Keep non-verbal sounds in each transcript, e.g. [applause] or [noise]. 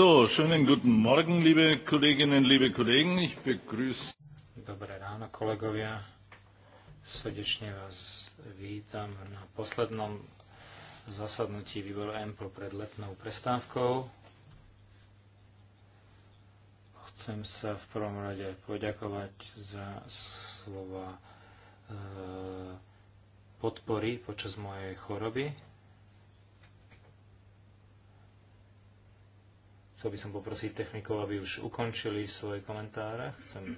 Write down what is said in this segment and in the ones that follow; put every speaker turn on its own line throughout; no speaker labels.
schönen guten Morgen, liebe Kolleginnen, liebe Kollegen. Ich begrüße...
Dobré ráno,
kolegovia.
Srdečne vás vítam na poslednom zasadnutí výboru EMPL pred letnou prestávkou. Chcem sa v prvom rade poďakovať za slova eh, podpory počas mojej choroby Chcel by som poprosiť technikov, aby už ukončili svoje komentáre. Chcem eh,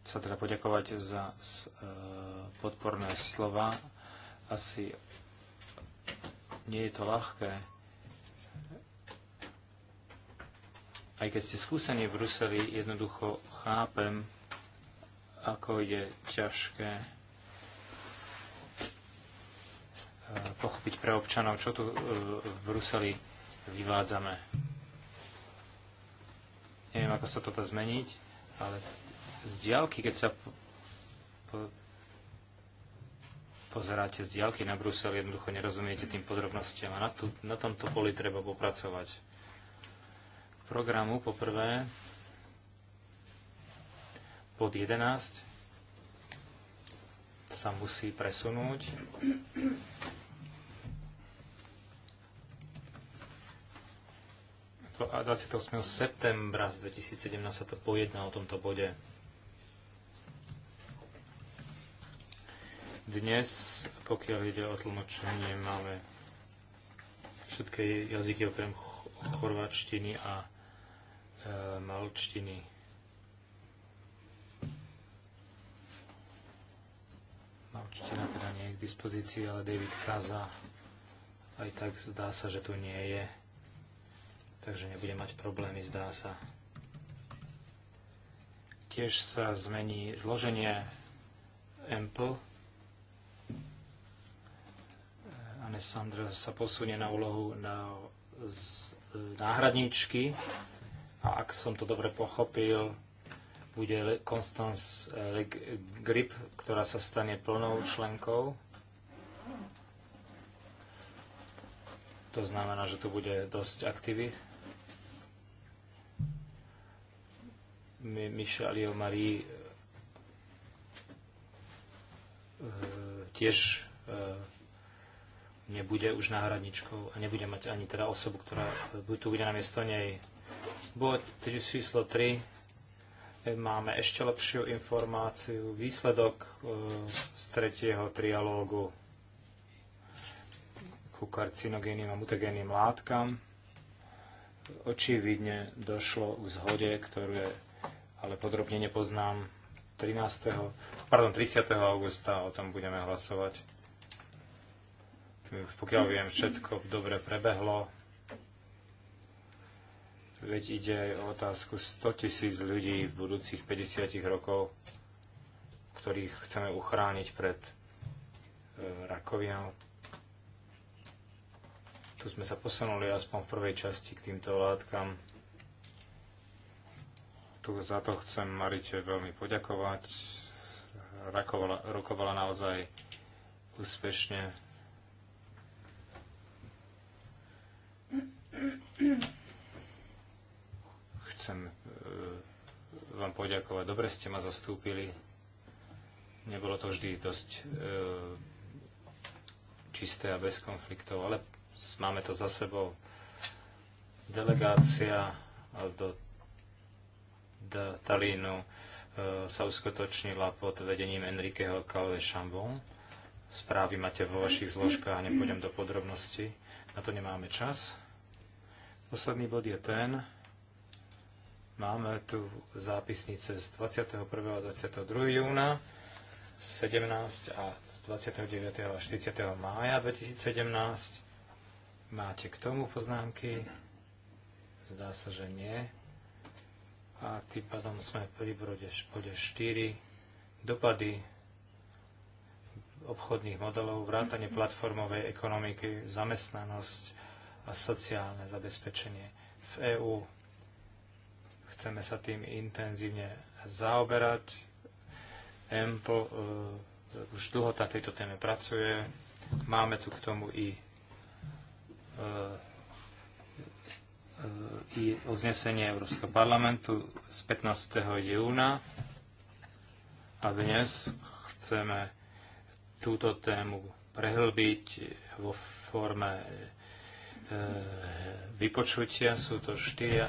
sa teda poďakovať za eh, podporné slova. Asi nie je to ľahké. Aj keď ste skúsení v Bruseli, jednoducho chápem, ako je ťažké E, pochopiť pre občanov, čo tu e, v Bruseli vyvádzame. Neviem, ako sa to dá zmeniť, ale z diálky, keď sa po, po, pozeráte z diálky na Brusel, jednoducho nerozumiete tým podrobnostiam a na, tu, na tomto poli treba popracovať. K programu poprvé pod 11 sa musí presunúť. A 28. septembra 2017 sa to pojedná o tomto bode. Dnes, pokiaľ ide o tlmočenie, máme všetky jazyky okrem chorvačtiny a e, malčtiny. Malčtina teda nie je k dispozícii, ale David Kaza aj tak zdá sa, že tu nie je. Takže nebude mať problémy, zdá sa. Tiež sa zmení zloženie Ample. Alessandra sa posunie na úlohu na z, e, náhradničky. A ak som to dobre pochopil, bude Constance eh, Grip, ktorá sa stane plnou členkou. To znamená, že tu bude dosť aktivít. Michel Marie eh, tiež eh, nebude už náhradničkou a nebude mať ani teda osobu, ktorá tu bude na miesto nej. takže číslo 3 máme ešte lepšiu informáciu, výsledok e, z tretieho trialógu ku karcinogénnym a mutagénnym látkam. Očividne došlo k zhode, je, ale podrobne nepoznám. 13. Pardon, 30. augusta o tom budeme hlasovať. Pokiaľ viem, všetko dobre prebehlo. Veď ide aj o otázku 100 tisíc ľudí v budúcich 50 rokov, ktorých chceme uchrániť pred e, rakovinou. Tu sme sa posunuli aspoň v prvej časti k týmto látkam. Tu za to chcem Marite veľmi poďakovať. Rakovala, rokovala naozaj úspešne chcem e, vám poďakovať. Dobre ste ma zastúpili. Nebolo to vždy dosť e, čisté a bez konfliktov, ale máme to za sebou. Delegácia do Talínu e, sa uskutočnila pod vedením Enriqueho Calve Chambon. Správy máte vo vašich zložkách, nepôjdem do podrobností, na to nemáme čas. Posledný bod je ten, Máme tu zápisnice z 21. a 22. júna, 17 a z 29. a 40. mája 2017. Máte k tomu poznámky? Zdá sa, že nie. A tým pádom sme pri bode 4. Dopady obchodných modelov, vrátanie platformovej ekonomiky, zamestnanosť a sociálne zabezpečenie v EÚ. Chceme sa tým intenzívne zaoberať. EMPO e, už dlho na tejto téme pracuje. Máme tu k tomu i e, e, i oznesenie Európskeho parlamentu z 15. júna. A dnes chceme túto tému prehlbiť vo forme vypočutia. Sú to štyria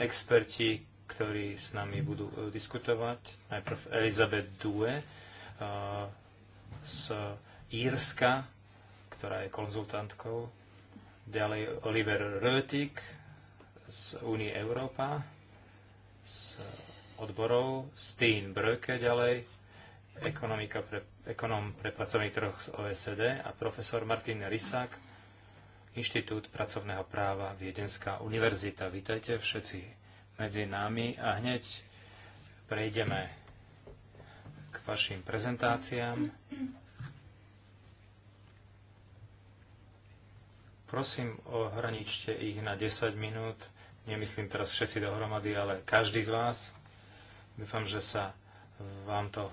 experti, ktorí s nami budú e, diskutovať. Najprv Elizabeth Due e, z Írska, ktorá je konzultantkou. Ďalej Oliver Rötik z Únie Európa, z odborov, Steen Bröke ďalej, ekonomika pre, ekonom pre pracovný trh z OSD a profesor Martin Rysak Inštitút pracovného práva Viedenská univerzita. Vítajte všetci medzi nami a hneď prejdeme k vašim prezentáciám. Prosím, ohraničte ich na 10 minút. Nemyslím teraz všetci dohromady, ale každý z vás. Dúfam, že sa vám to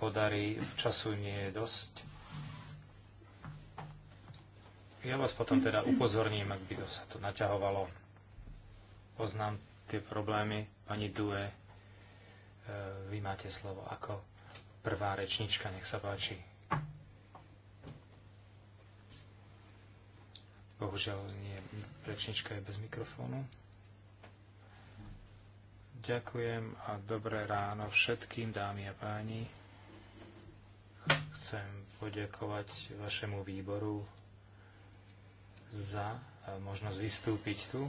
podarí. V času nie je dosť. Ja vás potom teda upozorním, ak by to sa to naťahovalo. Poznám tie problémy. Pani Due, e, vy máte slovo ako prvá rečnička, nech sa páči. Bohužiaľ, nie, rečnička je bez mikrofónu. Ďakujem a dobré ráno všetkým, dámy a páni. Chcem poďakovať vašemu výboru za e, možnosť vystúpiť tu.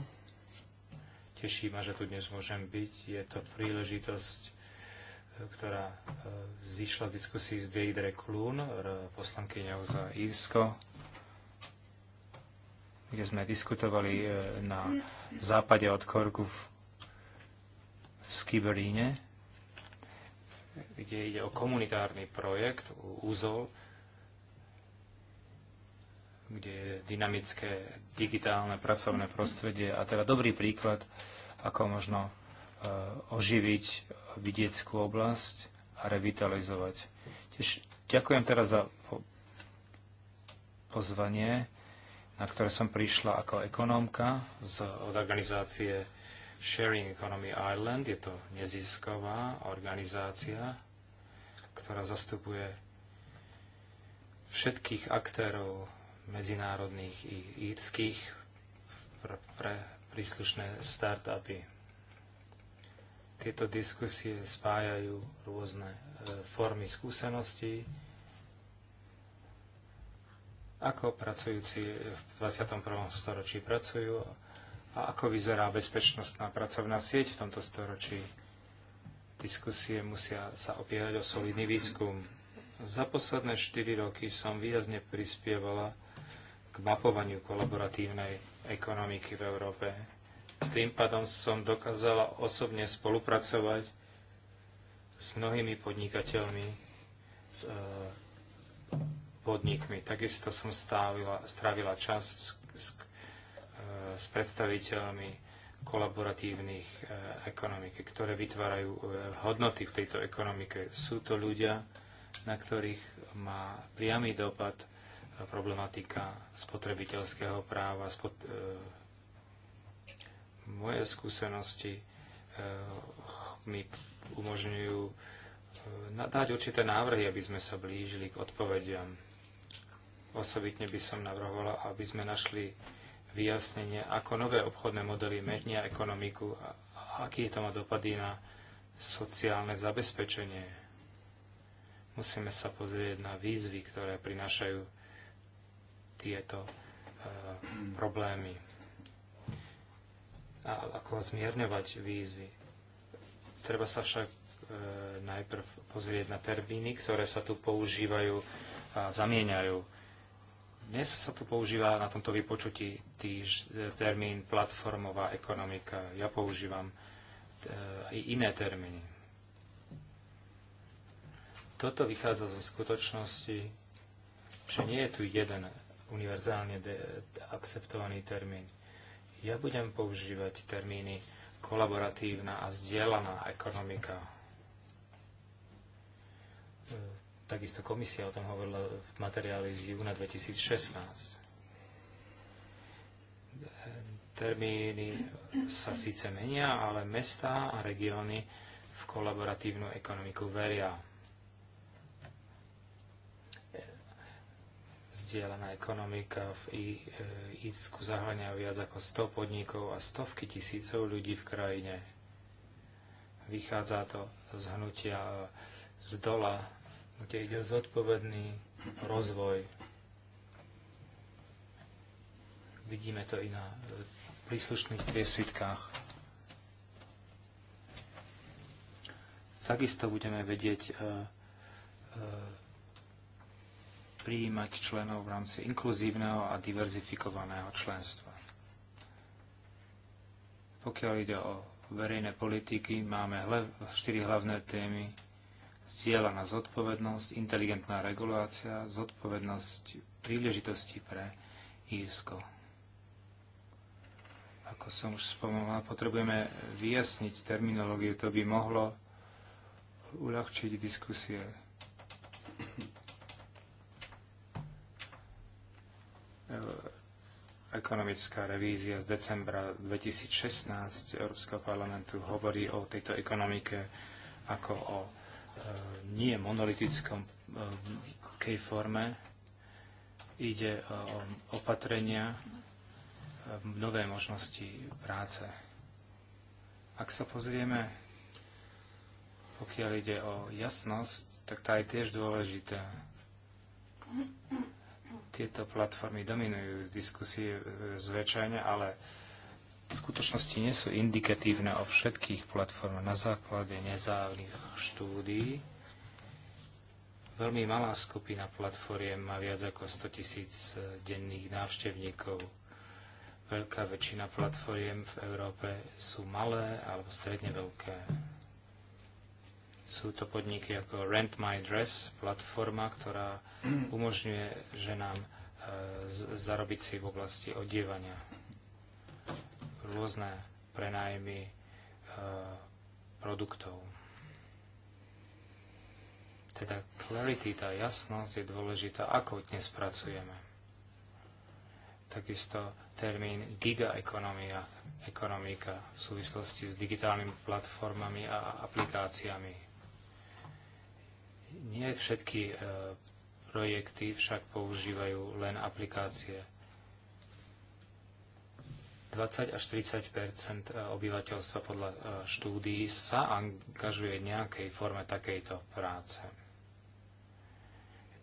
Teší ma, že tu dnes môžem byť. Je to príležitosť, e, ktorá e, zišla z diskusí s Deidre Klún, poslankyňou za Írsko, kde sme diskutovali na západe od Korku v, v Skiberíne, kde ide o komunitárny projekt, úzol, kde je dynamické digitálne pracovné prostredie a teda dobrý príklad, ako možno e, oživiť vidieckú oblasť a revitalizovať. Tiež ďakujem teraz za pozvanie, na ktoré som prišla ako ekonómka z, od organizácie Sharing Economy Ireland. Je to nezisková organizácia, ktorá zastupuje všetkých aktérov medzinárodných i írskych pre, pre príslušné startupy. Tieto diskusie spájajú rôzne e, formy skúseností, ako pracujúci v 21. storočí pracujú a ako vyzerá bezpečnostná pracovná sieť v tomto storočí. Diskusie musia sa opierať o solidný výskum. Za posledné 4 roky som výrazne prispievala k mapovaniu kolaboratívnej ekonomiky v Európe. Tým pádom som dokázala osobne spolupracovať s mnohými podnikateľmi, s e, podnikmi. Takisto som stávila, strávila čas s, s, e, s predstaviteľmi kolaboratívnych e, ekonomik, ktoré vytvárajú e, hodnoty v tejto ekonomike. Sú to ľudia, na ktorých má priamy dopad problematika spotrebiteľského práva. Spot, e, moje skúsenosti e, mi umožňujú e, dať určité návrhy, aby sme sa blížili k odpovediam. Osobitne by som navrhovala, aby sme našli vyjasnenie, ako nové obchodné modely menia ekonomiku a, a aký to má dopady na sociálne zabezpečenie. Musíme sa pozrieť na výzvy, ktoré prinášajú tieto e, problémy a ako zmierňovať výzvy. Treba sa však e, najprv pozrieť na termíny, ktoré sa tu používajú a zamieňajú. Dnes sa tu používa na tomto vypočutí týž e, termín platformová ekonomika. Ja používam aj iné termíny. Toto vychádza zo skutočnosti, že nie je tu jeden univerzálne akceptovaný termín. Ja budem používať termíny kolaboratívna a zdieľaná ekonomika. E, takisto komisia o tom hovorila v materiáli z júna 2016. E, termíny sa síce menia, ale mestá a regióny v kolaboratívnu ekonomiku veria. Zdieľaná ekonomika v eh, Írsku zahŕňa viac ako 100 podnikov a stovky tisícov ľudí v krajine. Vychádza to z hnutia z dola, kde ide zodpovedný rozvoj. Vidíme to i na eh, príslušných priesvitkách. takisto budeme vedieť eh, prijímať členov v rámci inkluzívneho a diverzifikovaného členstva. Pokiaľ ide o verejné politiky, máme štyri hlavné témy. Zdieľaná zodpovednosť, inteligentná regulácia, zodpovednosť príležitosti pre Írsko. Ako som už spomenula, potrebujeme vyjasniť terminológiu, to by mohlo uľahčiť diskusie E, ekonomická revízia z decembra 2016 Európskeho parlamentu hovorí o tejto ekonomike ako o e, nie monolitickom e, forme. Ide e, o opatrenia, e, nové možnosti práce. Ak sa pozrieme, pokiaľ ide o jasnosť, tak tá je tiež dôležitá. Tieto platformy dominujú z diskusie e, zväčšenia, ale v skutočnosti nie sú indikatívne o všetkých platformách na základe nezávislých štúdií. Veľmi malá skupina platformiem má viac ako 100 tisíc e, denných návštevníkov. Veľká väčšina platformiem v Európe sú malé alebo stredne veľké sú to podniky ako Rent My Dress, platforma, ktorá [clears throat] umožňuje ženám e, zarobiť si v oblasti odievania. Rôzne prenájmy e, produktov. Teda clarity, tá jasnosť je dôležitá, ako dnes pracujeme. Takisto termín gigaekonomia, ekonomika v súvislosti s digitálnymi platformami a aplikáciami nie všetky e, projekty však používajú len aplikácie. 20 až 30 e, obyvateľstva podľa e, štúdií sa angažuje v nejakej forme takejto práce.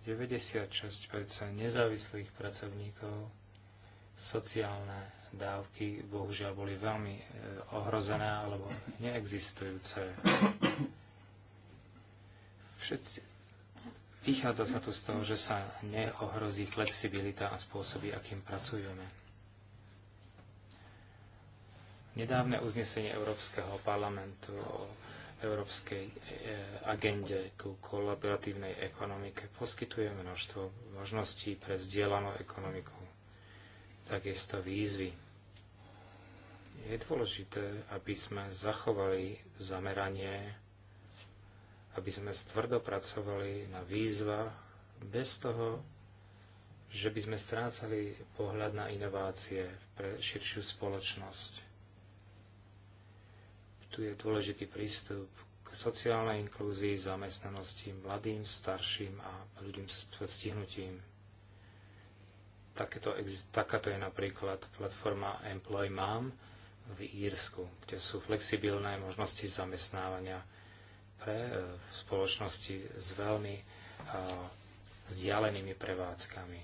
96 nezávislých pracovníkov sociálne dávky bohužiaľ boli veľmi ohrozené alebo neexistujúce. Všetci. Vychádza sa tu z toho, že sa neohrozí flexibilita a spôsoby, akým pracujeme. Nedávne uznesenie Európskeho parlamentu o európskej e, agende ku kolaboratívnej ekonomike poskytuje množstvo možností pre zdieľanú ekonomiku, takisto výzvy. Je dôležité, aby sme zachovali zameranie aby sme pracovali na výzvach, bez toho, že by sme strácali pohľad na inovácie pre širšiu spoločnosť. Tu je dôležitý prístup k sociálnej inklúzii, zamestnanosti mladým, starším a ľuďom s postihnutím. Takéto, takáto je napríklad platforma Employ Mom v Írsku, kde sú flexibilné možnosti zamestnávania pre e, spoločnosti s veľmi e, vzdialenými prevádzkami.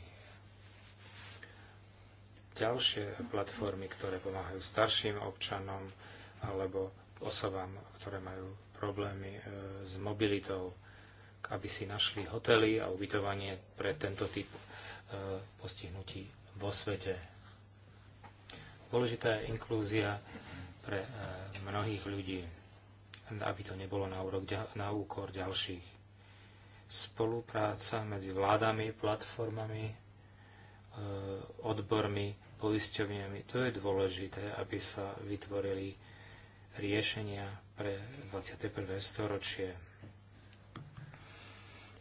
Ďalšie platformy, ktoré pomáhajú starším občanom alebo osobám, ktoré majú problémy e, s mobilitou, aby si našli hotely a ubytovanie pre tento typ postihnutí vo svete. Dôležitá je inklúzia pre mnohých ľudí aby to nebolo na, úrok, na úkor ďalších. Spolupráca medzi vládami, platformami, e, odbormi, poisťovňami, to je dôležité, aby sa vytvorili riešenia pre 21. storočie.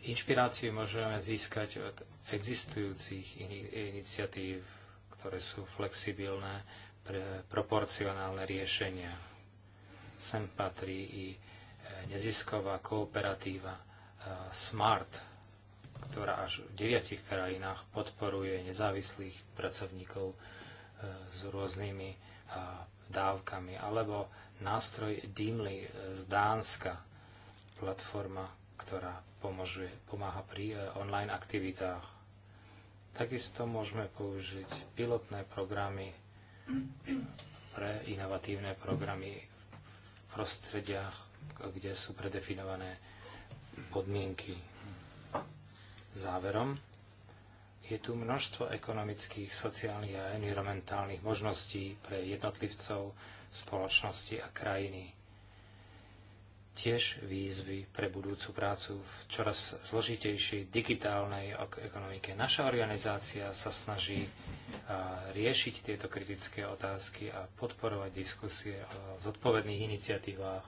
Inšpiráciu môžeme získať od existujúcich iniciatív, ktoré sú flexibilné pre proporcionálne riešenia Sem patrí i e, nezisková kooperatíva e, SMART, ktorá až v deviatich krajinách podporuje nezávislých pracovníkov e, s rôznymi dávkami, alebo nástroj Dimly z Dánska, platforma, ktorá pomôže, pomáha pri online aktivitách. Takisto môžeme použiť pilotné programy pre inovatívne programy prostrediach, kde sú predefinované podmienky. Záverom, je tu množstvo ekonomických, sociálnych a environmentálnych možností pre jednotlivcov, spoločnosti a krajiny tiež výzvy pre budúcu prácu v čoraz zložitejšej digitálnej ekonomike. Naša organizácia sa snaží riešiť tieto kritické otázky a podporovať diskusie o zodpovedných iniciatívach.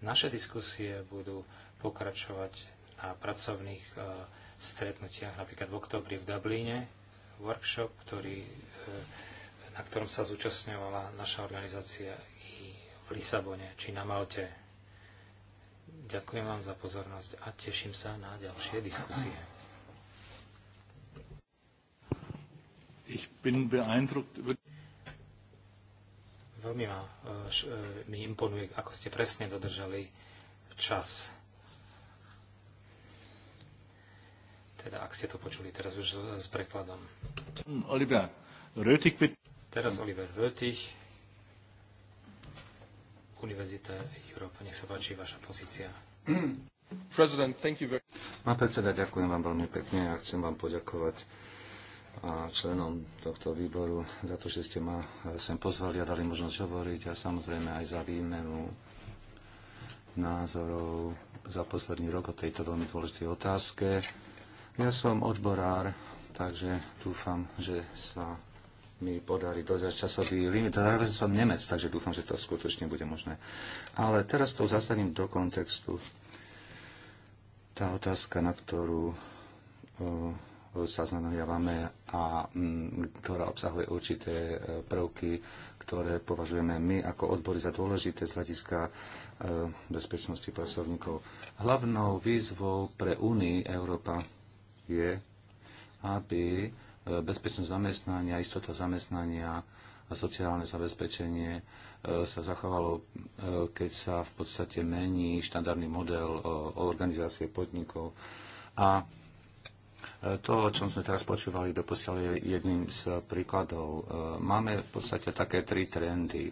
Naše diskusie budú pokračovať na pracovných stretnutiach, napríklad v oktobri v Dublíne, workshop, ktorý, e, na ktorom sa zúčastňovala naša organizácia i v Lisabone či na Malte Ďakujem vám za pozornosť a teším sa na ďalšie diskusie.
Ich bin beeindruckt. über...
Veľmi ma, e, e, mi imponuje, ako ste presne dodržali čas. Teda, ak ste to počuli teraz už s prekladom.
Oliver Rötig.
Teraz Oliver Rötig. Univerzita Európa. Nech sa páči vaša pozícia.
Má predseda, ďakujem vám veľmi pekne a chcem vám poďakovať a členom tohto výboru za to, že ste ma sem pozvali a dali možnosť hovoriť a samozrejme aj za výmenu názorov za posledný rok o tejto veľmi dôležitej otázke. Ja som odborár, takže dúfam, že sa mi podarí dodať časový limit. Zároveň som Nemec, takže dúfam, že to skutočne bude možné. Ale teraz to zasadím do kontextu. Tá otázka, na ktorú sa znamenávame a mm, ktorá obsahuje určité e, prvky, ktoré považujeme my ako odbory za dôležité z hľadiska e, bezpečnosti pracovníkov. Hlavnou výzvou pre Únii Európa je, aby bezpečnosť zamestnania, istota zamestnania a sociálne zabezpečenie e, sa zachovalo, e, keď sa v podstate mení štandardný model e, organizácie podnikov. A to, o čom sme teraz počúvali, doposiaľ je jedným z príkladov. Máme v podstate také tri trendy.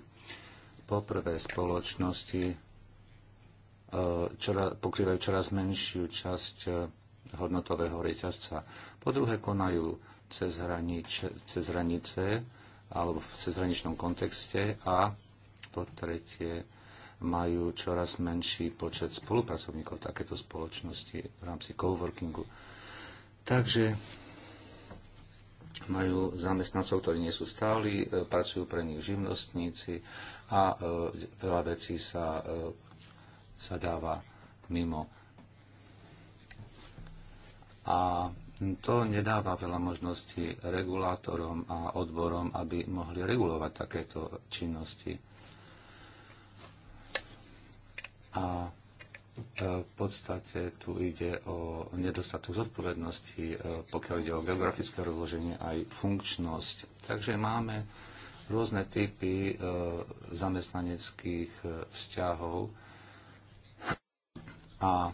Poprvé, spoločnosti čoraz, pokrývajú čoraz menšiu časť hodnotového reťazca. Po druhé, konajú cez, hranič, cez hranice alebo v cezhraničnom kontexte a po tretie majú čoraz menší počet spolupracovníkov takéto spoločnosti v rámci coworkingu. Takže majú zamestnancov, ktorí nie sú stáli, e, pracujú pre nich živnostníci a e, veľa vecí sa, e, sa dáva mimo. A to nedáva veľa možností regulátorom a odborom, aby mohli regulovať takéto činnosti. A e, v podstate tu ide o nedostatok zodpovednosti, e, pokiaľ ide o geografické rozloženie aj funkčnosť. Takže máme rôzne typy e, zamestnaneckých vzťahov a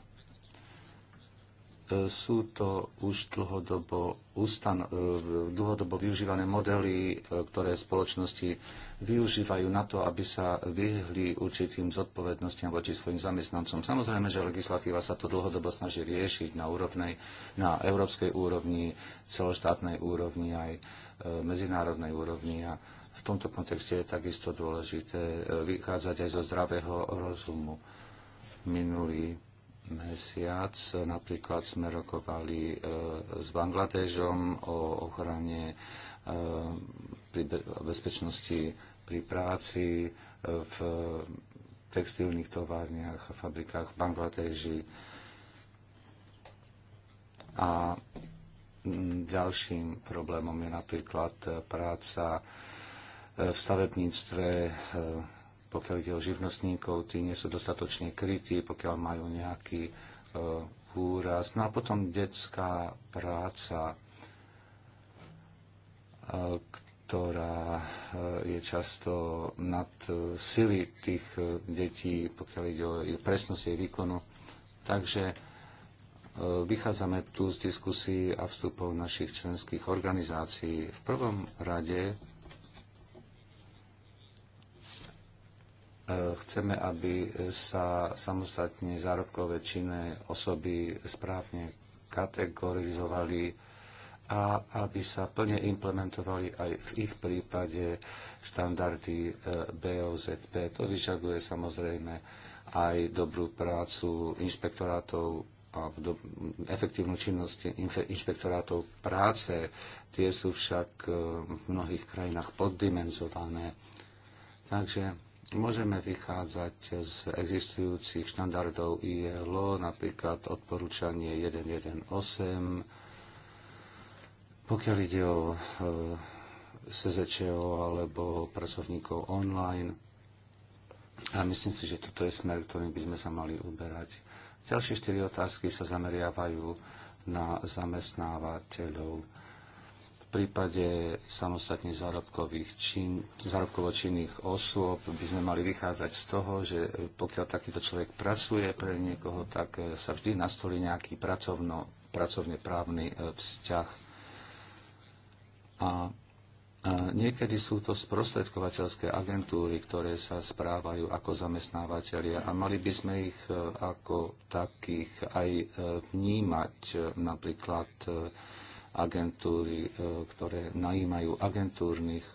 E, sú to už dlhodobo, ustan- e, dlhodobo využívané modely, e, ktoré spoločnosti využívajú na to, aby sa vyhli určitým zodpovednostiam voči svojim zamestnancom. Samozrejme, že legislatíva sa to dlhodobo snaží riešiť na, úrovnej, na európskej úrovni, celoštátnej úrovni, aj medzinárodnej úrovni. A v tomto kontexte je takisto dôležité vychádzať aj zo zdravého rozumu. Minulý mesiac napríklad sme rokovali e, s Bangladežom o ochrane e, bezpečnosti pri práci e, v textilných továrniach a fabrikách v Bangladeži. A ďalším problémom je napríklad práca v stavebníctve, pokiaľ ide o živnostníkov, tí nie sú dostatočne krytí, pokiaľ majú nejaký e, úraz. No a potom detská práca, e, ktorá e, je často nad e, sily tých e, detí, pokiaľ ide o presnosť jej výkonu. Takže vychádzame tu z diskusí a vstupov našich členských organizácií. V prvom rade E, chceme, aby sa samostatne zárobkové činné osoby správne kategorizovali a aby sa plne implementovali aj v ich prípade štandardy e, BOZP. To vyžaduje samozrejme aj dobrú prácu inšpektorátov a efektívnu činnosť inšpektorátov práce. Tie sú však e, v mnohých krajinách poddimenzované. Takže Môžeme vychádzať z existujúcich štandardov ILO, napríklad odporúčanie 118, pokiaľ ide o e, SZČO alebo pracovníkov online. A myslím si, že toto je smer, ktorým by sme sa mali uberať. Ďalšie štyri otázky sa zameriavajú na zamestnávateľov prípade samostatne zárobkových čin, zárobkovo činných osôb by sme mali vychádzať z toho, že pokiaľ takýto človek pracuje pre niekoho, tak e, sa vždy nastolí nejaký pracovno, pracovne právny e, vzťah. A niekedy sú to sprostredkovateľské agentúry, ktoré sa správajú ako zamestnávateľia a mali by sme ich e, ako takých aj vnímať napríklad agentúry, e, ktoré najímajú agentúrnych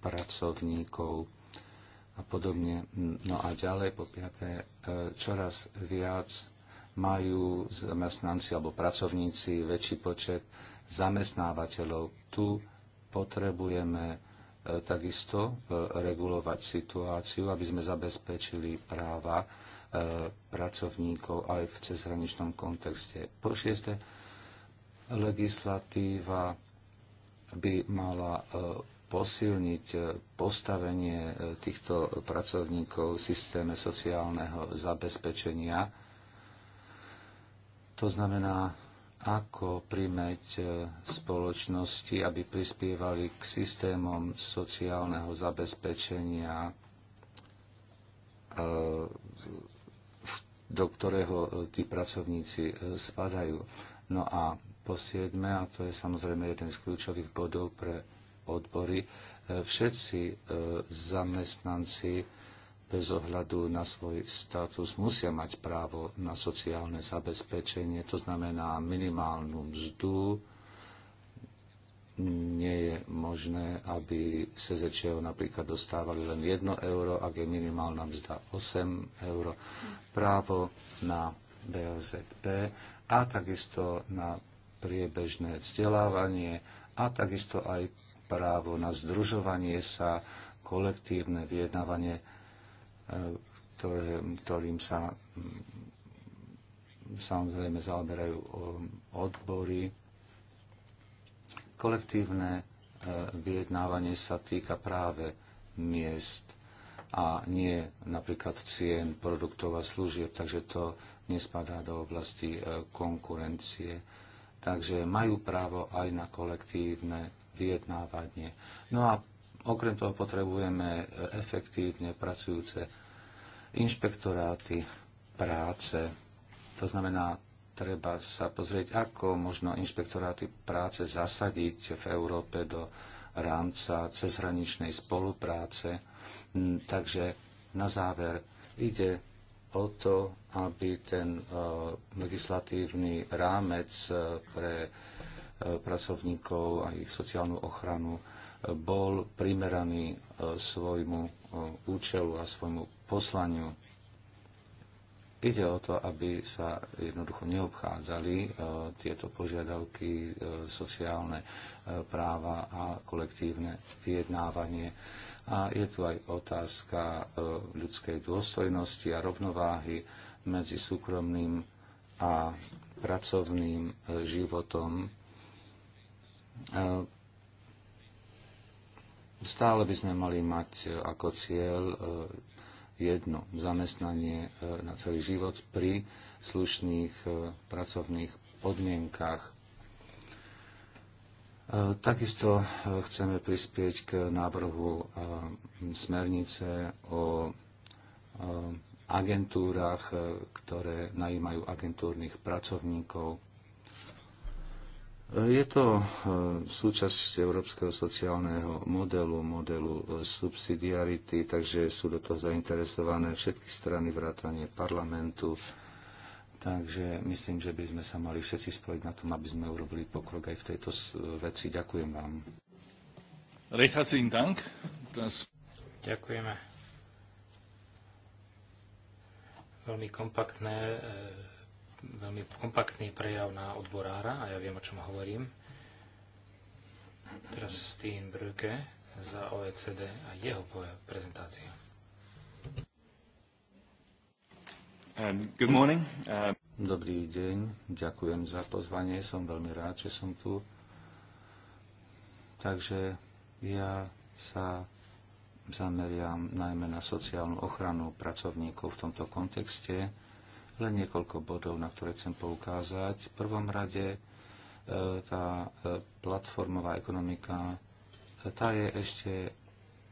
pracovníkov a podobne. No a ďalej, po piaté, e, čoraz viac majú zamestnanci alebo pracovníci väčší počet zamestnávateľov. Tu potrebujeme e, takisto regulovať situáciu, aby sme zabezpečili práva pracovníkov aj v cezhraničnom kontexte. Po šieste, Legislatíva by mala e, posilniť e, postavenie e, týchto pracovníkov v systéme sociálneho zabezpečenia. To znamená, ako primeť spoločnosti, aby prispievali k systémom sociálneho zabezpečenia, do ktorého tí pracovníci spadajú. No a po siedme, a to je samozrejme jeden z kľúčových bodov pre odbory, e, všetci e, zamestnanci bez ohľadu na svoj status musia mať právo na sociálne zabezpečenie, to znamená minimálnu mzdu. Nie je možné, aby SZČO napríklad dostávali len 1 euro, ak je minimálna mzda 8 euro. Právo na BOZP a takisto na priebežné vzdelávanie a takisto aj právo na združovanie sa, kolektívne vyjednávanie, e, ktorým sa mm, samozrejme zaoberajú e, odbory. Kolektívne e, vyjednávanie sa týka práve miest a nie napríklad cien produktov a služieb, takže to nespadá do oblasti konkurencie takže majú právo aj na kolektívne vyjednávanie. No a okrem toho potrebujeme efektívne pracujúce inšpektoráty práce. To znamená, treba sa pozrieť, ako možno inšpektoráty práce zasadiť v Európe do rámca cezhraničnej spolupráce. Takže na záver ide o to, aby ten e, legislatívny rámec e, pre e, pracovníkov a ich sociálnu ochranu bol primeraný svojmu účelu a svojmu poslaniu. Ide o to, aby sa jednoducho neobchádzali tieto požiadavky, sociálne práva a kolektívne vyjednávanie. A je tu aj otázka e, ľudskej dôstojnosti a rovnováhy medzi súkromným a pracovným e, životom. E, stále by sme mali mať ako cieľ jedno zamestnanie na celý život pri slušných pracovných podmienkach. E, takisto e, chceme prispieť k návrhu e, smernice o agentúrach, ktoré najímajú agentúrnych pracovníkov. Je to súčasť európskeho sociálneho modelu, modelu subsidiarity, takže sú do toho zainteresované všetky strany vrátanie parlamentu, Takže myslím, že by sme sa mali všetci spojiť na tom, aby sme urobili pokrok aj v tejto veci. Ďakujem vám.
Ďakujeme.
Veľmi kompaktné, e, veľmi kompaktný prejav na odborára a ja viem, o čom hovorím. Teraz Steen Brücke za OECD a jeho prezentácia.
Um, um, Dobrý deň, ďakujem za pozvanie, som veľmi rád, že som tu. Takže ja sa zameriam najmä na sociálnu ochranu pracovníkov v tomto kontexte. Len niekoľko bodov, na ktoré chcem poukázať. V prvom rade e, tá e, platformová ekonomika, e, tá je ešte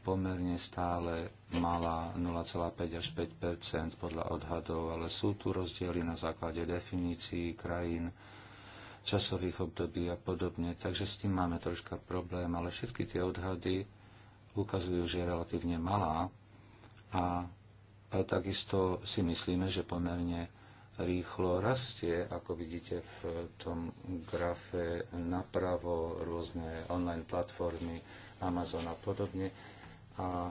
pomerne stále malá 0,5 až 5 podľa odhadov, ale sú tu rozdiely na základe definícií krajín, časových období a podobne, takže s tým máme troška problém, ale všetky tie odhady ukazujú, že je relatívne malá a takisto si myslíme, že pomerne rýchlo rastie, ako vidíte v tom grafe napravo, rôzne online platformy, Amazon a podobne. A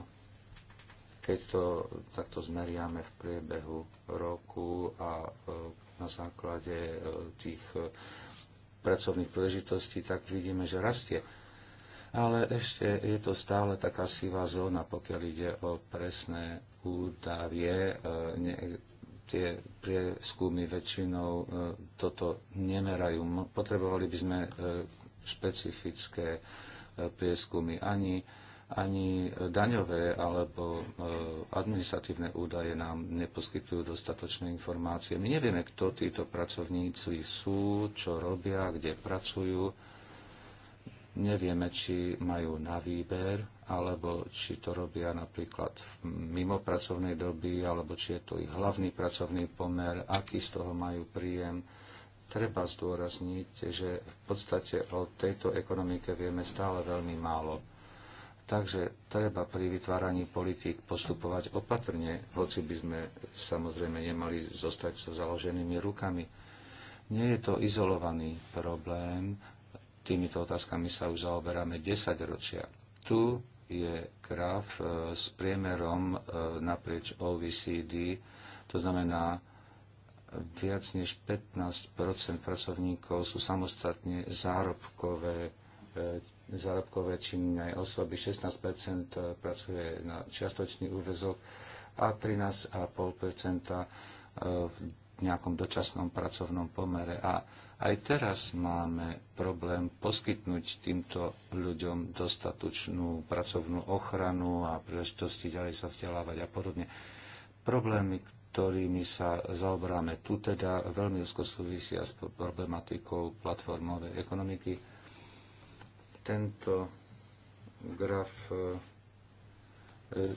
keď to takto zmeriame v priebehu roku a e, na základe e, tých e, pracovných príležitostí, tak vidíme, že rastie. Ale ešte je to stále taká sivá zóna, pokiaľ ide o presné údavie. tie prieskumy väčšinou toto nemerajú. Potrebovali by sme špecifické prieskumy ani ani daňové alebo e, administratívne údaje nám neposkytujú dostatočné informácie. My nevieme, kto títo pracovníci sú, čo robia, kde pracujú. Nevieme, či majú na výber, alebo či to robia napríklad mimo pracovnej doby, alebo či je to ich hlavný pracovný pomer, aký z toho majú príjem treba zdôrazniť, že v podstate o tejto ekonomike vieme stále veľmi málo. Takže treba pri vytváraní politík postupovať opatrne, hoci by sme samozrejme nemali zostať so založenými rukami. Nie je to izolovaný problém, týmito otázkami sa už zaoberáme 10 ročia. Tu je graf e, s priemerom e, naprieč OECD, to znamená, viac než 15 pracovníkov sú samostatne zárobkové e, zárobkové činnej osoby, 16 eh, pracuje na čiastočný úvezok a 13,5 eh, v nejakom dočasnom pracovnom pomere. A aj teraz máme problém poskytnúť týmto ľuďom dostatočnú pracovnú ochranu a príležitosti ďalej sa vzdelávať a podobne. Problémy, ktorými sa zaoberáme tu teda, veľmi úzko súvisia s problematikou platformovej ekonomiky tento graf e, e,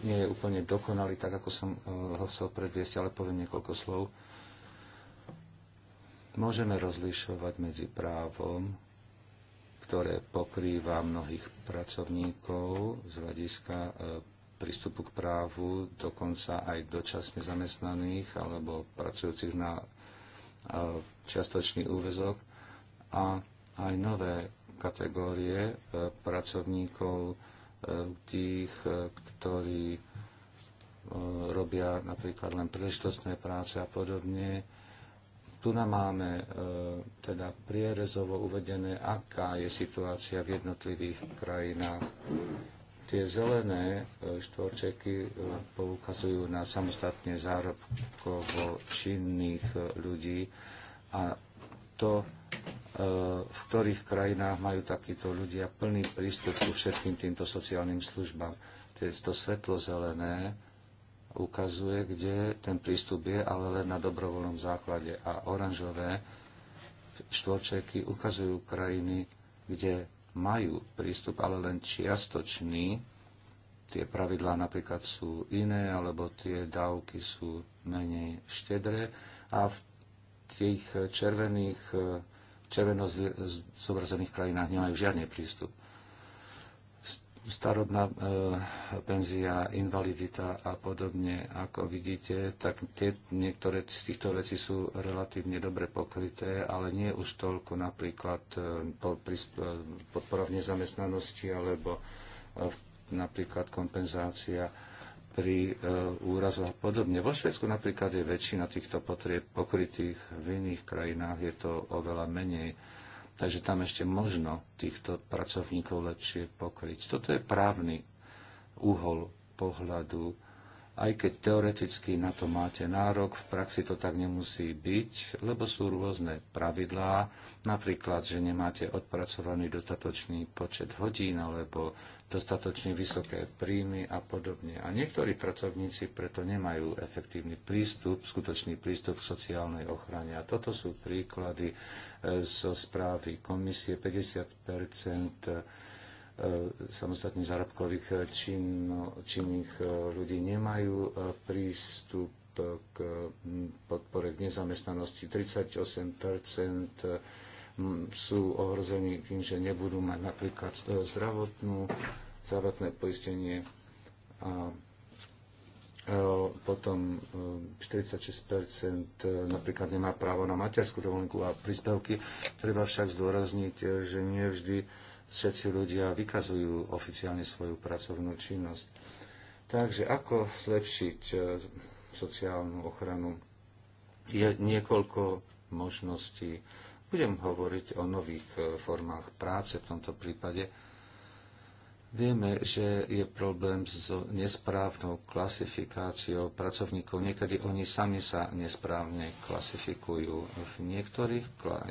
nie je úplne dokonalý, tak ako som e, ho chcel predviesť, ale poviem niekoľko slov. Môžeme rozlišovať medzi právom, ktoré pokrýva mnohých pracovníkov z hľadiska prístupu k právu, dokonca aj dočasne zamestnaných alebo pracujúcich na čiastočný úvezok a aj nové kategórie e, pracovníkov, e, tých, e, ktorí robia napríklad len príležitostné práce a podobne. Tu nám máme teda prierezovo uvedené, aká je situácia v jednotlivých krajinách. Tie zelené štvorčeky poukazujú na samostatne zárobkovo činných ľudí a to, e, v ktorých krajinách majú takíto ľudia plný prístup ku všetkým týmto sociálnym službám. To svetlo zelené ukazuje, kde ten prístup je, ale len na dobrovoľnom základe. A oranžové štvorčeky ukazujú krajiny, kde majú prístup, ale len čiastočný. Tie pravidlá napríklad sú iné, alebo tie dávky sú menej štedré. A v tých eh, červených, eh, červeno zobrazených krajinách nemajú žiadny prístup. Starobná eh, penzia, invalidita a podobne, ako vidíte, tak tie, niektoré z týchto vecí sú relatívne dobre pokryté, ale nie už toľko napríklad podpora v nezamestnanosti alebo napríklad kompenzácia pri e, úrazoch a podobne. Vo Švedsku napríklad je väčšina týchto potrieb pokrytých, v iných krajinách je to oveľa menej. Takže tam ešte možno týchto pracovníkov lepšie pokryť. Toto je právny uhol pohľadu aj keď teoreticky na to máte nárok, v praxi to tak nemusí byť, lebo sú rôzne pravidlá, napríklad, že nemáte odpracovaný dostatočný počet hodín alebo dostatočne vysoké príjmy a podobne. A niektorí pracovníci preto nemajú efektívny prístup, skutočný prístup k sociálnej ochrane. A toto sú príklady e, zo správy komisie 50 E, samostatne zárobkových e, no, činných e, ľudí nemajú prístup k podpore k nezamestnanosti. 38 sú ohrození tým, že nebudú mať napríklad zdravotnú, zdravotné poistenie a potom 46% napríklad nemá právo na materskú dovolenku a príspevky. Treba však zdôrazniť, že nie vždy všetci ľudia vykazujú oficiálne svoju pracovnú činnosť. Takže ako zlepšiť e, sociálnu ochranu? Je niekoľko možností. Budem hovoriť o nových e, formách práce v tomto prípade Vieme, že je problém s nesprávnou klasifikáciou pracovníkov. Niekedy oni sami sa nesprávne klasifikujú. V niektorých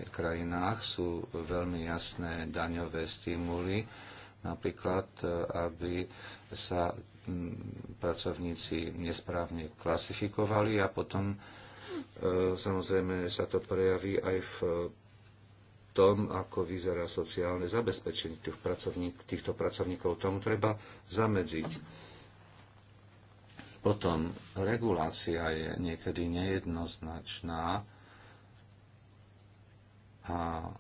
krajinách sú veľmi jasné daňové stimuly, napríklad, e, aby sa pracovníci nesprávne klasifikovali a potom e, samozrejme sa to prejaví aj v tom, ako vyzerá sociálne zabezpečenie tých pracovník, týchto pracovníkov. Tomu treba zamedziť. Potom regulácia je niekedy nejednoznačná a e,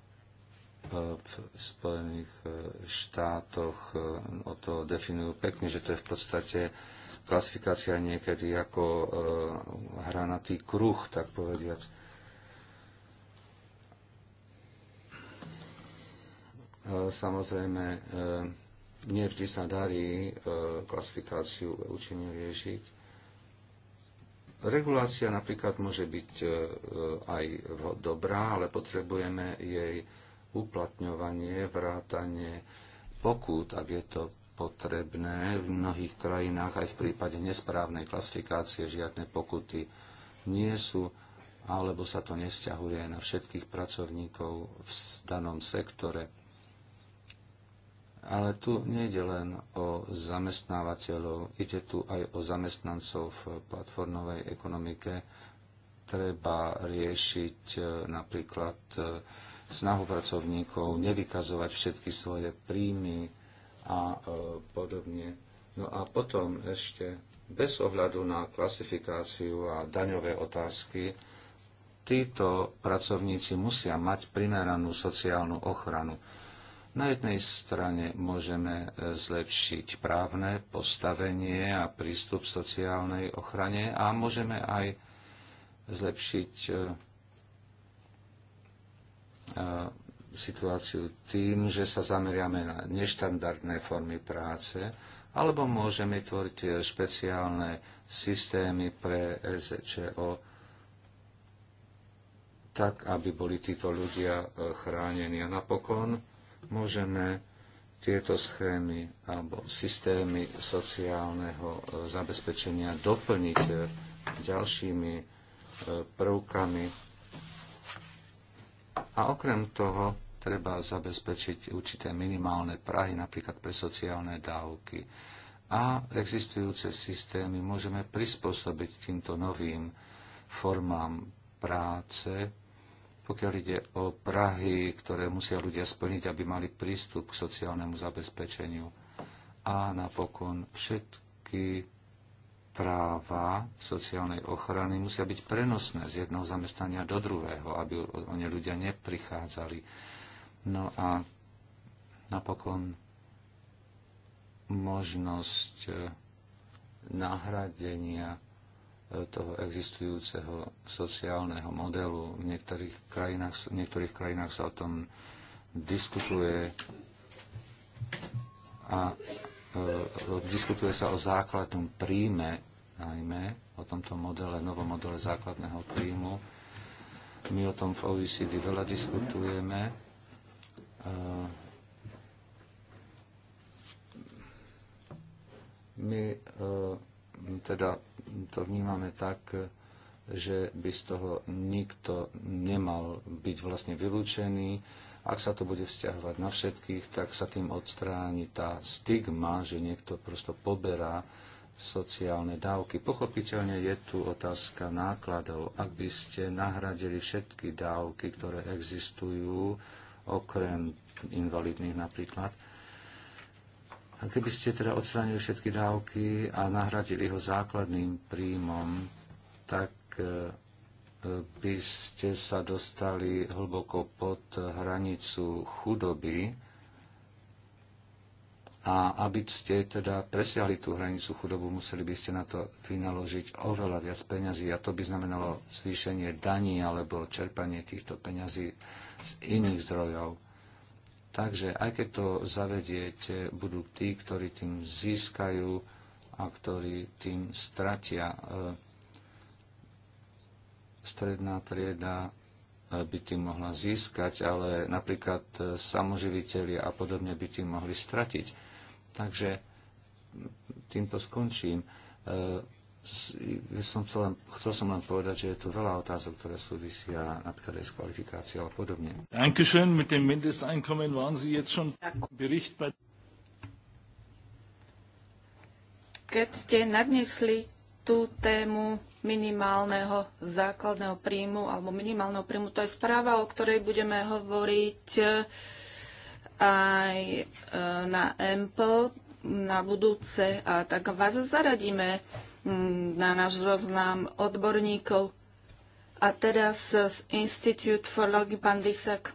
v Spojených e, štátoch e, o to definujú pekne, že to je v podstate klasifikácia niekedy ako hranatý kruh, tak povediať. E, samozrejme, e, nie vždy sa darí e, klasifikáciu učenia riešiť. Regulácia napríklad môže byť aj dobrá, ale potrebujeme jej uplatňovanie, vrátanie pokút, ak je to potrebné. V mnohých krajinách aj v prípade nesprávnej klasifikácie žiadne pokuty nie sú, alebo sa to nesťahuje na všetkých pracovníkov v danom sektore ale tu nejde len o zamestnávateľov, ide tu aj o zamestnancov v platformovej ekonomike. Treba riešiť e, napríklad e, snahu pracovníkov nevykazovať všetky svoje príjmy a e, podobne. No a potom ešte bez ohľadu na klasifikáciu a daňové otázky, títo pracovníci musia mať primeranú sociálnu ochranu na jednej strane môžeme e, zlepšiť právne postavenie a prístup sociálnej ochrane a môžeme aj zlepšiť e, e, situáciu tým, že sa zameriame na neštandardné formy práce, alebo môžeme tvoriť špeciálne systémy pre SZČO, tak aby boli títo ľudia chránení. A napokon môžeme tieto schémy alebo systémy sociálneho e, zabezpečenia doplniť e, ďalšími e, prvkami. A okrem toho treba zabezpečiť určité minimálne prahy, napríklad pre sociálne dávky. A existujúce systémy môžeme prispôsobiť týmto novým formám práce, pokiaľ ide o Prahy, ktoré musia ľudia splniť, aby mali prístup k sociálnemu zabezpečeniu. A napokon všetky práva sociálnej ochrany musia byť prenosné z jedného zamestnania do druhého, aby o ne ľudia neprichádzali. No a napokon možnosť eh, nahradenia E, toho existujúceho sociálneho modelu. V niektorých krajinách, v niektorých krajinách sa o tom diskutuje a e, e, diskutuje sa o základnom príjme, najmä o tomto modele, novom modele základného príjmu. My o tom v OECD veľa diskutujeme. E, my e, teda to vnímame tak, že by z toho nikto nemal byť vlastne vylúčený. Ak sa to bude vzťahovať na všetkých, tak sa tým odstráni tá stigma, že niekto prosto poberá sociálne dávky. Pochopiteľne je tu otázka nákladov. Ak by ste nahradili všetky dávky, ktoré existujú, okrem invalidných napríklad, a keby ste teda odstránili všetky dávky a nahradili ho základným príjmom, tak e, e, by ste sa dostali hlboko pod hranicu chudoby a aby ste teda presiahli tú hranicu chudobu, museli by ste na to vynaložiť oveľa viac peňazí a to by znamenalo zvýšenie daní alebo čerpanie týchto peňazí z iných zdrojov. Takže aj keď to zavediete, budú tí, ktorí tým získajú a ktorí tým stratia. E, stredná trieda e, by tým mohla získať, ale napríklad e, samoživiteľi a podobne by tým mohli stratiť. Takže týmto skončím som chcel, len, chcel som len povedať, že je tu veľa otázok, ktoré súvisia napríklad aj s kvalifikáciou a podobne.
Dankeschön, mit dem Mindesteinkommen waren Sie jetzt schon Bericht bei...
Keď ste nadnesli tú tému minimálneho základného príjmu alebo minimálneho príjmu, to je správa, o ktorej budeme hovoriť eh, aj eh, na EMPL na budúce a tak vás zaradíme Mm, na náš zoznam odborníkov. A teraz z Institute for Logi pán Lisak.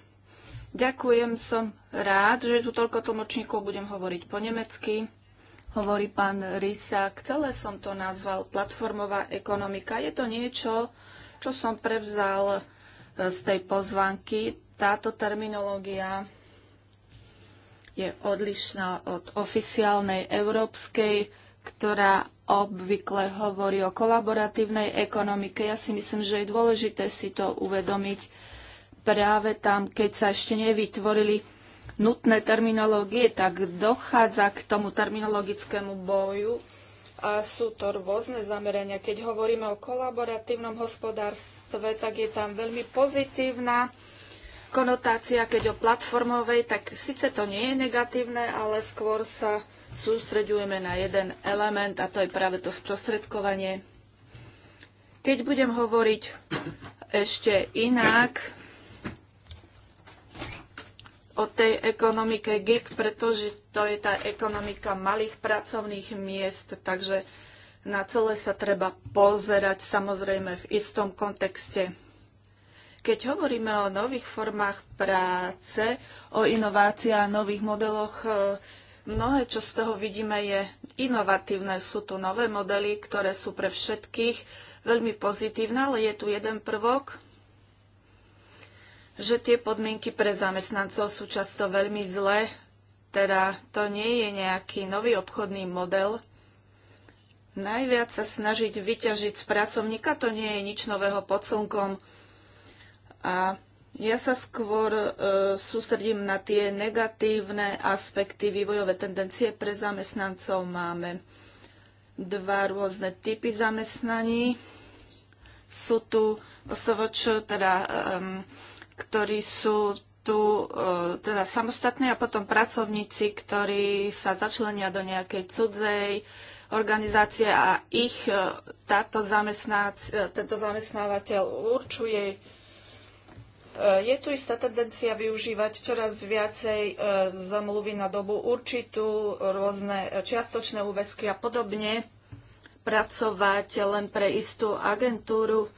Ďakujem, som rád, že tu toľko tlmočníkov budem hovoriť po nemecky. Hovorí pán Rysák, celé som to nazval platformová ekonomika. Je to niečo, čo som prevzal e, z tej pozvanky. Táto terminológia je odlišná od oficiálnej európskej, ktorá obvykle hovorí o kolaboratívnej ekonomike. Ja si myslím, že je dôležité si to uvedomiť práve tam, keď sa ešte nevytvorili nutné terminológie, tak dochádza k tomu terminologickému boju a sú to rôzne zamerania. Keď hovoríme o kolaboratívnom hospodárstve, tak je tam veľmi pozitívna konotácia, keď o platformovej, tak síce to nie je negatívne, ale skôr sa sústreďujeme na jeden element a to je práve to sprostredkovanie. Keď budem hovoriť ešte inak o tej ekonomike GIG, pretože to je tá ekonomika malých pracovných miest, takže na celé sa treba pozerať samozrejme v istom kontexte. Keď hovoríme o nových formách práce, o inováciách, nových modeloch Mnohé, čo z toho vidíme, je inovatívne. Sú tu nové modely, ktoré sú pre všetkých veľmi pozitívne, ale je tu jeden prvok, že tie podmienky pre zamestnancov sú často veľmi zlé, teda to nie je nejaký nový obchodný model. Najviac sa snažiť vyťažiť z pracovníka, to nie je nič nového pod slnkom. A ja sa skôr e, sústredím na tie negatívne aspekty vývojové tendencie pre zamestnancov. Máme dva rôzne typy zamestnaní. Sú tu osovoč, teda, um, ktorí sú tu uh, teda samostatní a potom pracovníci, ktorí sa začlenia do nejakej cudzej organizácie a ich uh, táto e, zamestnávateľ určuje E, je tu istá tendencia využívať čoraz viacej e, zmluvy na dobu určitú, rôzne e, čiastočné úväzky a podobne, pracovať len pre istú agentúru.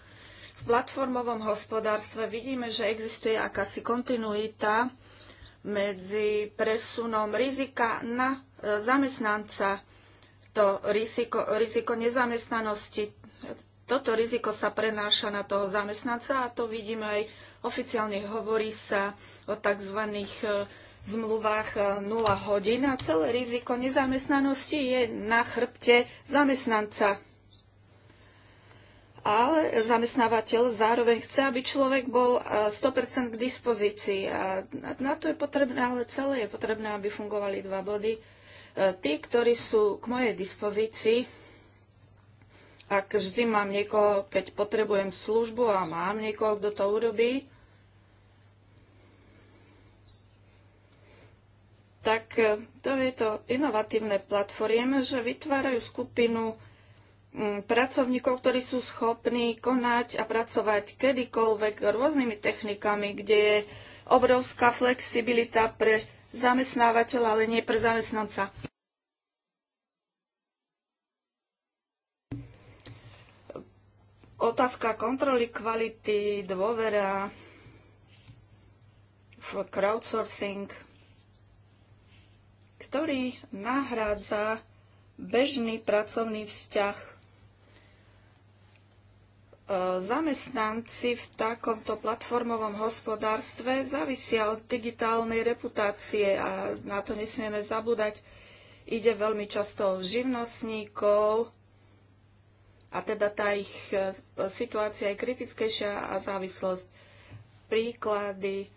V platformovom hospodárstve vidíme, že existuje akási kontinuita medzi presunom rizika na zamestnanca. To riziko, riziko nezamestnanosti, toto riziko sa prenáša na toho zamestnanca a to vidíme aj Oficiálne hovorí sa o tzv. E, zmluvách 0 e, hodín a celé riziko nezamestnanosti je na chrbte zamestnanca. Ale zamestnávateľ zároveň chce, aby človek bol 100% e, k dispozícii. A na to je potrebné, ale celé je potrebné, aby fungovali dva body. Tí, ktorí sú k mojej dispozícii, ak vždy mám niekoho, keď potrebujem službu a mám niekoho, kto to urobí, tak e, to je to inovatívne platformy, že vytvárajú skupinu mm, pracovníkov, ktorí sú schopní konať a pracovať kedykoľvek rôznymi technikami, kde je obrovská flexibilita pre zamestnávateľa, ale nie pre zamestnanca. Otázka kontroly kvality, dôvera, crowdsourcing – ktorý nahrádza bežný pracovný vzťah. E, zamestnanci v takomto platformovom hospodárstve závisia od digitálnej reputácie a na to nesmieme zabúdať. Ide veľmi často o živnostníkov a teda tá ich e, situácia je kritickejšia a závislosť. Príklady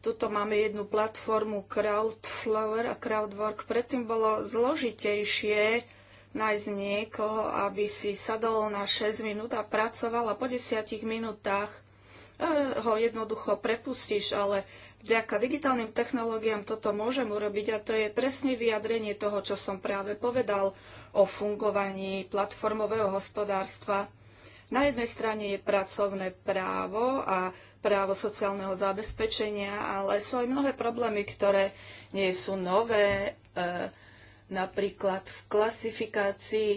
Tuto máme jednu platformu Crowdflower a Crowdwork. Predtým bolo zložitejšie nájsť niekoho, aby si sadol na 6 minút a pracoval a po 10 minútach e, ho jednoducho prepustíš, ale vďaka digitálnym technológiám toto môžem urobiť a to je presne vyjadrenie toho, čo som práve povedal o fungovaní platformového hospodárstva. Na jednej strane je pracovné právo a právo sociálneho zabezpečenia, ale sú aj mnohé problémy, ktoré nie sú nové. E, napríklad v klasifikácii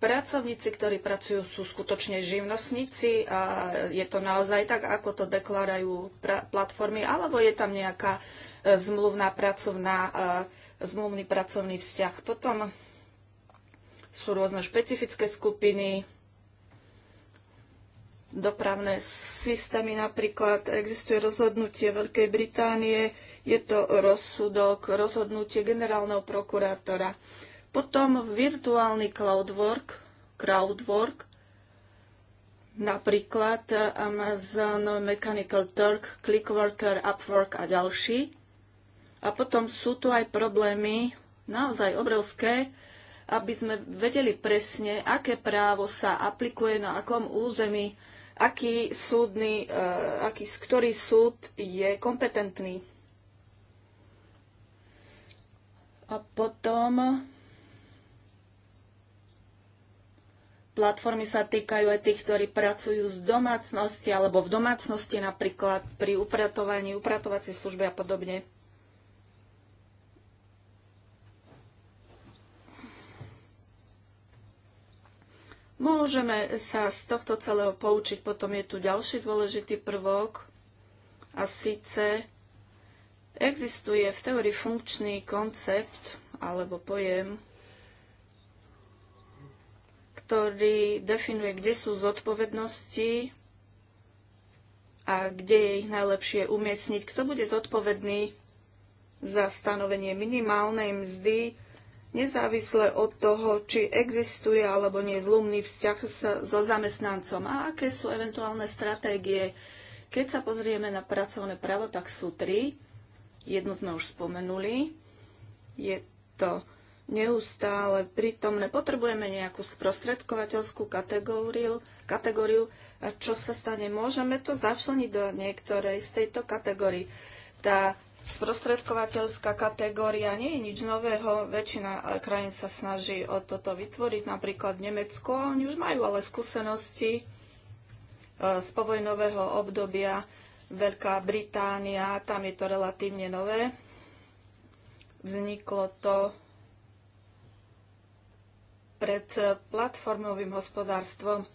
pracovníci, ktorí pracujú, sú skutočne živnostníci a je to naozaj tak, ako to deklarajú platformy, alebo je tam nejaká e, zmluvná pracovná, e, zmluvný pracovný vzťah. Potom sú rôzne špecifické skupiny, dopravné systémy. Napríklad existuje rozhodnutie Veľkej Británie, je to rozsudok, rozhodnutie generálneho prokurátora. Potom virtuálny cloudwork, crowdwork, napríklad Amazon Mechanical Turk, Clickworker, Upwork a ďalší. A potom sú tu aj problémy naozaj obrovské, aby sme vedeli presne, aké právo sa aplikuje na akom území aký súdny, eh, aký, ktorý súd je kompetentný. A potom platformy sa týkajú aj tých, ktorí pracujú z domácnosti alebo v domácnosti napríklad pri upratovaní, upratovacej službe a podobne. Môžeme sa z tohto celého poučiť. Potom je tu ďalší dôležitý prvok a síce existuje v teórii funkčný koncept alebo pojem, ktorý definuje, kde sú zodpovednosti a kde je ich najlepšie umiestniť. Kto bude zodpovedný za stanovenie minimálnej mzdy, nezávisle od toho, či existuje alebo nie zlumný vzťah so zamestnancom a aké sú eventuálne stratégie. Keď sa pozrieme na pracovné právo, tak sú tri. Jednu sme už spomenuli. Je to neustále prítomné. Potrebujeme nejakú sprostredkovateľskú kategóriu, kategóriu a čo sa stane? Môžeme to začleniť do niektorej z tejto kategórii. Tá Sprostredkovateľská kategória nie je nič nového. Väčšina krajín sa snaží o toto vytvoriť, napríklad Nemecko. Oni už majú ale skúsenosti e, z povojnového obdobia. Veľká Británia, tam je to relatívne nové. Vzniklo to pred platformovým hospodárstvom.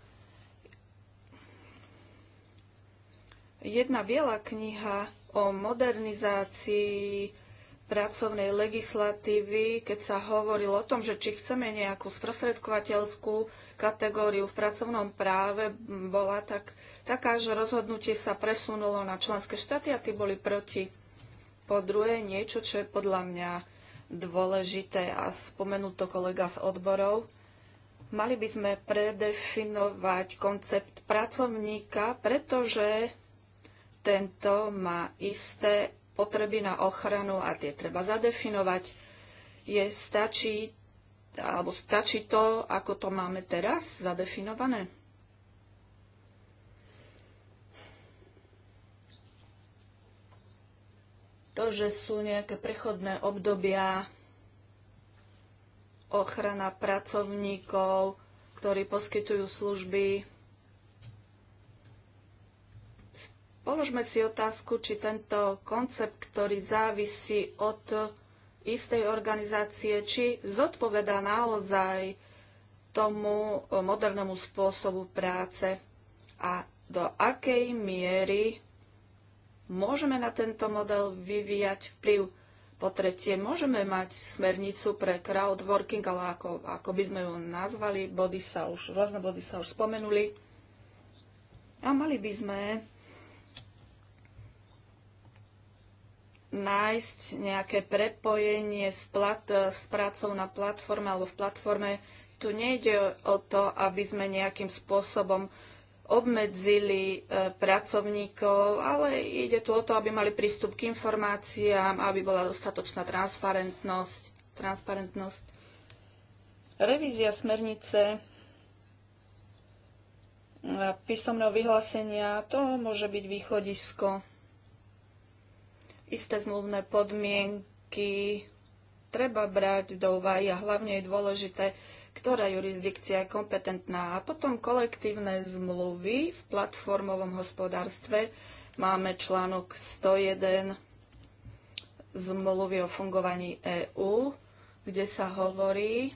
Jedna biela kniha o modernizácii pracovnej legislatívy, keď sa hovorilo o tom, že či chceme nejakú sprostredkovateľskú kategóriu v pracovnom práve, bola tak, taká, že rozhodnutie sa presunulo na členské štáty a tí boli proti. Po druhé, niečo, čo je podľa mňa dôležité a spomenul to kolega z odborov, mali by sme predefinovať koncept pracovníka, pretože tento má isté potreby na ochranu a tie treba zadefinovať. Je stačí, alebo stačí to, ako to máme teraz zadefinované? To, že sú nejaké prechodné obdobia, ochrana pracovníkov, ktorí poskytujú služby, Položme si otázku, či tento koncept, ktorý závisí od istej organizácie, či zodpovedá naozaj tomu modernému spôsobu práce a do akej miery môžeme na tento model vyvíjať vplyv. Po tretie, môžeme mať smernicu pre crowdworking, ale ako, ako by sme ju nazvali, body sa už, rôzne body sa už spomenuli. A mali by sme nájsť nejaké prepojenie s, plat, s prácou na platforme alebo v platforme. Tu nejde o to, aby sme nejakým spôsobom obmedzili e, pracovníkov, ale ide tu o to, aby mali prístup k informáciám, aby bola dostatočná transparentnosť. transparentnosť. Revízia smernice písomného vyhlásenia, to môže byť východisko isté zmluvné podmienky treba brať do úvahy a hlavne je dôležité, ktorá jurisdikcia je kompetentná. A potom kolektívne zmluvy v platformovom hospodárstve. Máme článok 101 zmluvy o fungovaní EÚ, kde sa hovorí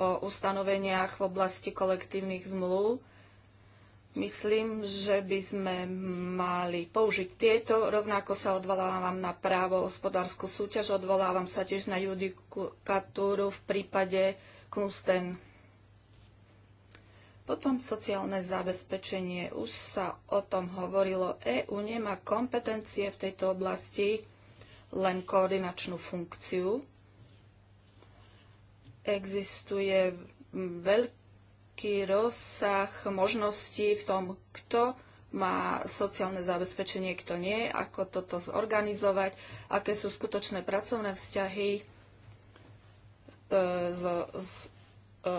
o ustanoveniach v oblasti kolektívnych zmluv Myslím, že by sme mali použiť tieto. Rovnako sa odvolávam na právo hospodárskú súťaž, odvolávam sa tiež na judikatúru v prípade Kunsten. Potom sociálne zabezpečenie. Už sa o tom hovorilo. EÚ nemá kompetencie v tejto oblasti, len koordinačnú funkciu. Existuje veľký aký rozsah možností v tom, kto má sociálne zabezpečenie, kto nie, ako toto zorganizovať, aké sú skutočné pracovné vzťahy e, s, s e,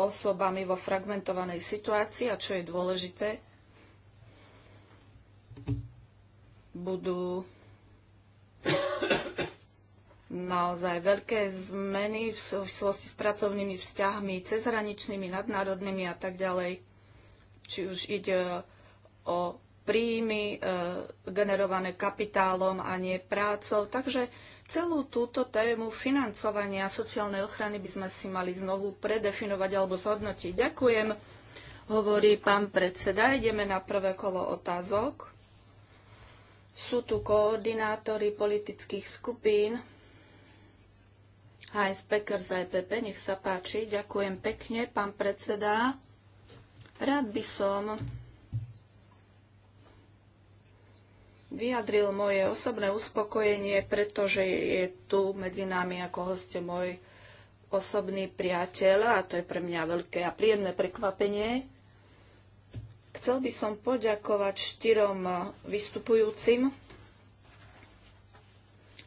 osobami vo fragmentovanej situácii a čo je dôležité, budú naozaj veľké zmeny v súvislosti s pracovnými vzťahmi, cezhraničnými, nadnárodnými a tak ďalej. Či už ide o príjmy e, generované kapitálom a nie prácou. Takže celú túto tému financovania sociálnej ochrany by sme si mali znovu predefinovať alebo zhodnotiť. Ďakujem, hovorí pán predseda. Ideme na prvé kolo otázok. Sú tu koordinátori politických skupín. Heinz Becker za EPP, nech sa páči. Ďakujem pekne, pán predseda. Rád by som vyjadril moje osobné uspokojenie, pretože je tu medzi nami ako hoste môj osobný priateľ a to je pre mňa veľké a príjemné prekvapenie. Chcel by som poďakovať štyrom vystupujúcim.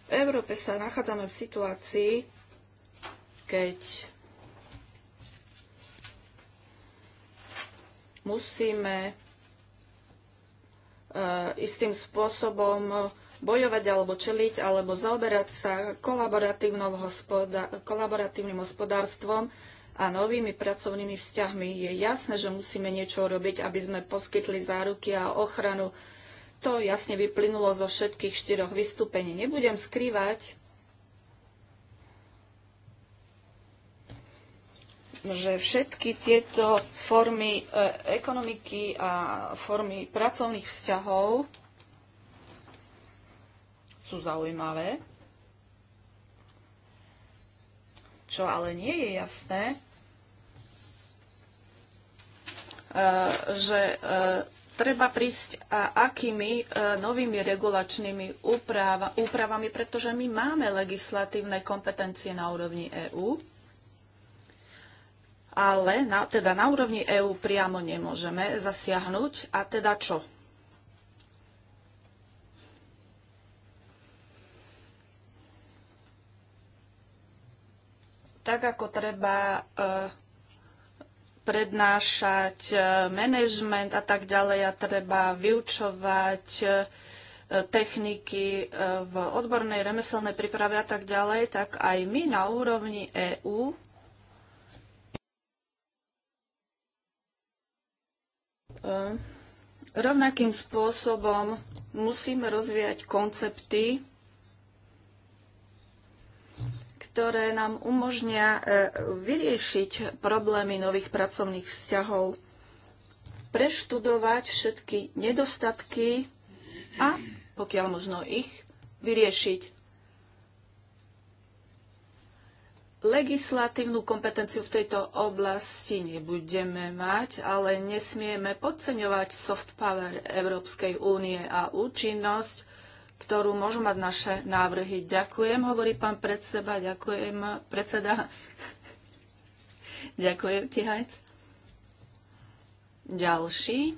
V Európe sa nachádzame v situácii, keď musíme e, istým spôsobom bojovať alebo čeliť alebo zaoberať sa hospoda kolaboratívnym hospodárstvom a novými pracovnými vzťahmi. Je jasné, že musíme niečo robiť, aby sme poskytli záruky a ochranu. To jasne vyplynulo zo všetkých štyroch vystúpení. Nebudem skrývať, že všetky tieto formy e, ekonomiky a formy pracovných vzťahov sú zaujímavé. Čo ale nie je jasné, e, že e, treba prísť akými novými regulačnými úprava, úpravami, pretože my máme legislatívne kompetencie na úrovni EÚ ale na, teda na úrovni EÚ priamo nemôžeme zasiahnuť. A teda čo? Tak ako treba e, prednášať e, management a tak ďalej a treba vyučovať e, techniky e, v odbornej remeselnej príprave a tak ďalej, tak aj my na úrovni EÚ E, rovnakým spôsobom musíme rozvíjať koncepty, ktoré nám umožnia e, vyriešiť problémy nových pracovných vzťahov, preštudovať všetky nedostatky a pokiaľ možno ich vyriešiť. Legislatívnu kompetenciu v tejto oblasti nebudeme mať, ale nesmieme podceňovať soft power Európskej únie a účinnosť, ktorú môžu mať naše návrhy. Ďakujem, hovorí pán predseda. Ďakujem, predseda. [laughs] Ďakujem Tihajc. Ďalší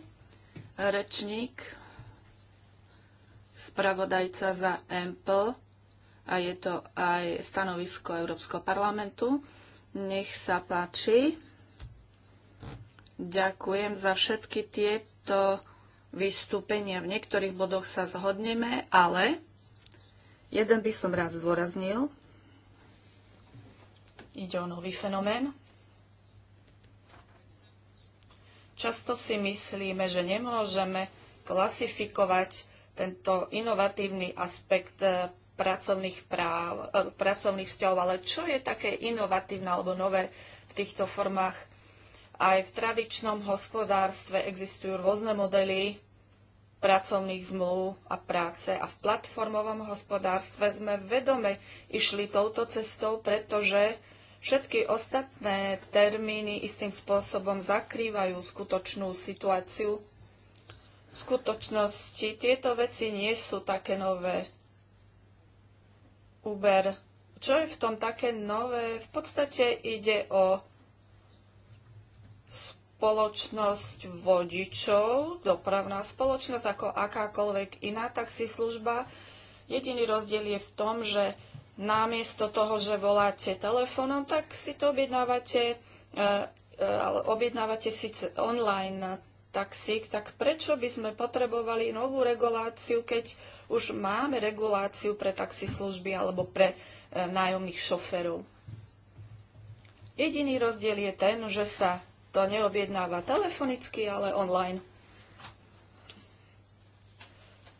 rečník, spravodajca za Ample a je to aj stanovisko Európskeho parlamentu. Nech sa páči. Ďakujem za všetky tieto vystúpenia. V niektorých bodoch sa zhodneme, ale jeden by som rád zdôraznil. Ide o nový fenomén. Často si myslíme, že nemôžeme klasifikovať tento inovatívny aspekt eh, pracovných, práv, e, pracovných vzťahov, ale čo je také inovatívne alebo nové v týchto formách? Aj v tradičnom hospodárstve existujú rôzne modely pracovných zmluv a práce a v platformovom hospodárstve sme vedome išli touto cestou, pretože všetky ostatné termíny istým spôsobom zakrývajú skutočnú situáciu. V skutočnosti tieto veci nie sú také nové Uber. Čo je v tom také nové? V podstate ide o spoločnosť vodičov, dopravná spoločnosť ako akákoľvek iná taxislužba. Jediný rozdiel je v tom, že namiesto toho, že voláte telefónom, tak si to objednávate, e, e, objednávate síce online taxík, tak prečo by sme potrebovali novú reguláciu, keď už máme reguláciu pre taxislužby alebo pre e, nájomných šoferov? Jediný rozdiel je ten, že sa to neobjednáva telefonicky, ale online.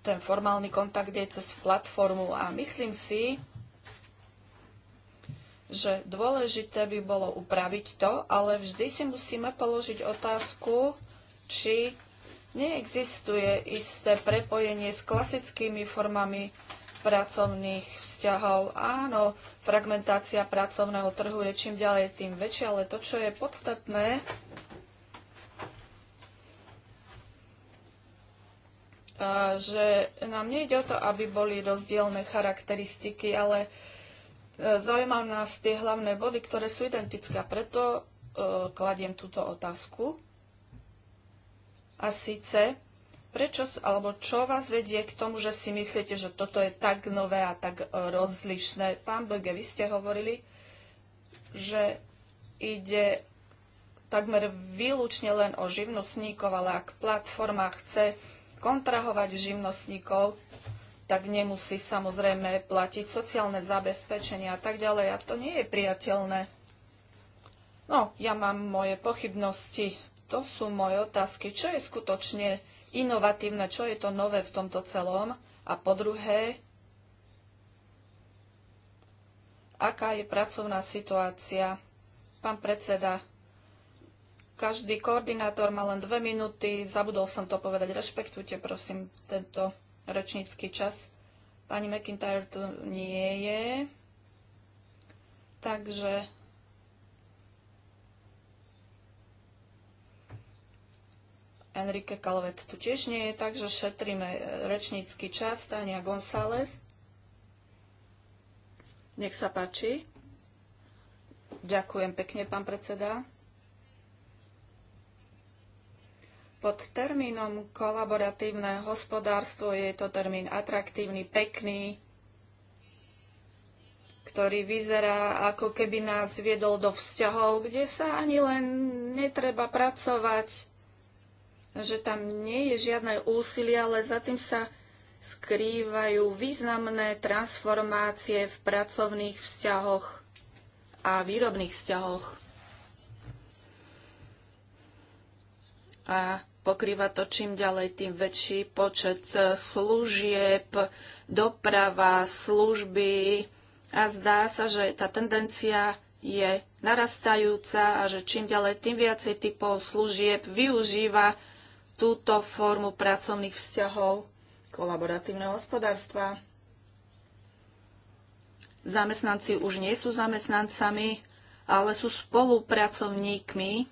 Ten formálny kontakt je cez platformu a myslím si, že dôležité by bolo upraviť to, ale vždy si musíme položiť otázku, či neexistuje isté prepojenie s klasickými formami pracovných vzťahov. Áno, fragmentácia pracovného trhu je čím ďalej tým väčšia, ale to, čo je podstatné, že nám nejde o to, aby boli rozdielne charakteristiky, ale e, zaujímavé nás tie hlavné body, ktoré sú identické. A preto e, kladiem túto otázku. A síce, prečo, alebo čo vás vedie k tomu, že si myslíte, že toto je tak nové a tak e, rozlišné? Pán Böge, vy ste hovorili, že ide takmer výlučne len o živnostníkov, ale ak platforma chce kontrahovať živnostníkov, tak nemusí samozrejme platiť sociálne zabezpečenie a tak ďalej. A to nie je priateľné. No, ja mám moje pochybnosti to sú moje otázky. Čo je skutočne inovatívne, čo je to nové v tomto celom? A po druhé, aká je pracovná situácia? Pán predseda, každý koordinátor má len dve minúty. Zabudol som to povedať. Rešpektujte, prosím, tento rečnícky čas. Pani McIntyre tu nie je. Takže Enrique Calvet tu tiež nie je, takže šetríme rečnícky čas. Tania González. Nech sa páči. Ďakujem pekne, pán predseda. Pod termínom kolaboratívne hospodárstvo je to termín atraktívny, pekný, ktorý vyzerá ako keby nás viedol do vzťahov, kde sa ani len netreba pracovať že tam nie je žiadne úsilie, ale za tým sa skrývajú významné transformácie v pracovných vzťahoch a výrobných vzťahoch. A pokrýva to čím ďalej, tým väčší počet e, služieb, doprava, služby a zdá sa, že tá tendencia je narastajúca a že čím ďalej, tým viacej typov služieb využíva túto formu pracovných vzťahov kolaboratívneho hospodárstva. Zamestnanci už nie sú zamestnancami, ale sú spolupracovníkmi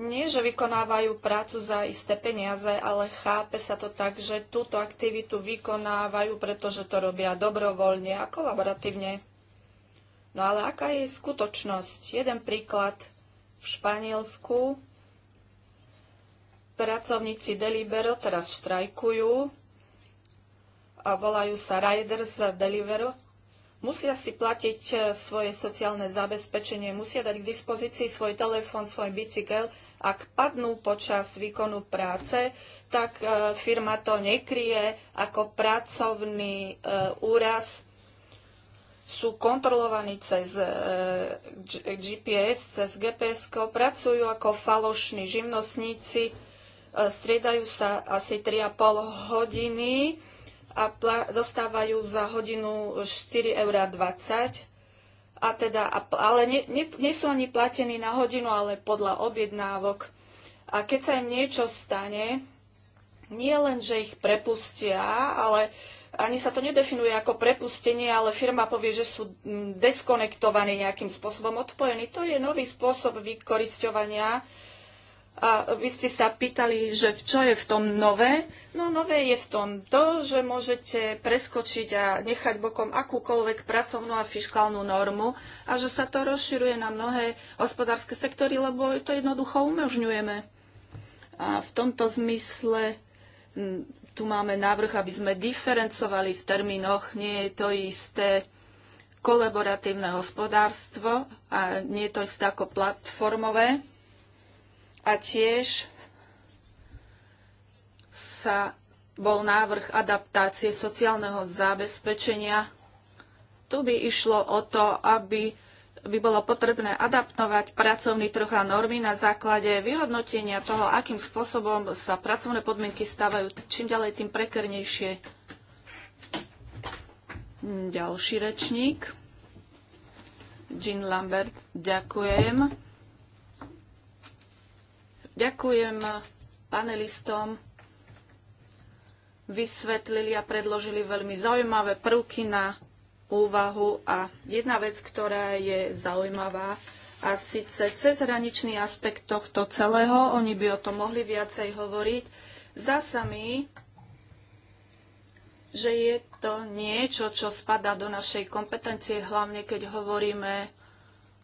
nie, že vykonávajú prácu za isté peniaze, ale chápe sa to tak, že túto aktivitu vykonávajú, pretože to robia dobrovoľne a kolaboratívne. No ale aká je skutočnosť? Jeden príklad v Španielsku pracovníci Delibero teraz štrajkujú a volajú sa Riders delibero, Musia si platiť e, svoje sociálne zabezpečenie, musia dať k dispozícii svoj telefón, svoj bicykel. Ak padnú počas výkonu práce, tak e, firma to nekrie ako pracovný e, úraz sú kontrolovaní cez e, GPS, cez GPS, pracujú ako falošní živnostníci, e, striedajú sa asi 3,5 hodiny a dostávajú za hodinu 4,20 eur. A teda, ale nie, nie, nie sú ani platení na hodinu, ale podľa objednávok. A keď sa im niečo stane, nie len, že ich prepustia, ale ani sa to nedefinuje ako prepustenie, ale firma povie, že sú mm, deskonektovaní nejakým spôsobom odpojení. To je nový spôsob vykorisťovania. A vy ste sa pýtali, že čo je v tom nové? No nové je v tom to, že môžete preskočiť a nechať bokom akúkoľvek pracovnú a fiskálnu normu a že sa to rozširuje na mnohé hospodárske sektory, lebo to jednoducho umožňujeme. A v tomto zmysle mm, tu máme návrh, aby sme diferencovali v termínoch. Nie je to isté kolaboratívne hospodárstvo a nie je to isté ako platformové. A tiež sa bol návrh adaptácie sociálneho zabezpečenia. Tu by išlo o to, aby by bolo potrebné adaptovať pracovný trh a normy na základe vyhodnotenia toho, akým spôsobom sa pracovné podmienky stávajú čím ďalej, tým prekernejšie. Hm, ďalší rečník. Jean Lambert, ďakujem. Ďakujem panelistom. Vysvetlili a predložili veľmi zaujímavé prvky na úvahu. A jedna vec, ktorá je zaujímavá, a síce cezhraničný aspekt tohto celého, oni by o tom mohli viacej hovoriť. Zdá sa mi, že je to niečo, čo spadá do našej kompetencie, hlavne keď hovoríme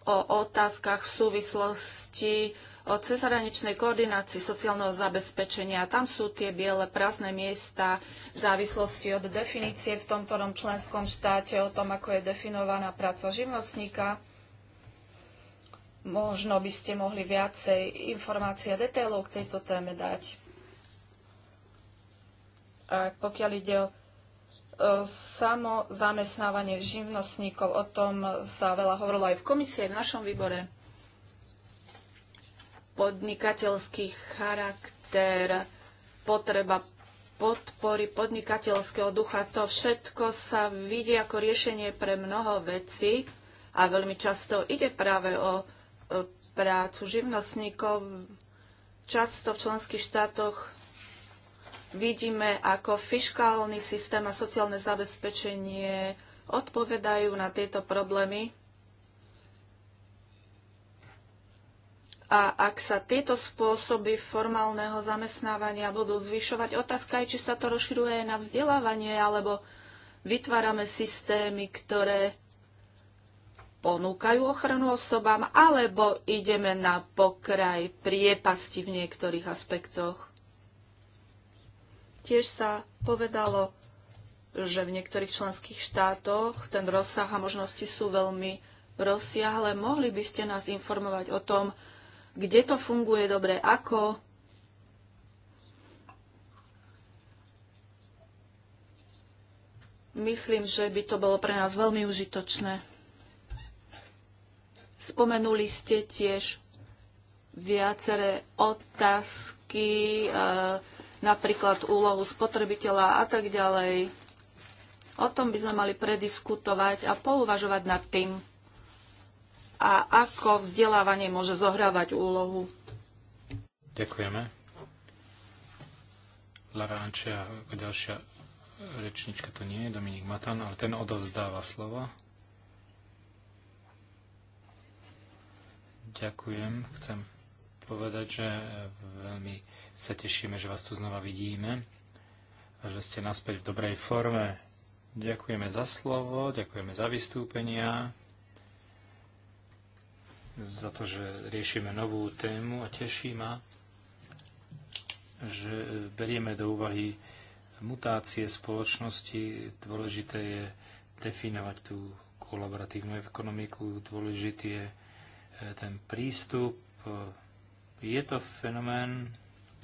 o otázkach v súvislosti o cezhraničnej koordinácii sociálneho zabezpečenia. Tam sú tie biele prázdne miesta v závislosti od definície v tomto členskom štáte, o tom, ako je definovaná práca živnostníka. Možno by ste mohli viacej informácií a detailov k tejto téme dať. A pokiaľ ide o samozamestnávanie živnostníkov, o tom sa veľa hovorilo aj v komisie, v našom výbore podnikateľský charakter, potreba podpory podnikateľského ducha. To všetko sa vidí ako riešenie pre mnoho vecí a veľmi často ide práve o prácu živnostníkov. Často v členských štátoch vidíme, ako fiškálny systém a sociálne zabezpečenie odpovedajú na tieto problémy A ak sa tieto spôsoby formálneho zamestnávania budú zvyšovať, otázka je, či sa to rozširuje na vzdelávanie, alebo vytvárame systémy, ktoré ponúkajú ochranu osobám, alebo ideme na pokraj priepasti v niektorých aspektoch. Tiež sa povedalo, že v niektorých členských štátoch ten rozsah a možnosti sú veľmi rozsiahle. Mohli by ste nás informovať o tom, kde to funguje dobre, ako. Myslím, že by to bolo pre nás veľmi užitočné. Spomenuli ste tiež viaceré otázky, e, napríklad úlohu spotrebiteľa a tak ďalej. O tom by sme mali prediskutovať a pouvažovať nad tým a ako vzdelávanie môže zohrávať úlohu.
Ďakujeme. Lara Ančia, ďalšia rečnička to nie je, Dominik Matan, ale ten odovzdáva slovo. Ďakujem. Chcem povedať, že veľmi sa tešíme, že vás tu znova vidíme a že ste naspäť v dobrej forme. Ďakujeme za slovo, ďakujeme za vystúpenia za to, že riešime novú tému a teší ma, že berieme do úvahy mutácie spoločnosti. Dôležité je definovať tú kolaboratívnu ekonomiku, dôležitý je eh, ten prístup. Je to fenomén,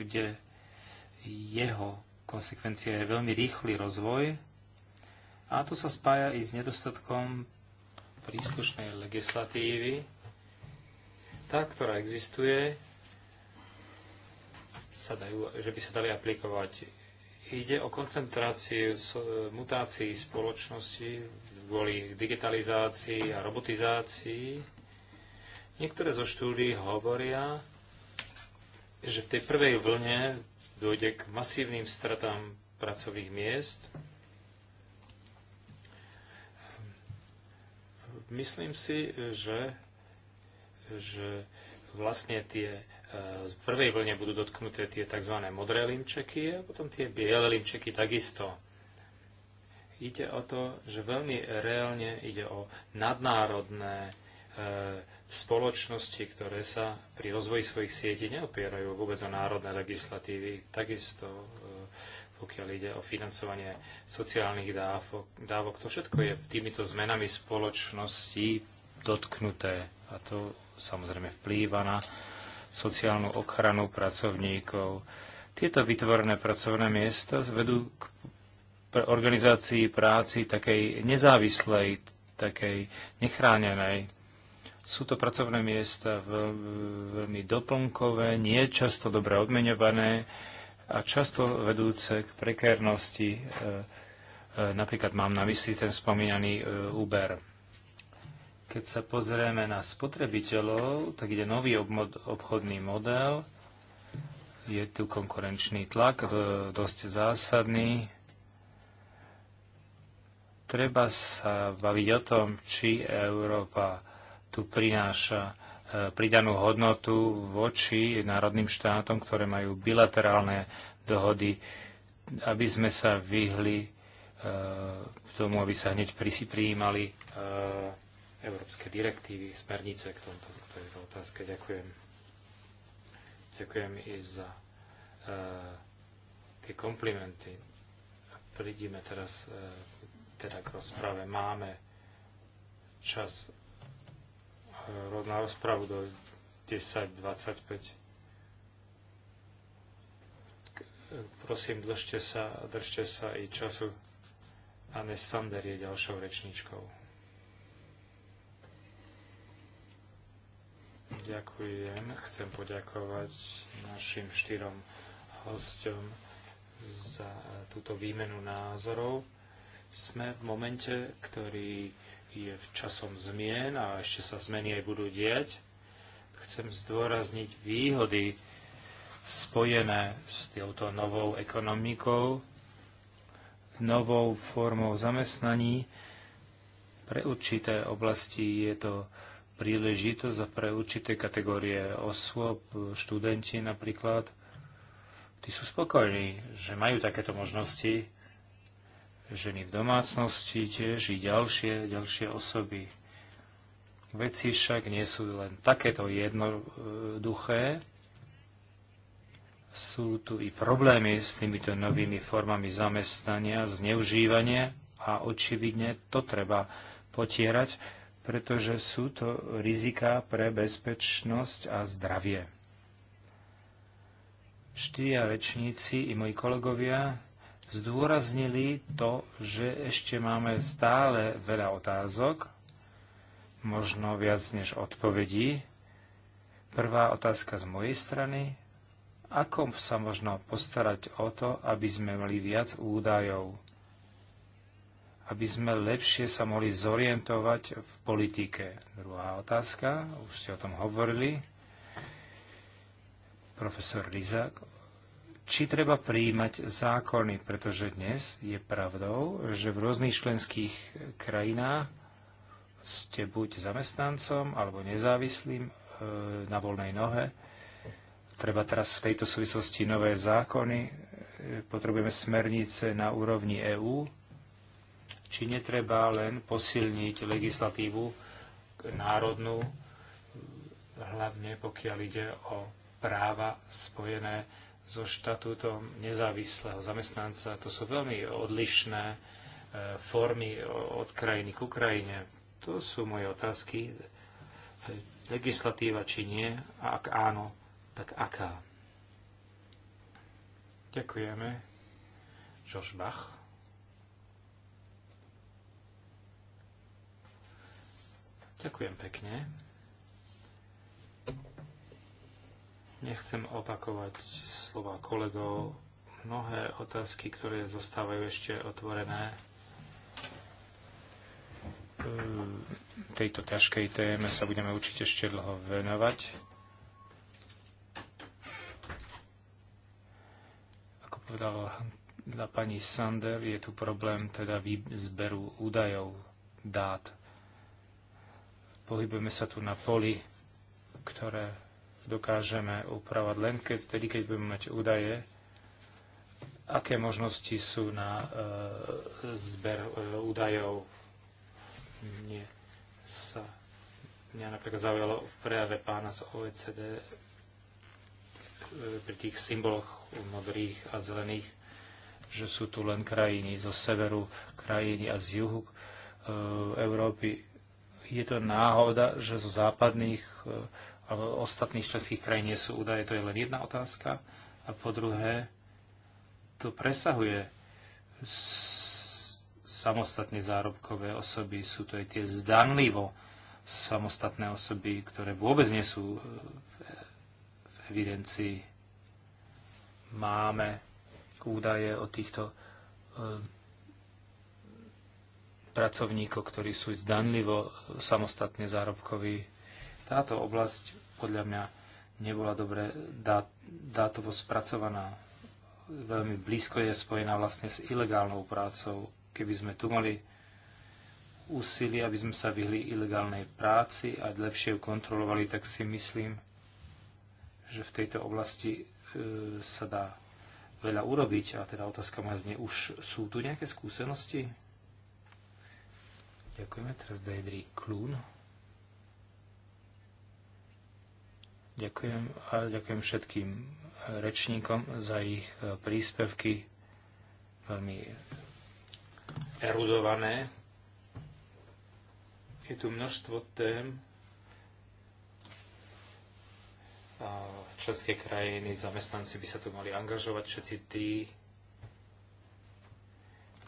kde jeho konsekvencia je veľmi rýchly rozvoj a to sa spája i s nedostatkom príslušnej legislatívy, tá, ktorá existuje, sa dajú, že by sa dali aplikovať. Ide o koncentráciu mutácií spoločnosti kvôli digitalizácii a robotizácii. Niektoré zo štúdí hovoria, že v tej prvej vlne dôjde k masívnym stratám pracových miest. Myslím si, že že vlastne tie eh, z prvej vlne budú dotknuté tie tzv. modré limčeky a potom tie biele limčeky takisto. Ide o to, že veľmi reálne ide o nadnárodné eh, spoločnosti, ktoré sa pri rozvoji svojich sietí neopierajú vôbec o národné legislatívy. Takisto, eh, pokiaľ ide o financovanie sociálnych dávok, dávok to všetko je týmito zmenami spoločnosti dotknuté. A to samozrejme vplýva na sociálnu ochranu pracovníkov. Tieto vytvorené pracovné miesta vedú k organizácii práci takej nezávislej, takej nechránenej. Sú to pracovné miesta veľmi doplnkové, nie často dobre odmeňované a často vedúce k prekérnosti. E, e, napríklad mám na mysli ten spomínaný e, Uber. Keď sa pozrieme na spotrebiteľov, tak ide nový obchodný model. Je tu konkurenčný tlak, e, dosť zásadný. Treba sa baviť o tom, či Európa tu prináša e, pridanú hodnotu voči národným štátom, ktoré majú bilaterálne dohody, aby sme sa vyhli e, k tomu, aby sa hneď prijímali európske direktívy, smernice k tomto, k tejto otázke. Ďakujem. Ďakujem i za uh, tie komplimenty. Prídime teraz uh, teda k rozprave. Máme čas uh, na rozpravu do 10.25. Prosím, držte sa, držte sa i času. Anne Sander je ďalšou rečníčkou. Ďakujem. Chcem poďakovať našim štyrom hostom za túto výmenu názorov. Sme v momente, ktorý je v časom zmien a ešte sa zmeny aj budú diať. Chcem zdôrazniť výhody spojené s touto novou ekonomikou, novou formou zamestnaní. Pre určité oblasti je to príležitosť pre určité kategórie osôb, študenti napríklad. Tí sú spokojní, že majú takéto možnosti. Ženy v domácnosti tiež i ďalšie, ďalšie osoby. Veci však nie sú len takéto jednoduché. Sú tu i problémy s týmito novými formami zamestnania, zneužívanie a očividne to treba potierať pretože sú to rizika pre bezpečnosť a zdravie. Štyria rečníci i moji kolegovia zdôraznili to, že ešte máme stále veľa otázok, možno viac než odpovedí. Prvá otázka z mojej strany. Ako sa možno postarať o to, aby sme mali viac údajov aby sme lepšie sa mohli zorientovať v politike. Druhá otázka, už ste o tom hovorili, profesor Lizák. Či treba príjmať zákony, pretože dnes je pravdou, že v rôznych členských krajinách ste buď zamestnancom alebo nezávislým e, na voľnej nohe. Treba teraz v tejto súvislosti nové zákony, e, potrebujeme smernice na úrovni EÚ, či netreba len posilniť legislatívu národnú, hlavne pokiaľ ide o práva spojené so štatútom nezávislého zamestnanca. To sú veľmi odlišné e, formy od krajiny k Ukrajine. To sú moje otázky. Legislatíva či nie? A ak áno, tak aká? Ďakujeme. Josh Bach. Ďakujem pekne. Nechcem opakovať slova kolegov. Mnohé otázky, ktoré zostávajú ešte otvorené e, tejto ťažkej téme sa budeme určite ešte dlho venovať. Ako povedala pani Sander, je tu problém teda výzberu údajov, dát Pohybujeme sa tu na poli, ktoré dokážeme upravať len keď, tedy, keď budeme mať údaje, aké možnosti sú na e, zber e, údajov. Mne sa mňa napríklad zaujalo v prejave pána z OECD e, pri tých symboloch modrých a zelených, že sú tu len krajiny zo severu, krajiny a z juhu e, Európy, je to náhoda, že zo západných eh, alebo ostatných členských krajín nie sú údaje, to je len jedna otázka. A po druhé, to presahuje samostatne zárobkové osoby, sú to aj tie zdanlivo samostatné osoby, ktoré vôbec nie sú eh, v, v evidencii. Máme údaje o týchto eh, pracovníkov, ktorí sú zdanlivo samostatne zárobkoví. Táto oblasť podľa mňa nebola dobre dát, dátovo spracovaná. Veľmi blízko je spojená vlastne s ilegálnou prácou. Keby sme tu mali úsilie, aby sme sa vyhli ilegálnej práci a lepšie ju kontrolovali, tak si myslím, že v tejto oblasti e, sa dá veľa urobiť. A teda otázka moja znie, už sú tu nejaké skúsenosti? Ďakujeme. Teraz Deidri Klún. Ďakujem a ďakujem všetkým rečníkom za ich e, príspevky. Veľmi erudované. Je tu množstvo tém. české krajiny, zamestnanci by sa tu mali angažovať, všetci tí,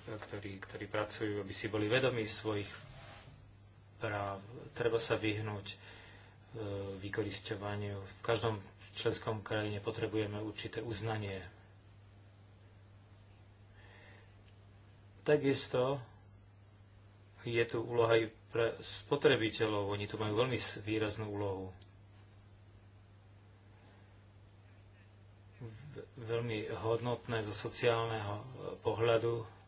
ktorí, ktorí pracujú, aby si boli vedomí svojich práv. Treba sa vyhnúť e, vykoristovaniu. V každom členskom krajine potrebujeme určité uznanie. Takisto je tu úloha aj pre spotrebiteľov. Oni tu majú veľmi výraznú úlohu. Veľmi hodnotné zo sociálneho e, pohľadu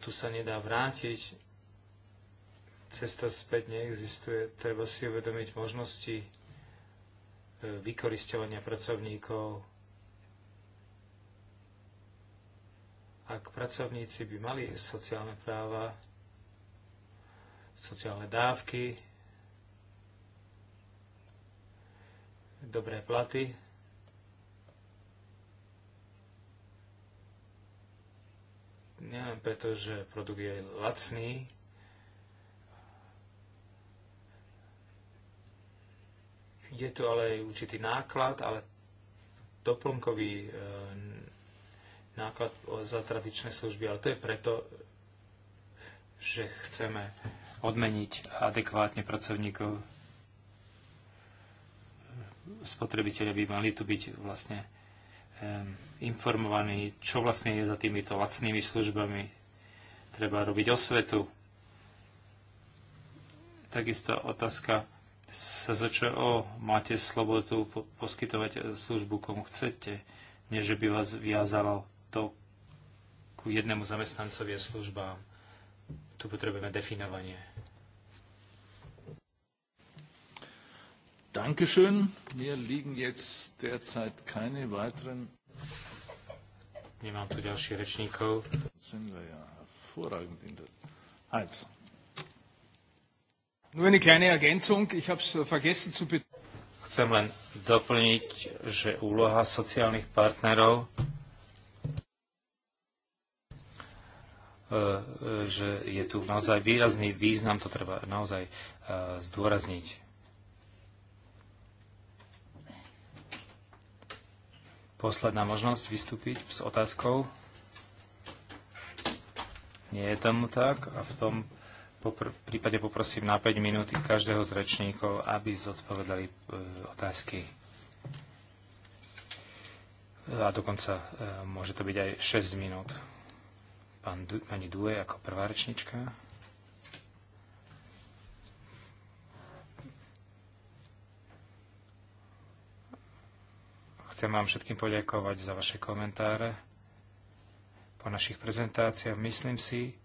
tu sa nedá vrátiť, cesta späť neexistuje, treba si uvedomiť možnosti e, vykoristovania pracovníkov. Ak pracovníci by mali sociálne práva, sociálne dávky, dobré platy, nielen preto, že produkt je lacný, je tu ale aj určitý náklad, ale doplnkový eh, náklad za tradičné služby, ale to je preto, že chceme odmeniť adekvátne pracovníkov. spotrebiteľe by mali tu byť vlastne informovaní, čo vlastne je za týmito lacnými službami. Treba robiť osvetu. Takisto otázka o, Máte slobodu poskytovať službu komu chcete, než by vás viazalo to ku jednému zamestnancovi službám. Tu potrebujeme definovanie.
Dankeschön. Mir liegen jetzt derzeit keine weiteren. Nemám tu ďalších rečníkov. Sind wir ja hervorragend in der Heinz. Nur eine kleine Ergänzung. Ich habe es äh, vergessen zu betonen.
Chcem len doplniť, že úloha sociálnych partnerov e, e, že je tu naozaj výrazný význam, to treba naozaj e, zdôrazniť. posledná možnosť vystúpiť s otázkou. Nie je tomu tak a v tom popr- v prípade poprosím na 5 minút každého z rečníkov, aby zodpovedali e, otázky. A dokonca e, môže to byť aj 6 minút. Pán, pani Due ako prvá rečnička. Chcem vám všetkým poďakovať za vaše komentáre po našich prezentáciách. Myslím si,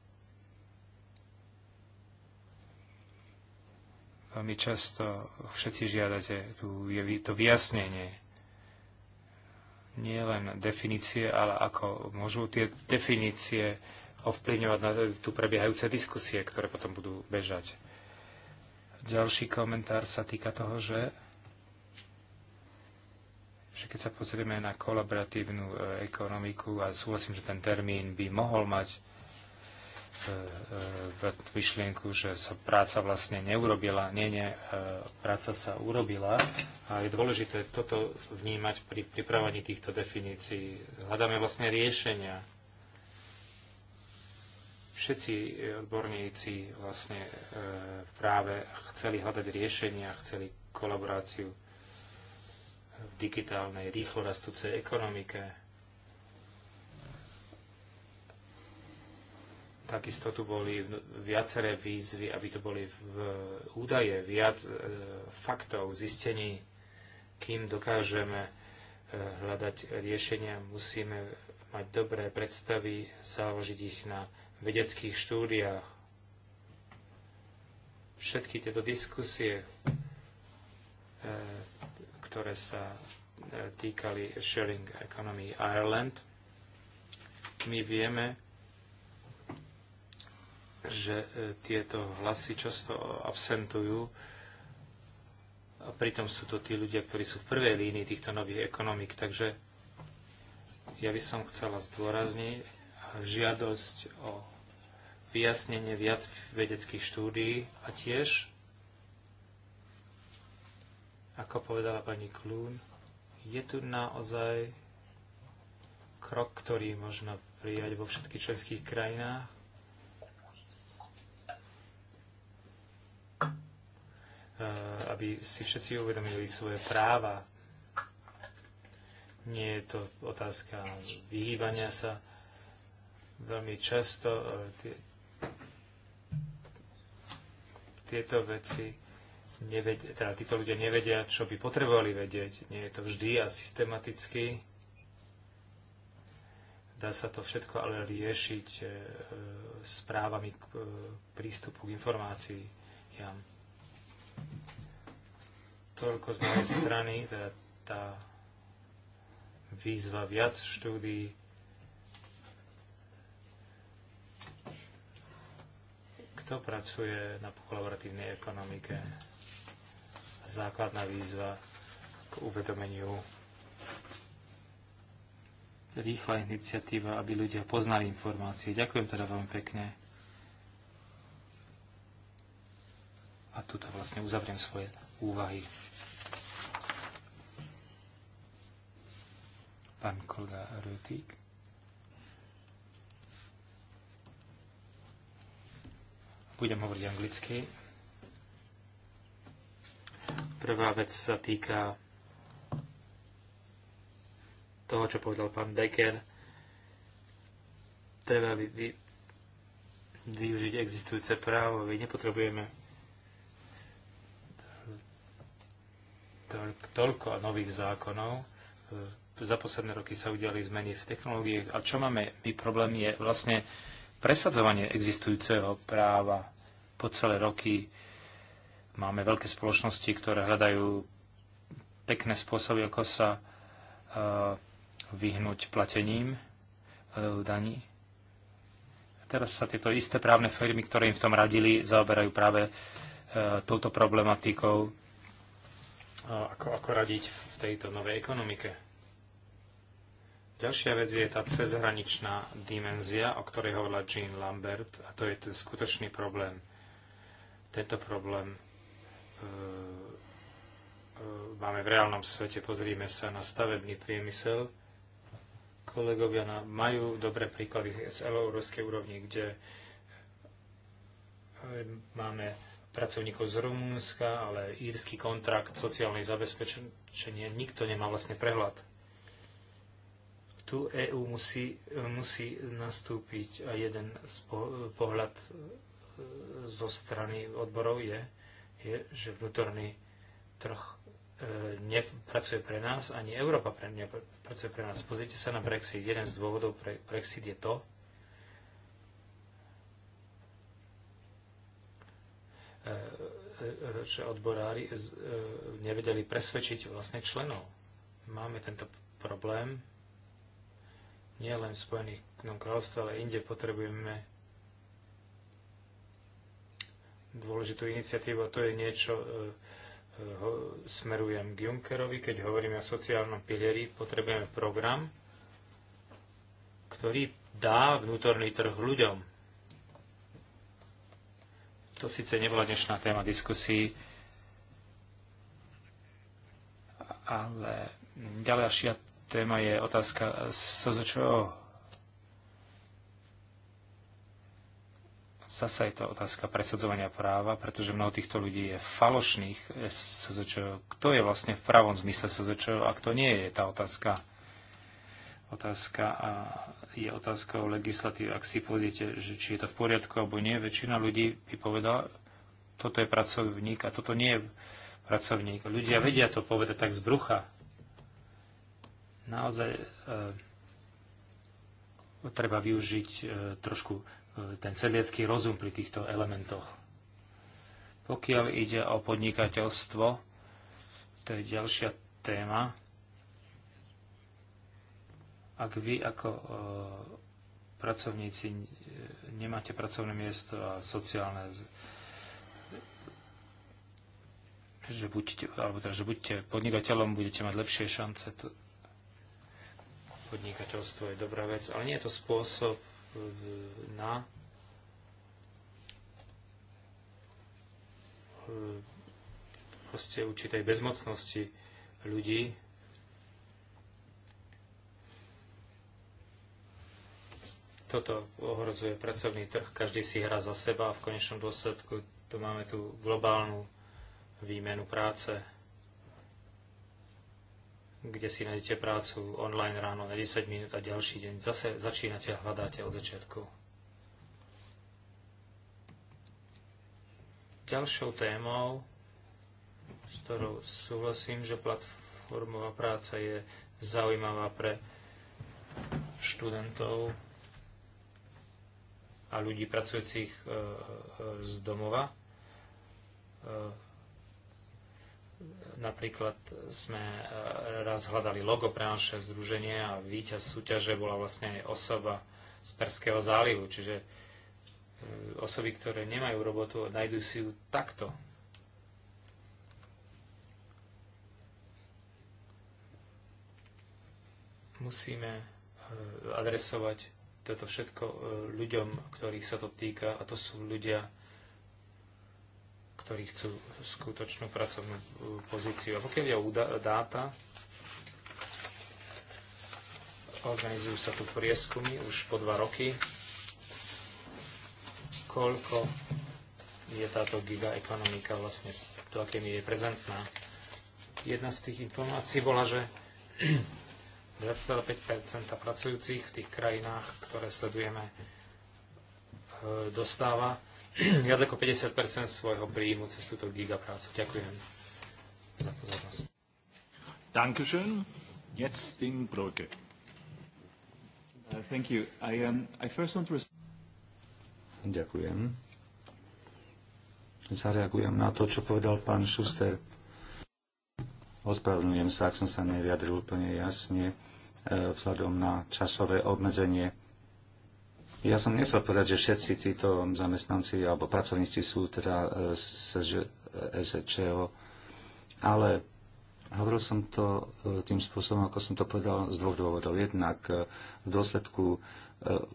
veľmi často všetci žiadate tu je to vyjasnenie. Nie len definície, ale ako môžu tie definície ovplyvňovať na tu prebiehajúce diskusie, ktoré potom budú bežať. Ďalší komentár sa týka toho, že že keď sa pozrieme na kolaboratívnu e, ekonomiku a súhlasím, že ten termín by mohol mať e, e, myšlienku, že sa práca vlastne neurobila. Nie, nie, práca sa urobila a je dôležité toto vnímať pri pripravení týchto definícií. Hľadáme vlastne riešenia. Všetci odborníci vlastne práve chceli hľadať riešenia, chceli kolaboráciu v digitálnej rýchlo rastúcej ekonomike. Takisto tu boli viaceré výzvy, aby to boli v údaje, viac e, faktov, zistení, kým dokážeme e, hľadať riešenia, musíme mať dobré predstavy, záložiť ich na vedeckých štúdiách. Všetky tieto diskusie e, ktoré sa e, týkali Sharing Economy Ireland. My vieme, že e, tieto hlasy často absentujú a pritom sú to tí ľudia, ktorí sú v prvej línii týchto nových ekonomik. Takže ja by som chcela zdôrazniť žiadosť o vyjasnenie viac vedeckých štúdií a tiež ako povedala pani Klún, je tu naozaj krok, ktorý možno prijať vo všetkých členských krajinách. E, aby si všetci uvedomili svoje práva. Nie je to otázka vyhýbania sa. Veľmi často e, tieto veci nevedia, teda títo ľudia nevedia, čo by potrebovali vedieť. Nie je to vždy a systematicky. Dá sa to všetko ale riešiť e, správami k e, prístupu k informácii. Ja. Toľko z mojej strany, teda tá výzva viac štúdií, kto pracuje na kolaboratívnej ekonomike základná výzva k uvedomeniu. Rýchla iniciatíva, aby ľudia poznali informácie. Ďakujem teda veľmi pekne. A tuto vlastne uzavriem svoje úvahy. Pán kolega Rutík. budem hovoriť anglicky. Prvá vec sa týka toho, čo povedal pán Becker. Treba vy, vy, využiť existujúce právo. My nepotrebujeme toľko nových zákonov. Za posledné roky sa udiali zmeny v technológiách. A čo máme my problém je vlastne presadzovanie existujúceho práva po celé roky Máme veľké spoločnosti, ktoré hľadajú pekné spôsoby, ako sa e, vyhnúť platením e, daní. Teraz sa tieto isté právne firmy, ktoré im v tom radili, zaoberajú práve e, touto problematikou, ako, ako radiť v tejto novej ekonomike. Ďalšia vec je tá cezhraničná dimenzia, o ktorej hovorila Jean Lambert, a to je ten skutočný problém. Tento problém E, e, máme v reálnom svete, pozrime sa na stavebný priemysel. Kolegovia majú dobré príklady z európskej úrovni, kde e, máme pracovníkov z Rumúnska, ale írsky kontrakt, sociálne zabezpečenie, nikto nemá vlastne prehľad. Tu EÚ musí, musí nastúpiť a jeden z po, pohľad zo strany odborov je, je, že vnútorný trh e, nepracuje pre nás, ani Európa pre, nepracuje pre nás. Pozrite sa na Brexit. Jeden z dôvodov pre Brexit je to, e, e, že odborári nevedeli presvedčiť vlastne členov. Máme tento problém nie len v Spojených kráľovstve, ale inde potrebujeme dôležitú iniciatívu a to je niečo, e, e, smerujem k Junckerovi, keď hovoríme o sociálnom pilieri, potrebujeme program, ktorý dá vnútorný trh ľuďom. To síce nebola dnešná téma diskusí, ale ďalšia téma je otázka SZČO. Zasa je to otázka presadzovania práva, pretože mnoho týchto ľudí je falošných SZČ. Kto je vlastne v pravom zmysle SZČ a kto nie je, tá otázka. Otázka a je otázkou legislatívy. Ak si povedete, že či je to v poriadku alebo nie, väčšina ľudí by povedala, toto je pracovník a toto nie je pracovník. Ľudia vedia to povedať tak z brucha. Naozaj e, treba využiť e, trošku ten sedliecký rozum pri týchto elementoch. Pokiaľ ide o podnikateľstvo, to je ďalšia téma. Ak vy ako e, pracovníci e, nemáte pracovné miesto a sociálne že buďte, alebo teda, že buďte podnikateľom, budete mať lepšie šance. To... Podnikateľstvo je dobrá vec, ale nie je to spôsob, na eh, proste určitej bezmocnosti ľudí. Toto ohrozuje pracovný trh, každý si hrá za seba a v konečnom dôsledku tu máme tu globálnu výmenu práce kde si nájdete prácu online ráno na 10 minút a ďalší deň zase začínate a hľadáte od začiatku. Ďalšou témou, s ktorou súhlasím, že platformová práca je zaujímavá pre študentov a ľudí pracujúcich e, e, z domova e, Napríklad sme e, raz hľadali logo pre naše združenie a víťaz súťaže bola vlastne aj osoba z Perského zálivu. Čiže e, osoby, ktoré nemajú robotu, nájdú si ju takto. Musíme e, adresovať toto všetko ľuďom, ktorých sa to týka, a to sú ľudia, ktorí chcú skutočnú pracovnú eh, pozíciu. A pokiaľ je o dáta, organizujú sa tu prieskumy už po dva roky, koľko je táto giga ekonomika vlastne, do akej mi je prezentná. Jedna z tých informácií bola, že 2,5 [clears throat] pracujúcich v tých krajinách, ktoré sledujeme, eh, dostáva viac ako 50 svojho príjmu cez túto gigaprácu. Ďakujem
za pozornosť. Dankeschön. Jetzt den Brücke. Uh, thank you. I, um, I first want to...
Ďakujem. Zareagujem na to, čo povedal pán Šuster. Ospravedlňujem sa, ak som sa nevyjadril úplne jasne uh, vzhľadom na časové obmedzenie ja som nechcel povedať, že všetci títo zamestnanci alebo pracovníci sú teda e, SZČO, e, ale hovoril som to e, tým spôsobom, ako som to povedal, z dvoch dôvodov. Jednak v dôsledku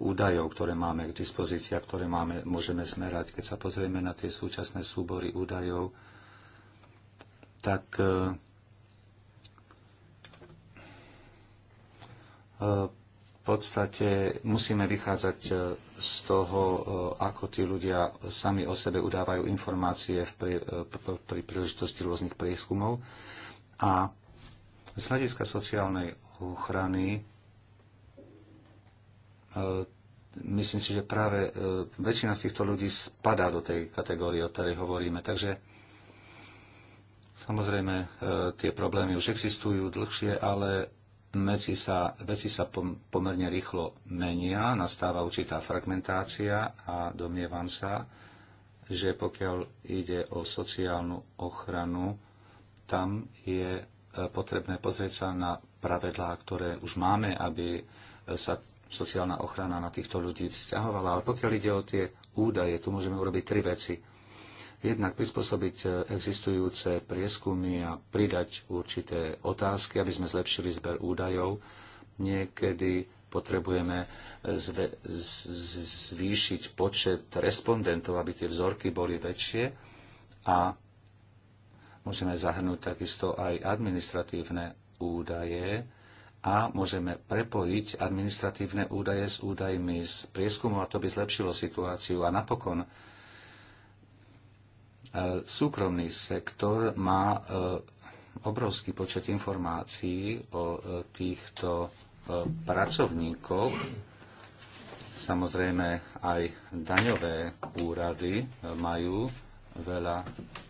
údajov, ktoré máme k dispozícii a ktoré máme, môžeme smerať. Keď sa pozrieme na tie súčasné súbory údajov, tak podstate musíme vychádzať e, z toho, e, ako tí ľudia sami o sebe udávajú informácie v pri, e, pri príležitosti rôznych prieskumov. A z hľadiska sociálnej ochrany myslím si, že práve väčšina z týchto ľudí spadá do tej kategórie, o ktorej hovoríme. Takže samozrejme tie problémy už existujú dlhšie, ale veci sa, veci sa pomerne rýchlo menia, nastáva určitá fragmentácia a domnievam sa, že pokiaľ ide o sociálnu ochranu, tam je e, potrebné pozrieť sa na pravedlá, ktoré už máme, aby e, sa sociálna ochrana na týchto ľudí vzťahovala. Ale pokiaľ ide o tie údaje, tu môžeme urobiť tri veci jednak prispôsobiť e, existujúce prieskumy a pridať určité otázky, aby sme zlepšili zber údajov. Niekedy potrebujeme e, zve, z, zvýšiť počet respondentov, aby tie vzorky boli väčšie a môžeme zahrnúť takisto aj administratívne údaje a môžeme prepojiť administratívne údaje s údajmi z prieskumu a to by zlepšilo situáciu. A napokon E, súkromný sektor má e, obrovský počet informácií o e, týchto pracovníkoch. Samozrejme aj daňové úrady majú veľa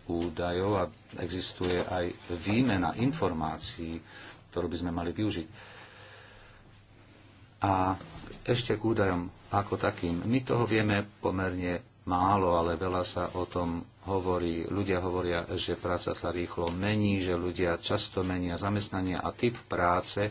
údajov a existuje aj výmena informácií, ktorú by sme mali využiť. A ešte k údajom ako takým. My toho vieme pomerne málo, ale veľa sa o tom hovorí, ľudia hovoria, že práca sa rýchlo mení, že ľudia často menia zamestnania a typ práce,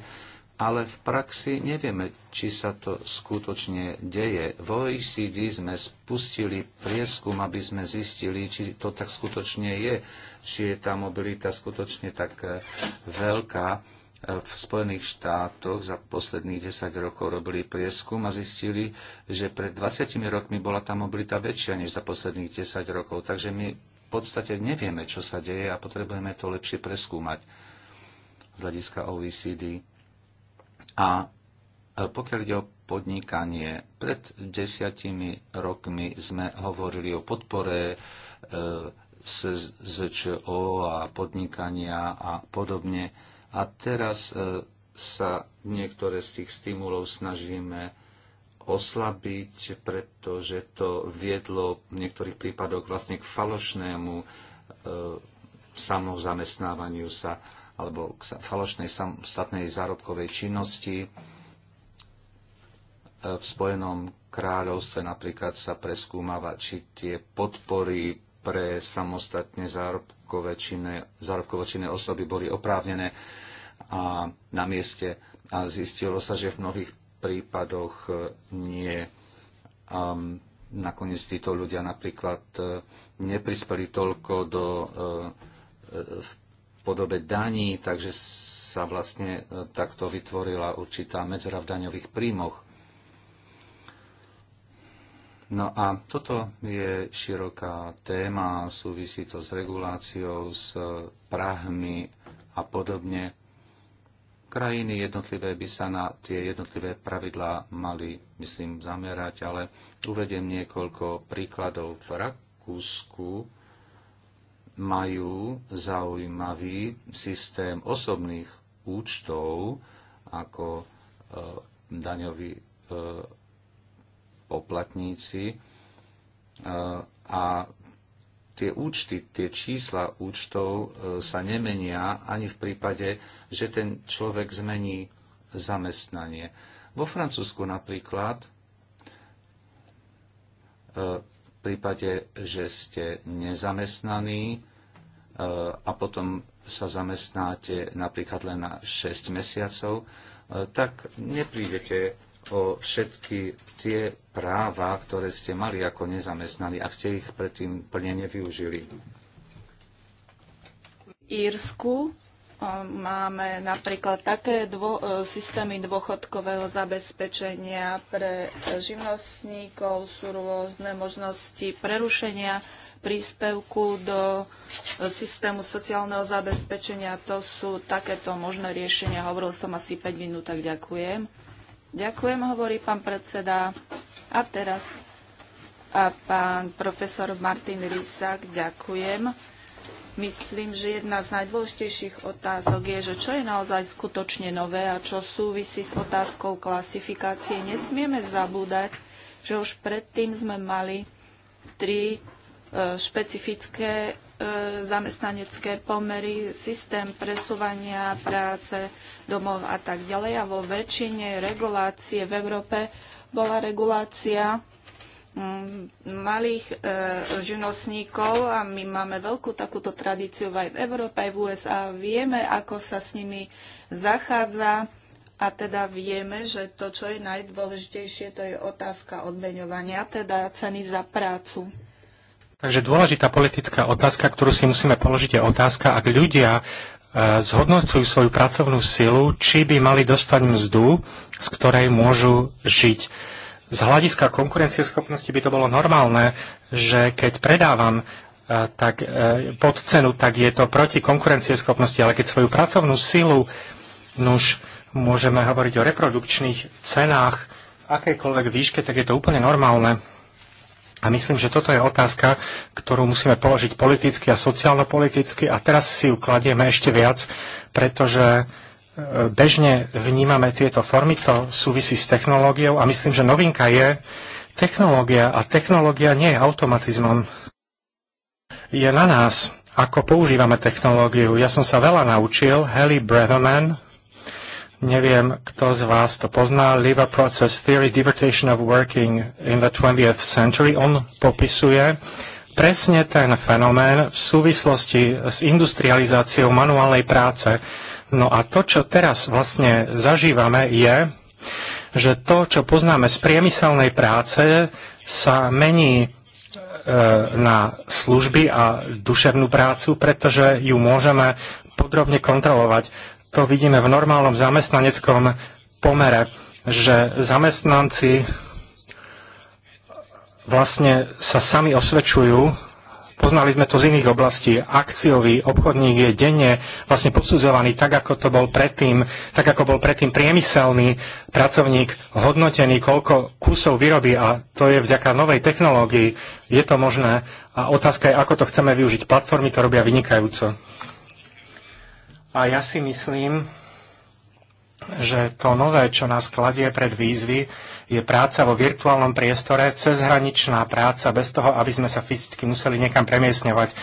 ale v praxi nevieme, či sa to skutočne deje. V OECD sme spustili prieskum, aby sme zistili, či to tak skutočne je, či je tá mobilita skutočne tak eh, veľká E, v Spojených štátoch za posledných 10 rokov robili prieskum a zistili, že pred 20 rokmi bola tá mobilita väčšia než za posledných 10 rokov. Takže my v podstate nevieme, čo sa deje a potrebujeme to lepšie preskúmať z hľadiska OECD. A e, pokiaľ ide o podnikanie, pred desiatimi rokmi sme hovorili o podpore e, SZČO a podnikania a podobne a teraz e, sa niektoré z tých stimulov snažíme oslabiť, pretože to viedlo v niektorých prípadoch vlastne k falošnému e, samozamestnávaniu sa alebo k falošnej samostatnej zárobkovej činnosti. E, v Spojenom kráľovstve napríklad sa preskúmava, či tie podpory pre samostatne zárobkové činné osoby boli oprávnené a na mieste a zistilo sa, že v mnohých prípadoch e, nie. Um, nakoniec títo ľudia napríklad e, neprispeli toľko do, e, v podobe daní, takže sa vlastne takto vytvorila určitá medzera v daňových príjmoch. No a toto je široká téma, súvisí to s reguláciou, s e, prahmi a podobne. Krajiny jednotlivé by sa na tie jednotlivé pravidlá mali, myslím, zamerať, ale uvediem niekoľko príkladov. V Rakúsku majú zaujímavý systém osobných účtov ako e, daňový e, poplatníci a tie účty, tie čísla účtov e, sa nemenia ani v prípade, že ten človek zmení zamestnanie. Vo Francúzsku napríklad e, v prípade, že ste nezamestnaní e, a potom sa zamestnáte napríklad len na 6 mesiacov, tak neprídete o všetky tie práva, ktoré ste mali ako nezamestnaní, ak ste ich predtým plne nevyužili?
V Írsku um, máme napríklad také dvo- uh, systémy dôchodkového zabezpečenia pre živnostníkov, sú rôzne možnosti prerušenia príspevku do uh, systému sociálneho zabezpečenia. To sú takéto možné riešenia. Hovoril som asi 5 minút, tak ďakujem. Ďakujem, hovorí pán predseda. A teraz a pán profesor Martin Rysak, ďakujem. Myslím, že jedna z najdôležitejších otázok je, že čo je naozaj skutočne nové a čo súvisí s otázkou klasifikácie. Nesmieme zabúdať, že už predtým sme mali tri e, špecifické E, zamestnanecké pomery, systém presúvania práce, domov a tak ďalej. A vo väčšine regulácie v Európe bola regulácia mm, malých e, živnostníkov a my máme veľkú takúto tradíciu aj v Európe, aj v USA. Vieme, ako sa s nimi zachádza a teda vieme, že to, čo je najdôležitejšie, to je otázka odmeňovania, teda ceny za prácu.
Takže dôležitá politická otázka, ktorú si musíme položiť, je otázka, ak ľudia e, zhodnocujú svoju pracovnú silu, či by mali dostať mzdu, z ktorej môžu žiť. Z hľadiska konkurencieschopnosti by to bolo normálne, že keď predávam e, tak, e, pod cenu, tak je to proti konkurencieschopnosti, ale keď svoju pracovnú silu, nuž môžeme hovoriť o reprodukčných cenách, akejkoľvek výške, tak je to úplne normálne. A myslím, že toto je otázka, ktorú musíme položiť politicky a sociálno-politicky a teraz si ju kladieme ešte viac, pretože e, bežne vnímame tieto formy, to súvisí s technológiou a myslím, že novinka je technológia a technológia nie je automatizmom. Je na nás, ako používame technológiu. Ja som sa veľa naučil, Heli Bretherman, Neviem, kto z vás to pozná. Liva Process Theory, Divertation of Working in the 20th Century. On popisuje presne ten fenomén v súvislosti s industrializáciou manuálnej práce. No a to, čo teraz vlastne zažívame, je, že to, čo poznáme z priemyselnej práce, sa mení e, na služby a duševnú prácu, pretože ju môžeme podrobne kontrolovať to vidíme v normálnom zamestnaneckom pomere, že zamestnanci vlastne sa sami osvedčujú. Poznali sme to z iných oblastí. Akciový obchodník je denne vlastne posudzovaný tak, ako to bol predtým, tak ako bol predtým priemyselný pracovník hodnotený, koľko kusov vyrobí a to je vďaka novej technológii. Je to možné a otázka je, ako to chceme využiť. Platformy to robia vynikajúco. A ja si myslím, že to nové, čo nás kladie pred výzvy, je práca vo virtuálnom priestore, cezhraničná práca, bez toho, aby sme sa fyzicky museli niekam premiesňovať.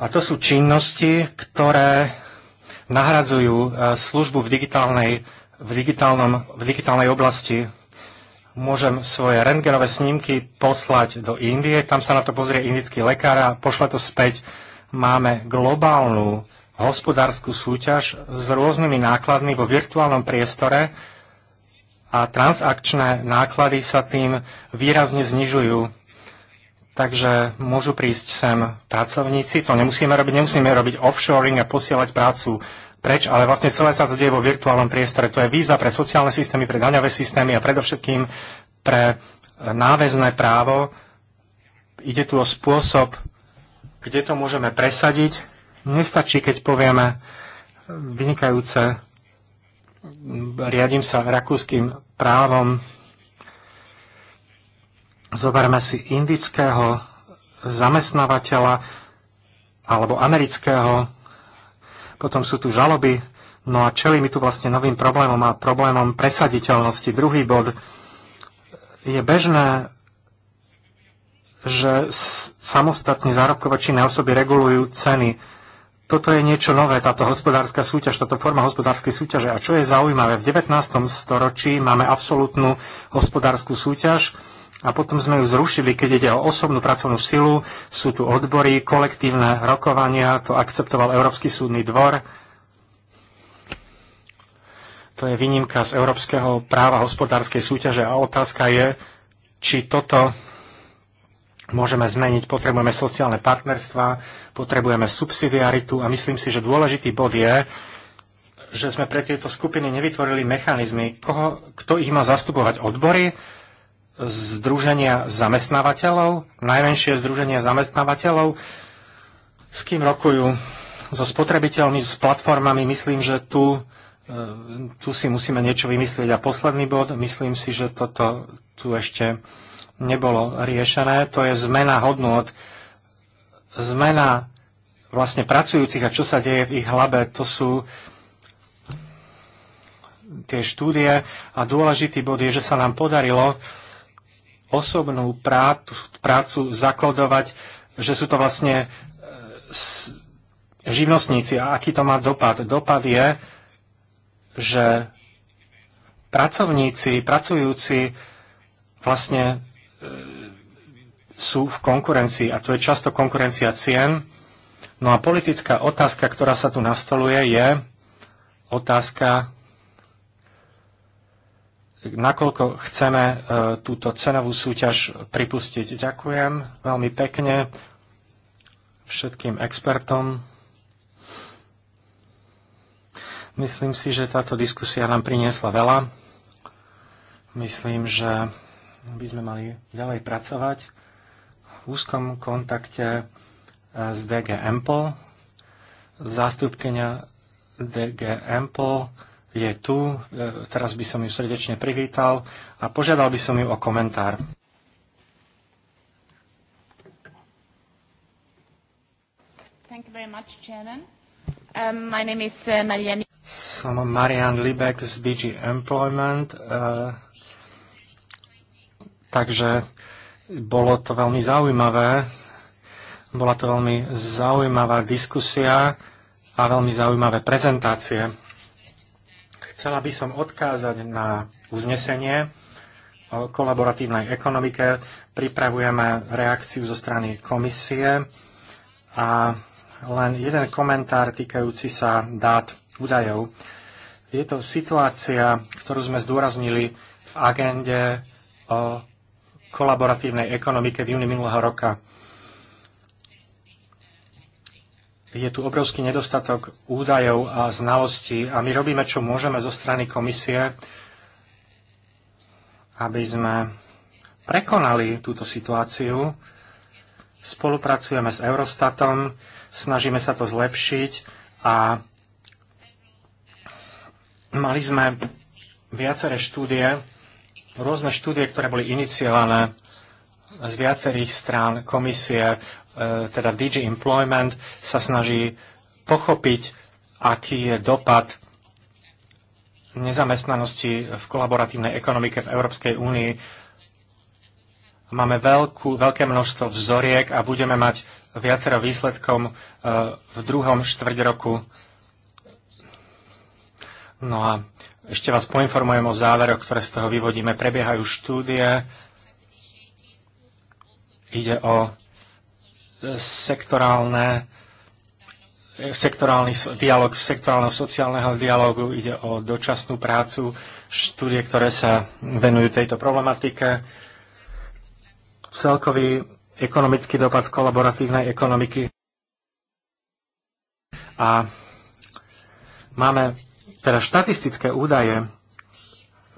A to sú činnosti, ktoré nahradzujú e, službu v, digitálnej, v, digitálnom, v digitálnej oblasti. Môžem svoje rentgenové snímky poslať do Indie, tam sa na to pozrie indický lekár a pošle to späť. Máme globálnu hospodárskú súťaž s rôznymi nákladmi vo virtuálnom priestore a transakčné náklady sa tým výrazne znižujú. Takže môžu prísť sem pracovníci, to nemusíme robiť, nemusíme robiť offshoring a posielať prácu preč, ale vlastne celé sa to deje vo virtuálnom priestore. To je výzva pre sociálne systémy, pre daňové systémy a predovšetkým pre e, náväzné právo. Ide tu o spôsob, kde to môžeme presadiť Nestačí, keď povieme vynikajúce, riadím sa rakúskym právom, zoberme si indického zamestnávateľa alebo amerického, potom sú tu žaloby, no a čeli mi tu vlastne novým problémom a problémom presaditeľnosti. Druhý bod je bežné, že samostatní zárobkovači na osoby regulujú ceny toto je niečo nové, táto hospodárska súťaž, táto forma hospodárskej súťaže. A čo je zaujímavé, v 19. storočí máme absolútnu hospodárskú súťaž, a potom sme ju zrušili, keď ide o osobnú pracovnú silu, sú tu odbory, kolektívne rokovania, to akceptoval Európsky súdny dvor. To je výnimka z európskeho práva hospodárskej súťaže a otázka je, či toto môžeme zmeniť, potrebujeme sociálne partnerstva, potrebujeme subsidiaritu a myslím si, že dôležitý bod je, že sme pre tieto skupiny nevytvorili mechanizmy, koho, kto ich má zastupovať odbory, združenia zamestnávateľov, najmenšie združenia zamestnávateľov, s kým rokujú, so spotrebiteľmi, s platformami. Myslím, že tu, e, tu si musíme niečo vymyslieť. A posledný bod, myslím si, že toto tu ešte nebolo riešené, to je zmena hodnot, zmena vlastne pracujúcich a čo sa deje v ich hlabe, to sú tie štúdie a dôležitý bod je, že sa nám podarilo osobnú prácu, prácu zakodovať, že sú to vlastne e, živnostníci a aký to má dopad. Dopad je, že pracovníci, pracujúci vlastne E, sú v konkurencii a to je často konkurencia cien. No a politická otázka, ktorá sa tu nastoluje, je otázka, nakoľko chceme e, túto cenovú súťaž pripustiť. Ďakujem veľmi pekne všetkým expertom. Myslím si, že táto diskusia nám priniesla veľa. Myslím, že by sme mali ďalej pracovať v úzkom kontakte eh, s DG Empo. Zástupkenia DG Empo je tu, eh, teraz by som ju srdečne privítal a požiadal by som ju o komentár.
Thank you very much, Chairman. Um, my name is uh, Marianne.
Som Marian Libek z DG Employment. Uh, Takže bolo to veľmi zaujímavé. Bola to veľmi zaujímavá diskusia a veľmi zaujímavé prezentácie. Chcela by som odkázať na uznesenie o kolaboratívnej ekonomike. Pripravujeme reakciu zo strany komisie a len jeden komentár týkajúci sa dát údajov. Je to situácia, ktorú sme zdôraznili v agende o kolaboratívnej ekonomike v júni minulého roka. Je tu obrovský nedostatok údajov a znalostí a my robíme, čo môžeme zo strany komisie, aby sme prekonali túto situáciu. Spolupracujeme s Eurostatom, snažíme sa to zlepšiť a mali sme viaceré štúdie, rôzne štúdie, ktoré boli iniciované z viacerých strán komisie, e, teda DG Employment, sa snaží pochopiť, aký je dopad nezamestnanosti v kolaboratívnej ekonomike v Európskej únii. Máme veľkú, veľké množstvo vzoriek a budeme mať viacero výsledkom e, v druhom štvrť roku. No a ešte vás poinformujem o záveroch, ktoré z toho vyvodíme. Prebiehajú štúdie. Ide o e, sektorálne e, sektorálny dialog, sektorálneho sociálneho dialogu, ide o dočasnú prácu, štúdie, ktoré sa venujú tejto problematike. Celkový ekonomický dopad kolaboratívnej ekonomiky. A máme teda štatistické údaje,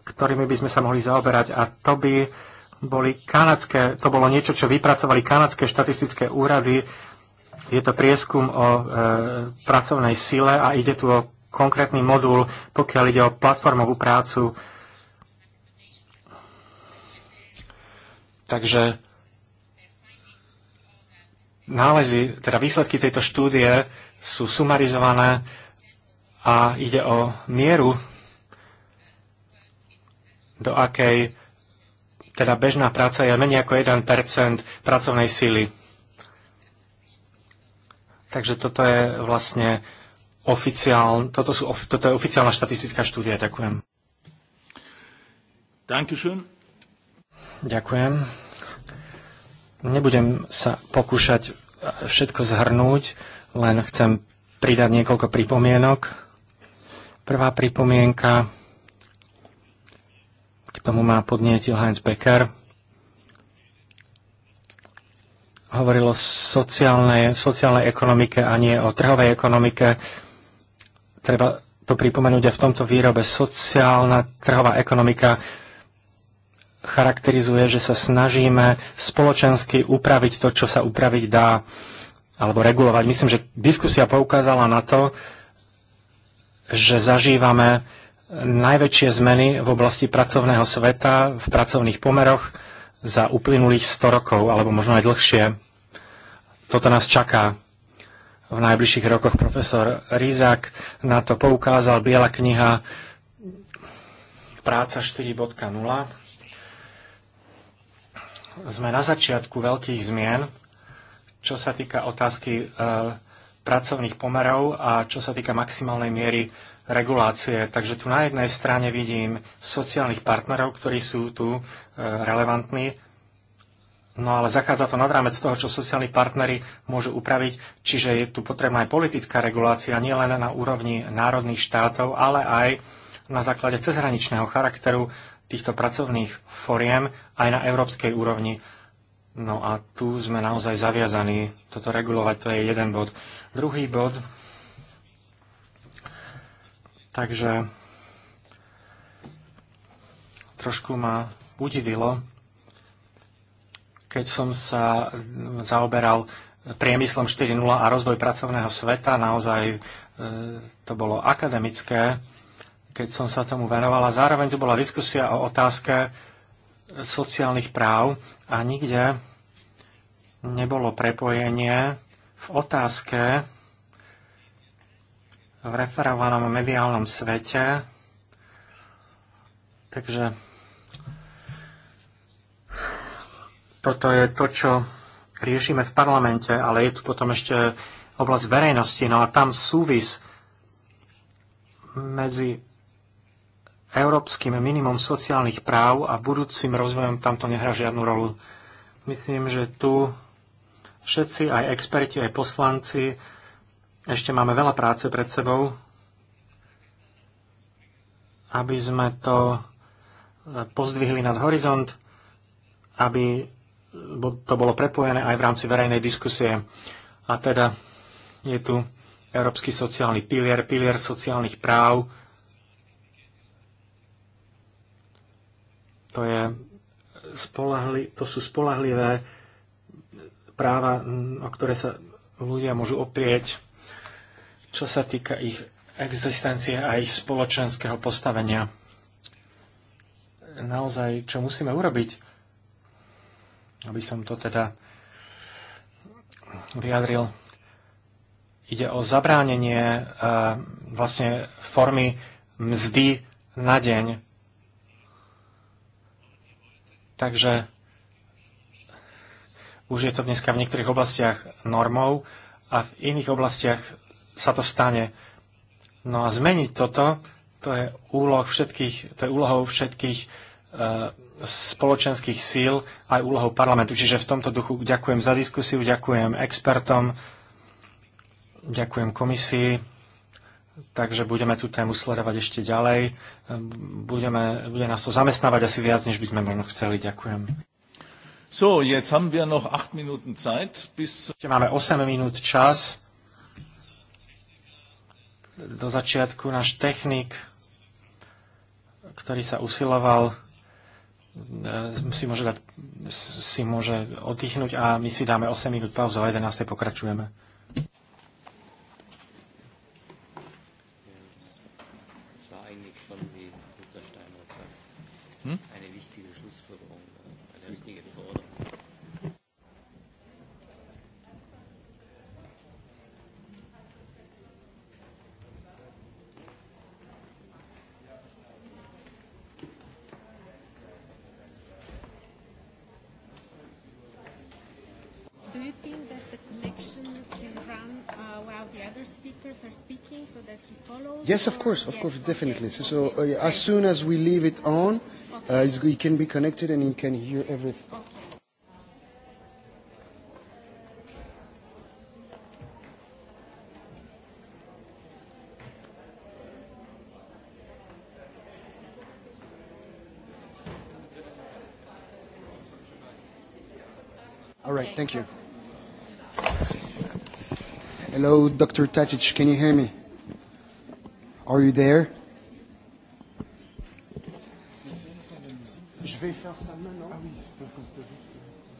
ktorými by sme sa mohli zaoberať a to by boli kanadské, to bolo niečo, čo vypracovali kanadské štatistické úrady. Je to prieskum o e, pracovnej sile a ide tu o konkrétny modul, pokiaľ ide o platformovú prácu. Takže nálezy, teda výsledky tejto štúdie sú sumarizované a ide o mieru, do akej teda bežná práca je menej ako 1% pracovnej síly. Takže toto je vlastne oficiál, toto, sú, toto je oficiálna štatistická štúdia. Ďakujem. Dankeschön. Ďakujem. Nebudem sa pokúšať všetko zhrnúť, len chcem pridať niekoľko pripomienok. Prvá pripomienka, k tomu má podnietil Heinz Becker, hovoril o sociálnej, sociálnej ekonomike a nie o trhovej ekonomike. Treba to pripomenúť aj v tomto výrobe. Sociálna trhová ekonomika charakterizuje, že sa snažíme spoločensky upraviť to, čo sa upraviť dá, alebo regulovať. Myslím, že diskusia poukázala na to, že zažívame najväčšie zmeny v oblasti pracovného sveta, v pracovných pomeroch za uplynulých 100 rokov, alebo možno aj dlhšie. Toto nás čaká v najbližších rokoch. Profesor Rizak na to poukázal, biela kniha Práca 4.0. Sme na začiatku veľkých zmien, čo sa týka otázky eh, pracovných pomerov a čo sa týka maximálnej miery regulácie. Takže tu na jednej strane vidím sociálnych partnerov, ktorí sú tu e, relevantní, no ale zachádza to nad rámec toho, čo sociálni partnery môžu upraviť, čiže je tu potrebná aj politická regulácia, nie len na úrovni národných štátov, ale aj na základe cezhraničného charakteru týchto pracovných foriem aj na európskej úrovni. No a tu sme naozaj zaviazaní toto regulovať, to je jeden bod. Druhý bod. Takže trošku ma udivilo, keď som sa zaoberal priemyslom 4.0 a rozvoj pracovného sveta. Naozaj e, to bolo akademické, keď som sa tomu venovala. Zároveň tu bola diskusia o otázke sociálnych práv a nikde nebolo prepojenie v otázke v referovanom mediálnom svete, takže toto je to, čo riešime v parlamente, ale je tu potom ešte oblasť verejnosti, no a tam súvis medzi európskym minimum sociálnych práv a budúcim rozvojom tamto nehrá žiadnu rolu. Myslím, že tu všetci, aj experti, aj poslanci, ešte máme veľa práce pred sebou, aby sme to e, pozdvihli nad horizont, aby to bolo prepojené aj v rámci verejnej diskusie. A teda je tu Európsky sociálny pilier, pilier sociálnych práv. To, je, spolahli, to sú spolahlivé práva, o ktoré sa ľudia môžu oprieť, čo sa týka ich existencie a ich spoločenského postavenia. Naozaj, čo musíme urobiť, aby som to teda vyjadril, ide o zabránenie e, vlastne formy mzdy na deň. Takže už je to dneska v niektorých oblastiach normou a v iných oblastiach sa to stane. No a zmeniť toto, to je, úloh všetkých, to je úlohou všetkých e, spoločenských síl aj úlohou parlamentu. Čiže v tomto duchu ďakujem za diskusiu, ďakujem expertom, ďakujem komisii. Takže budeme tú tému sledovať ešte ďalej. Budeme, bude nás to zamestnávať asi viac, než by sme možno chceli. Ďakujem.
So, jetzt haben wir noch 8 Minuten Zeit bis... Máme 8
minút čas. Do začiatku náš technik, ktorý sa usiloval, eh, si môže, dať, si môže oddychnúť a my si dáme 8 minút pauzu a 11. pokračujeme.
how the other speakers are
speaking so that he follows? Yes, of course, of yes, course, definitely. Uh, okay, so okay, so uh, okay. as soon as we leave it on, okay. uh, it can be connected and you can hear everything. Okay. All right, thank you. Hello, Dr. Tatic, can you hear me? Are you there? Je vais faire ça maintenant. Ah oui,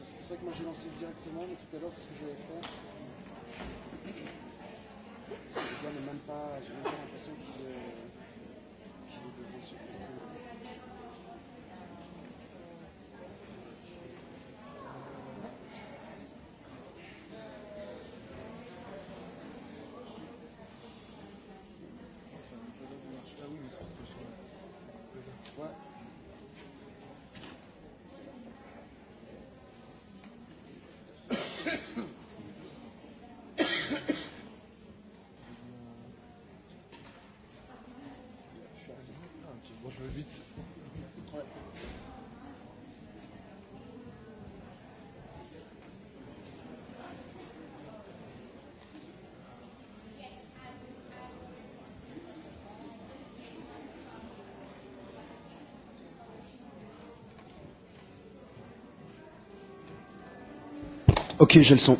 C'est pour ça que moi j'ai lancé directement, mais tout à l'heure ce que que même pas. l'impression qu'il est, euh, vite. Ok, j'ai le son.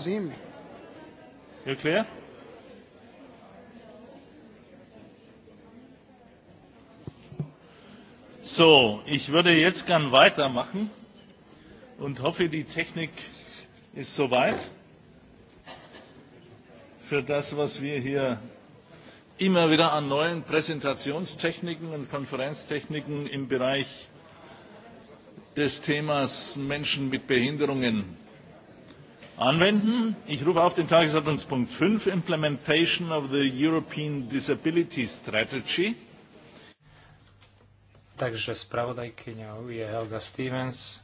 was him. You clear?
So, ich würde jetzt gern weitermachen und hoffe, die Technik ist soweit für das, was wir hier immer wieder an neuen Präsentationstechniken und Konferenztechniken im Bereich des Themas Menschen mit Behinderungen anwenden. Ich rufe auf den Tagesordnungspunkt 5, Implementation of the European Disability Strategy.
Takže spravodajkyňou je Helga Stevens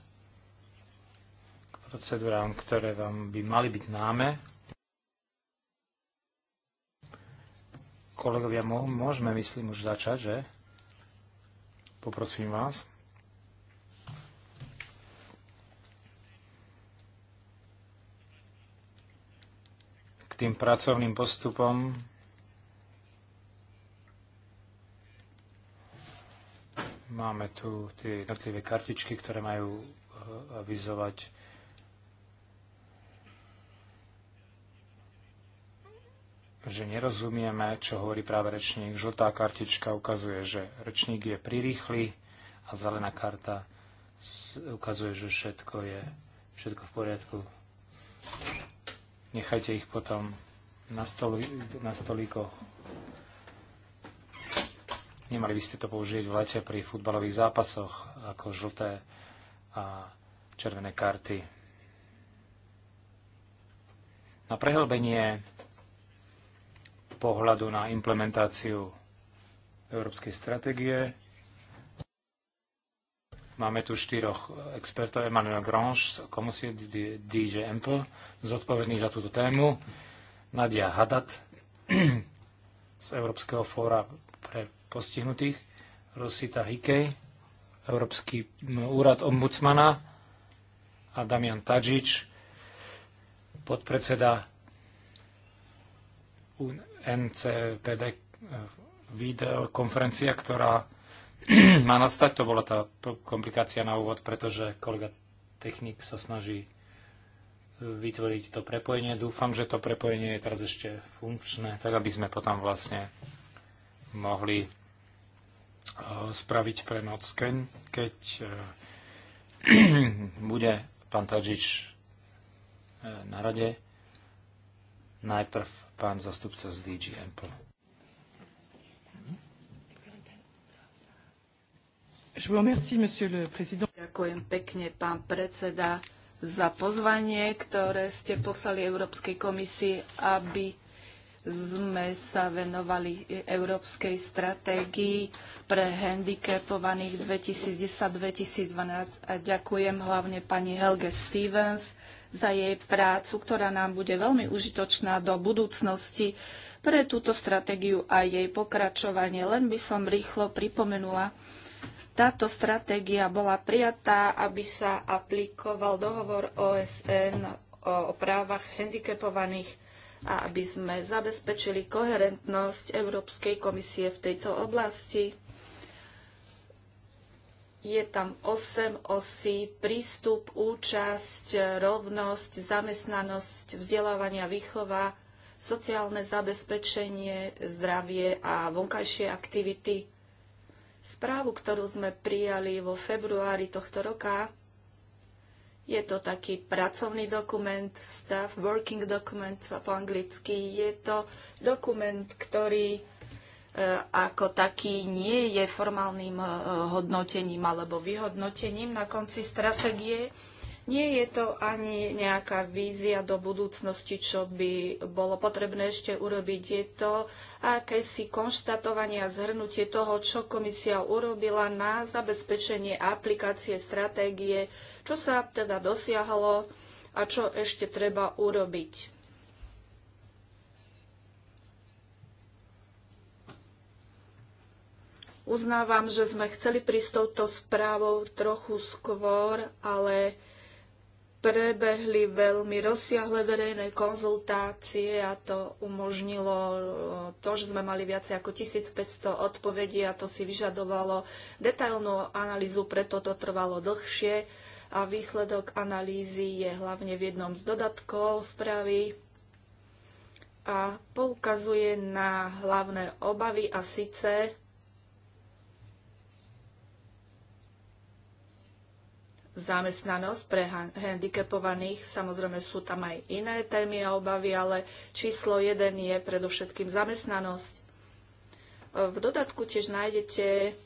k procedúram, ktoré vám by mali byť známe. Kolegovia, môžeme, myslím, už začať, že? Poprosím vás. tým pracovným postupom. Máme tu tie jednotlivé kartičky, ktoré majú eh, avizovať že nerozumieme, čo hovorí práve rečník. Žltá kartička ukazuje, že rečník je prirýchly a zelená karta ukazuje, že všetko je všetko v poriadku. Nechajte ich potom na, stoli, na stolíkoch. Nemali by ste to použiť v lete pri futbalových zápasoch ako žlté a červené karty. Na prehlbenie pohľadu na implementáciu európskej stratégie Máme tu štyroch expertov, Emmanuel Grange z komisie DJ Ample, zodpovedný za túto tému, Nadia Hadat [clears throat] z Európskeho fóra pre postihnutých, Rosita Hikej, Európsky úrad ombudsmana a Damian Tadžič, podpredseda NCPD e, videokonferencia, ktorá má nastať. To bola tá komplikácia na úvod, pretože kolega technik sa snaží e, vytvoriť to prepojenie. Dúfam, že to prepojenie je teraz ešte funkčné, tak aby sme potom vlastne mohli e, spraviť pre noc, keď e, [clears throat] bude pán Tadžič na rade. Najprv pán zastupca z DG
Ďakujem pekne, pán predseda, za pozvanie, ktoré ste poslali Európskej komisii, aby sme sa venovali európskej stratégii pre handicapovaných 2010-2012 a ďakujem hlavne pani Helge Stevens za jej prácu, ktorá nám bude veľmi užitočná do budúcnosti pre túto stratégiu a jej pokračovanie. Len by som rýchlo pripomenula, táto stratégia bola prijatá, aby sa aplikoval dohovor OSN o právach handicapovaných a aby sme zabezpečili koherentnosť Európskej komisie v tejto oblasti. Je tam 8 osí, prístup, účasť, rovnosť, zamestnanosť, vzdelávania, výchova, sociálne zabezpečenie, zdravie a vonkajšie aktivity správu, ktorú sme prijali vo februári tohto roka. Je to taký pracovný dokument, staff working document po anglicky. Je to dokument, ktorý e, ako taký nie je formálnym e, hodnotením alebo vyhodnotením na konci stratégie, nie je to ani nejaká vízia do budúcnosti, čo by bolo potrebné ešte urobiť. Je to akési konštatovanie a zhrnutie toho, čo komisia urobila na zabezpečenie aplikácie stratégie, čo sa teda dosiahlo a čo ešte treba urobiť. Uznávam, že sme chceli prísť touto správou trochu skôr, ale prebehli veľmi rozsiahle verejné konzultácie a to umožnilo eh, to, že sme mali viac ako 1500 odpovedí a to si vyžadovalo detailnú analýzu, preto to trvalo dlhšie a výsledok analýzy je hlavne v jednom z dodatkov správy a poukazuje na hlavné obavy a síce zamestnanosť pre handicapovaných. Samozrejme sú tam aj iné témy a obavy, ale číslo 1 je predovšetkým zamestnanosť. E, v dodatku tiež nájdete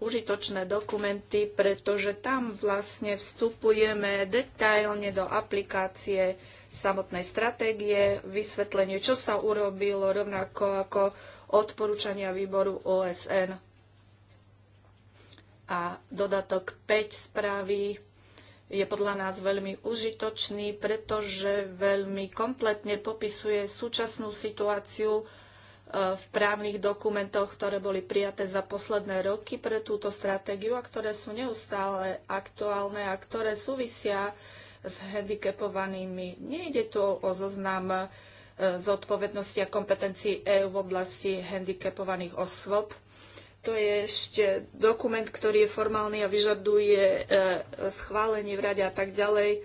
užitočné dokumenty, pretože tam vlastne vstupujeme detailne do aplikácie samotnej stratégie, vysvetlenie, čo sa urobilo, rovnako ako odporúčania výboru OSN a dodatok 5 správy je podľa nás veľmi užitočný, pretože veľmi kompletne popisuje súčasnú situáciu e, v právnych dokumentoch, ktoré boli prijaté za posledné roky pre túto stratégiu a ktoré sú neustále aktuálne a ktoré súvisia s handicapovanými. Nejde tu o zoznam e, zodpovednosti a kompetencií EÚ v oblasti handicapovaných osôb, to je ešte dokument, ktorý je formálny a vyžaduje e, schválenie v rade a tak ďalej.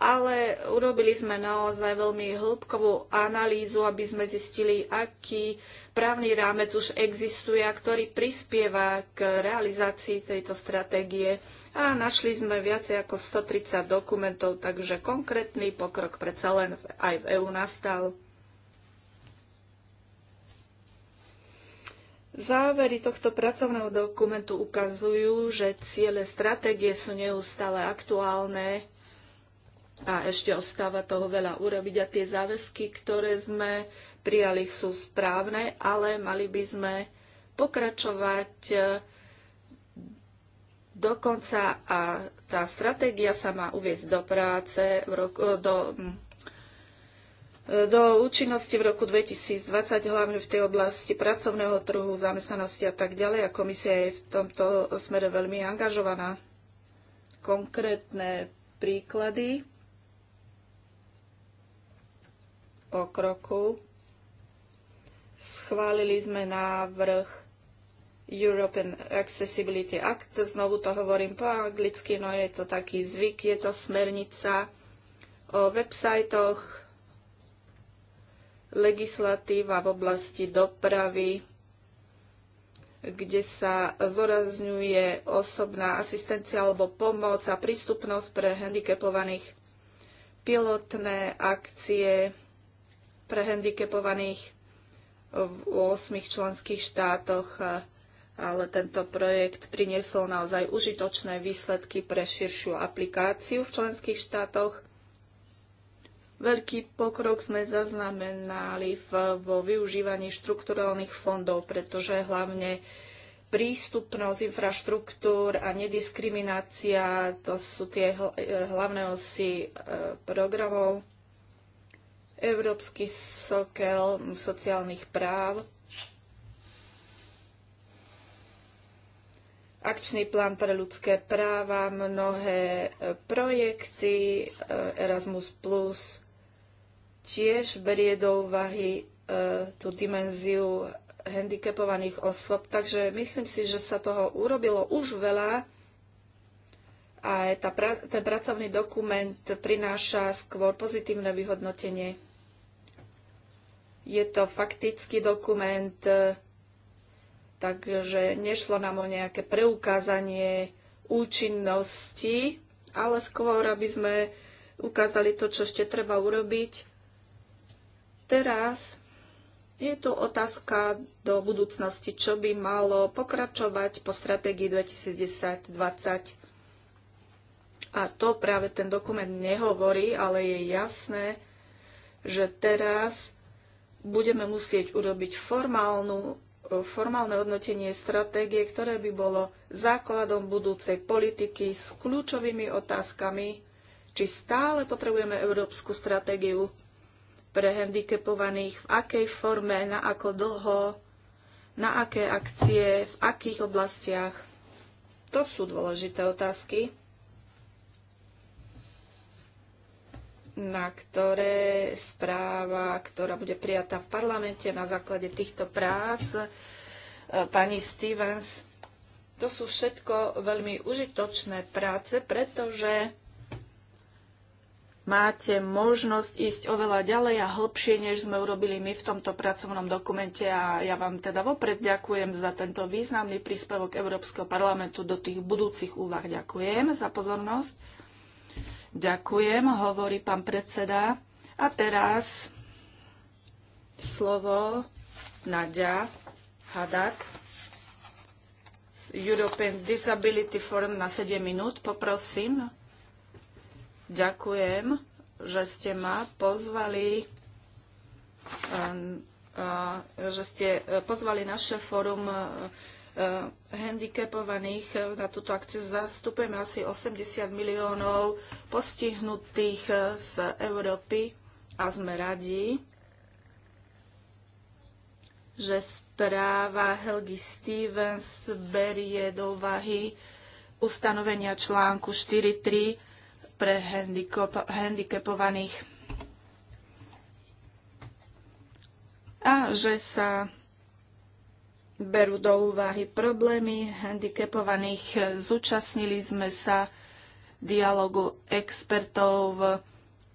Ale urobili sme naozaj veľmi hĺbkovú analýzu, aby sme zistili, aký právny rámec už existuje a ktorý prispieva k realizácii tejto stratégie. A našli sme viacej ako 130 dokumentov, takže konkrétny pokrok predsa len aj v EÚ nastal. Závery tohto pracovného dokumentu ukazujú, že ciele stratégie sú neustále aktuálne a ešte ostáva toho veľa urobiť a tie záväzky, ktoré sme prijali, sú správne, ale mali by sme pokračovať eh, dokonca a tá stratégia sa má uviezť do práce v roku, eh, do hm, do účinnosti v roku 2020, hlavne v tej oblasti pracovného trhu, zamestnanosti a tak ďalej. A komisia je v tomto smere veľmi angažovaná. Konkrétne príklady pokroku. kroku. Schválili sme návrh European Accessibility Act. Znovu to hovorím po anglicky, no je to taký zvyk, je to smernica o websajtoch, legislatíva v oblasti dopravy, kde sa zdôrazňuje osobná asistencia alebo pomoc a prístupnosť pre handicapovaných, pilotné akcie pre handicapovaných v 8 členských štátoch, ale tento projekt priniesol naozaj užitočné výsledky pre širšiu aplikáciu v členských štátoch Veľký pokrok sme zaznamenali v, vo využívaní štrukturálnych fondov, pretože hlavne prístupnosť infraštruktúr a nediskriminácia, to sú tie e, hlavné osy e, programov. Európsky sokel sociálnych práv, akčný plán pre ľudské práva, mnohé e, projekty, Erasmus+, tiež berie do úvahy e, tú dimenziu handicapovaných osôb, takže myslím si, že sa toho urobilo už veľa a tá, ten pracovný dokument prináša skôr pozitívne vyhodnotenie. Je to faktický dokument, e, takže nešlo nám o nejaké preukázanie účinnosti, ale skôr, aby sme ukázali to, čo ešte treba urobiť Teraz je tu otázka do budúcnosti, čo by malo pokračovať po stratégii 2010-2020. A to práve ten dokument nehovorí, ale je jasné, že teraz budeme musieť urobiť formálnu, formálne hodnotenie stratégie, ktoré by bolo základom budúcej politiky s kľúčovými otázkami, či stále potrebujeme európsku stratégiu, pre handicapovaných, v akej forme, na ako dlho, na aké akcie, v akých oblastiach. To sú dôležité otázky, na ktoré správa, ktorá bude prijatá v parlamente na základe týchto prác, e, pani Stevens. To sú všetko veľmi užitočné práce, pretože máte možnosť ísť oveľa ďalej a hlbšie, než sme urobili my v tomto pracovnom dokumente a ja vám teda vopred ďakujem za tento významný príspevok Európskeho parlamentu do tých budúcich úvah. Ďakujem za pozornosť. Ďakujem, hovorí pán predseda. A teraz slovo Nadia Hadak. European Disability Forum na 7 minút, poprosím. Ďakujem, že ste ma pozvali eh, eh, že ste eh, pozvali naše fórum handicapovaných na túto akciu. Zastupujeme asi 80 miliónov postihnutých z Európy a sme radi, že správa Helgi Stevens berie do úvahy ustanovenia článku 4.3 pre handicapovaných a že sa berú do úvahy problémy handicapovaných. Zúčastnili sme sa dialogu expertov,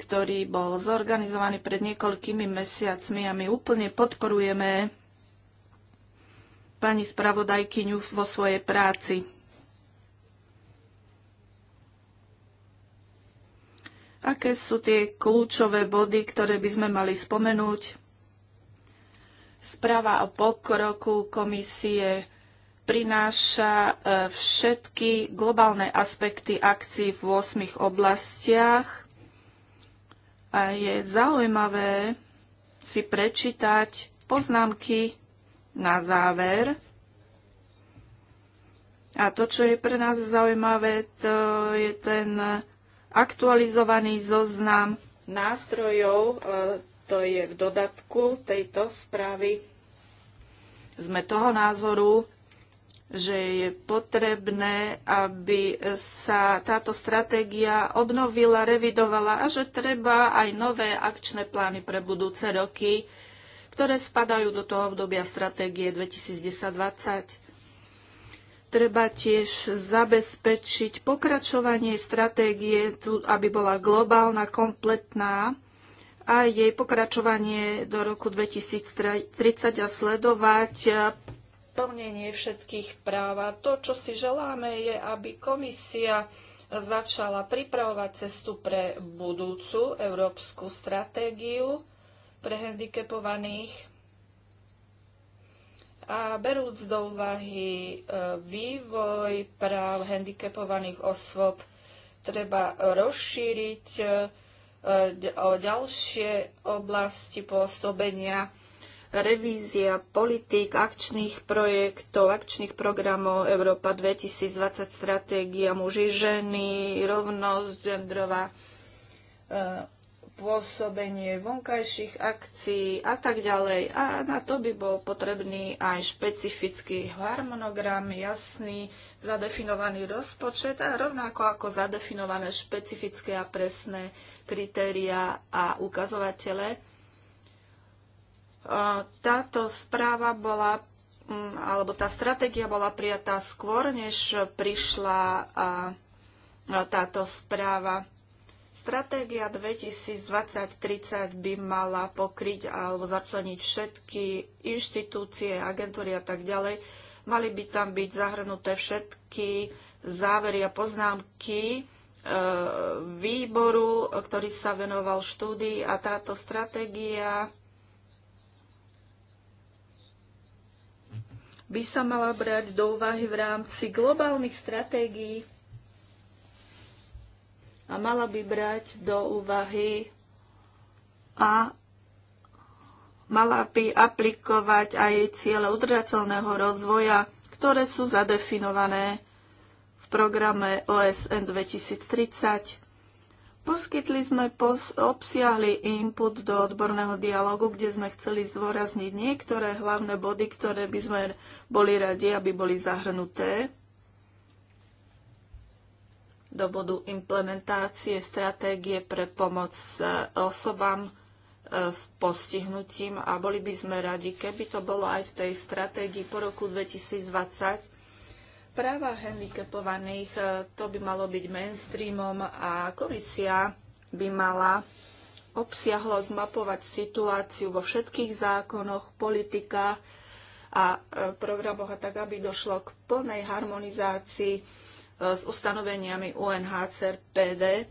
ktorý bol zorganizovaný pred niekoľkými mesiacmi a my úplne podporujeme pani spravodajkyňu vo svojej práci. Aké sú tie kľúčové body, ktoré by sme mali spomenúť? Správa o pokroku komisie prináša e, všetky globálne aspekty akcií v 8 oblastiach a je zaujímavé si prečítať poznámky na záver. A to, čo je pre nás zaujímavé, to je ten aktualizovaný zoznam nástrojov, e, to je v dodatku tejto správy. Sme toho názoru, že je potrebné, aby sa táto stratégia obnovila, revidovala a že treba aj nové akčné plány pre budúce roky, ktoré spadajú do toho obdobia stratégie 2010-2020. Treba tiež zabezpečiť pokračovanie stratégie, aby bola globálna, kompletná a jej pokračovanie do roku 2030 a sledovať plnenie všetkých práv. A to, čo si želáme, je, aby komisia začala pripravovať cestu pre budúcu európsku stratégiu pre handicapovaných a berúc do úvahy e, vývoj práv handicapovaných osôb, treba rozšíriť e, e, o ďalšie oblasti pôsobenia revízia politík, akčných projektov, akčných programov Európa 2020, stratégia muži, ženy, rovnosť, gendrová pôsobenie vonkajších akcií a tak ďalej. A na to by bol potrebný aj špecifický harmonogram, jasný, zadefinovaný rozpočet a rovnako ako zadefinované špecifické a presné kritéria a ukazovatele. E, táto správa bola mm, alebo tá stratégia bola prijatá skôr, než prišla táto správa. Stratégia 2020-30 by mala pokryť alebo začleniť všetky inštitúcie, agentúry a tak ďalej. Mali by tam byť zahrnuté všetky závery a poznámky e, výboru, ktorý sa venoval štúdii a táto stratégia by sa mala brať do úvahy v rámci globálnych stratégií a mala by brať do úvahy a mala by aplikovať aj ciele udržateľného rozvoja, ktoré sú zadefinované v programe OSN 2030. Poskytli sme pos- obsiahli input do odborného dialogu, kde sme chceli zdôrazniť niektoré hlavné body, ktoré by sme boli radi, aby boli zahrnuté do bodu implementácie stratégie pre pomoc e, osobám e, s postihnutím a boli by sme radi, keby to bolo aj v tej stratégii po roku 2020. Práva handicapovaných e, to by malo byť mainstreamom a komisia by mala obsiahlo zmapovať situáciu vo všetkých zákonoch, politikách a programoch a tak, aby došlo k plnej harmonizácii s ustanoveniami UNHCR PD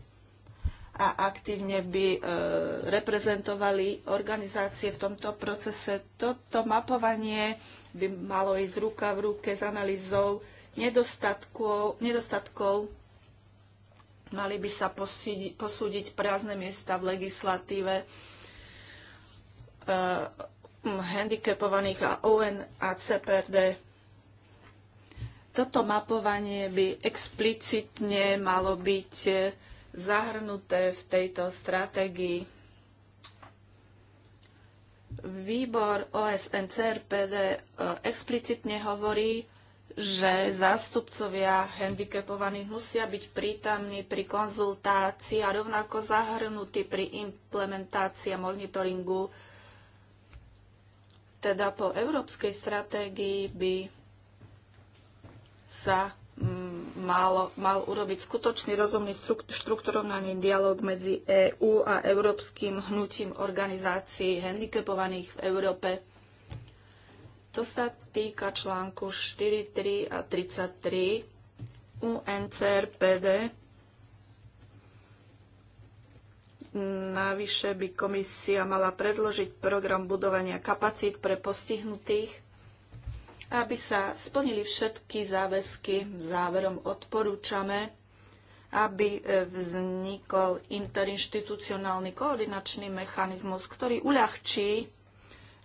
a aktívne by e, reprezentovali organizácie v tomto procese. Toto mapovanie by malo ísť ruka v ruke s analýzou nedostatkov, nedostatkov. Mali by sa posúdiť, posúdiť prázdne miesta v legislatíve e, handicapovaných a UN a CPRD toto mapovanie by explicitne malo byť eh, zahrnuté v tejto stratégii. Výbor OSN CRPD eh, explicitne hovorí, že zástupcovia handicapovaných musia byť prítomní pri konzultácii a rovnako zahrnutí pri implementácii a monitoringu. Teda po európskej stratégii by sa mm, mal, mal urobiť skutočný rozumný štrukturovaný dialog medzi EÚ a Európskym hnutím organizácií handicapovaných v Európe. To sa týka článku 4.3 a 33 UNCRPD. Navyše by komisia mala predložiť program budovania kapacít pre postihnutých aby sa splnili všetky záväzky. Záverom odporúčame, aby e, vznikol interinstitucionálny koordinačný mechanizmus, ktorý uľahčí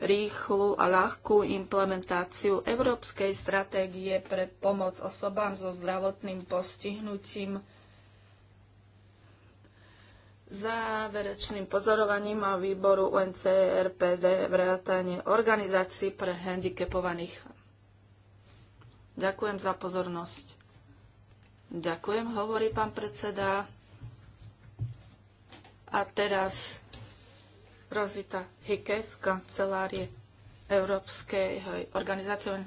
rýchlu a ľahkú implementáciu Európskej stratégie pre pomoc osobám so zdravotným postihnutím. Záverečným pozorovaním a výboru UNCRPD vrátanie organizácií pre handicapovaných Ďakujem za pozornosť. Ďakujem, hovorí pán predseda. A teraz Rozita Hike z kancelárie Európskej organizácie.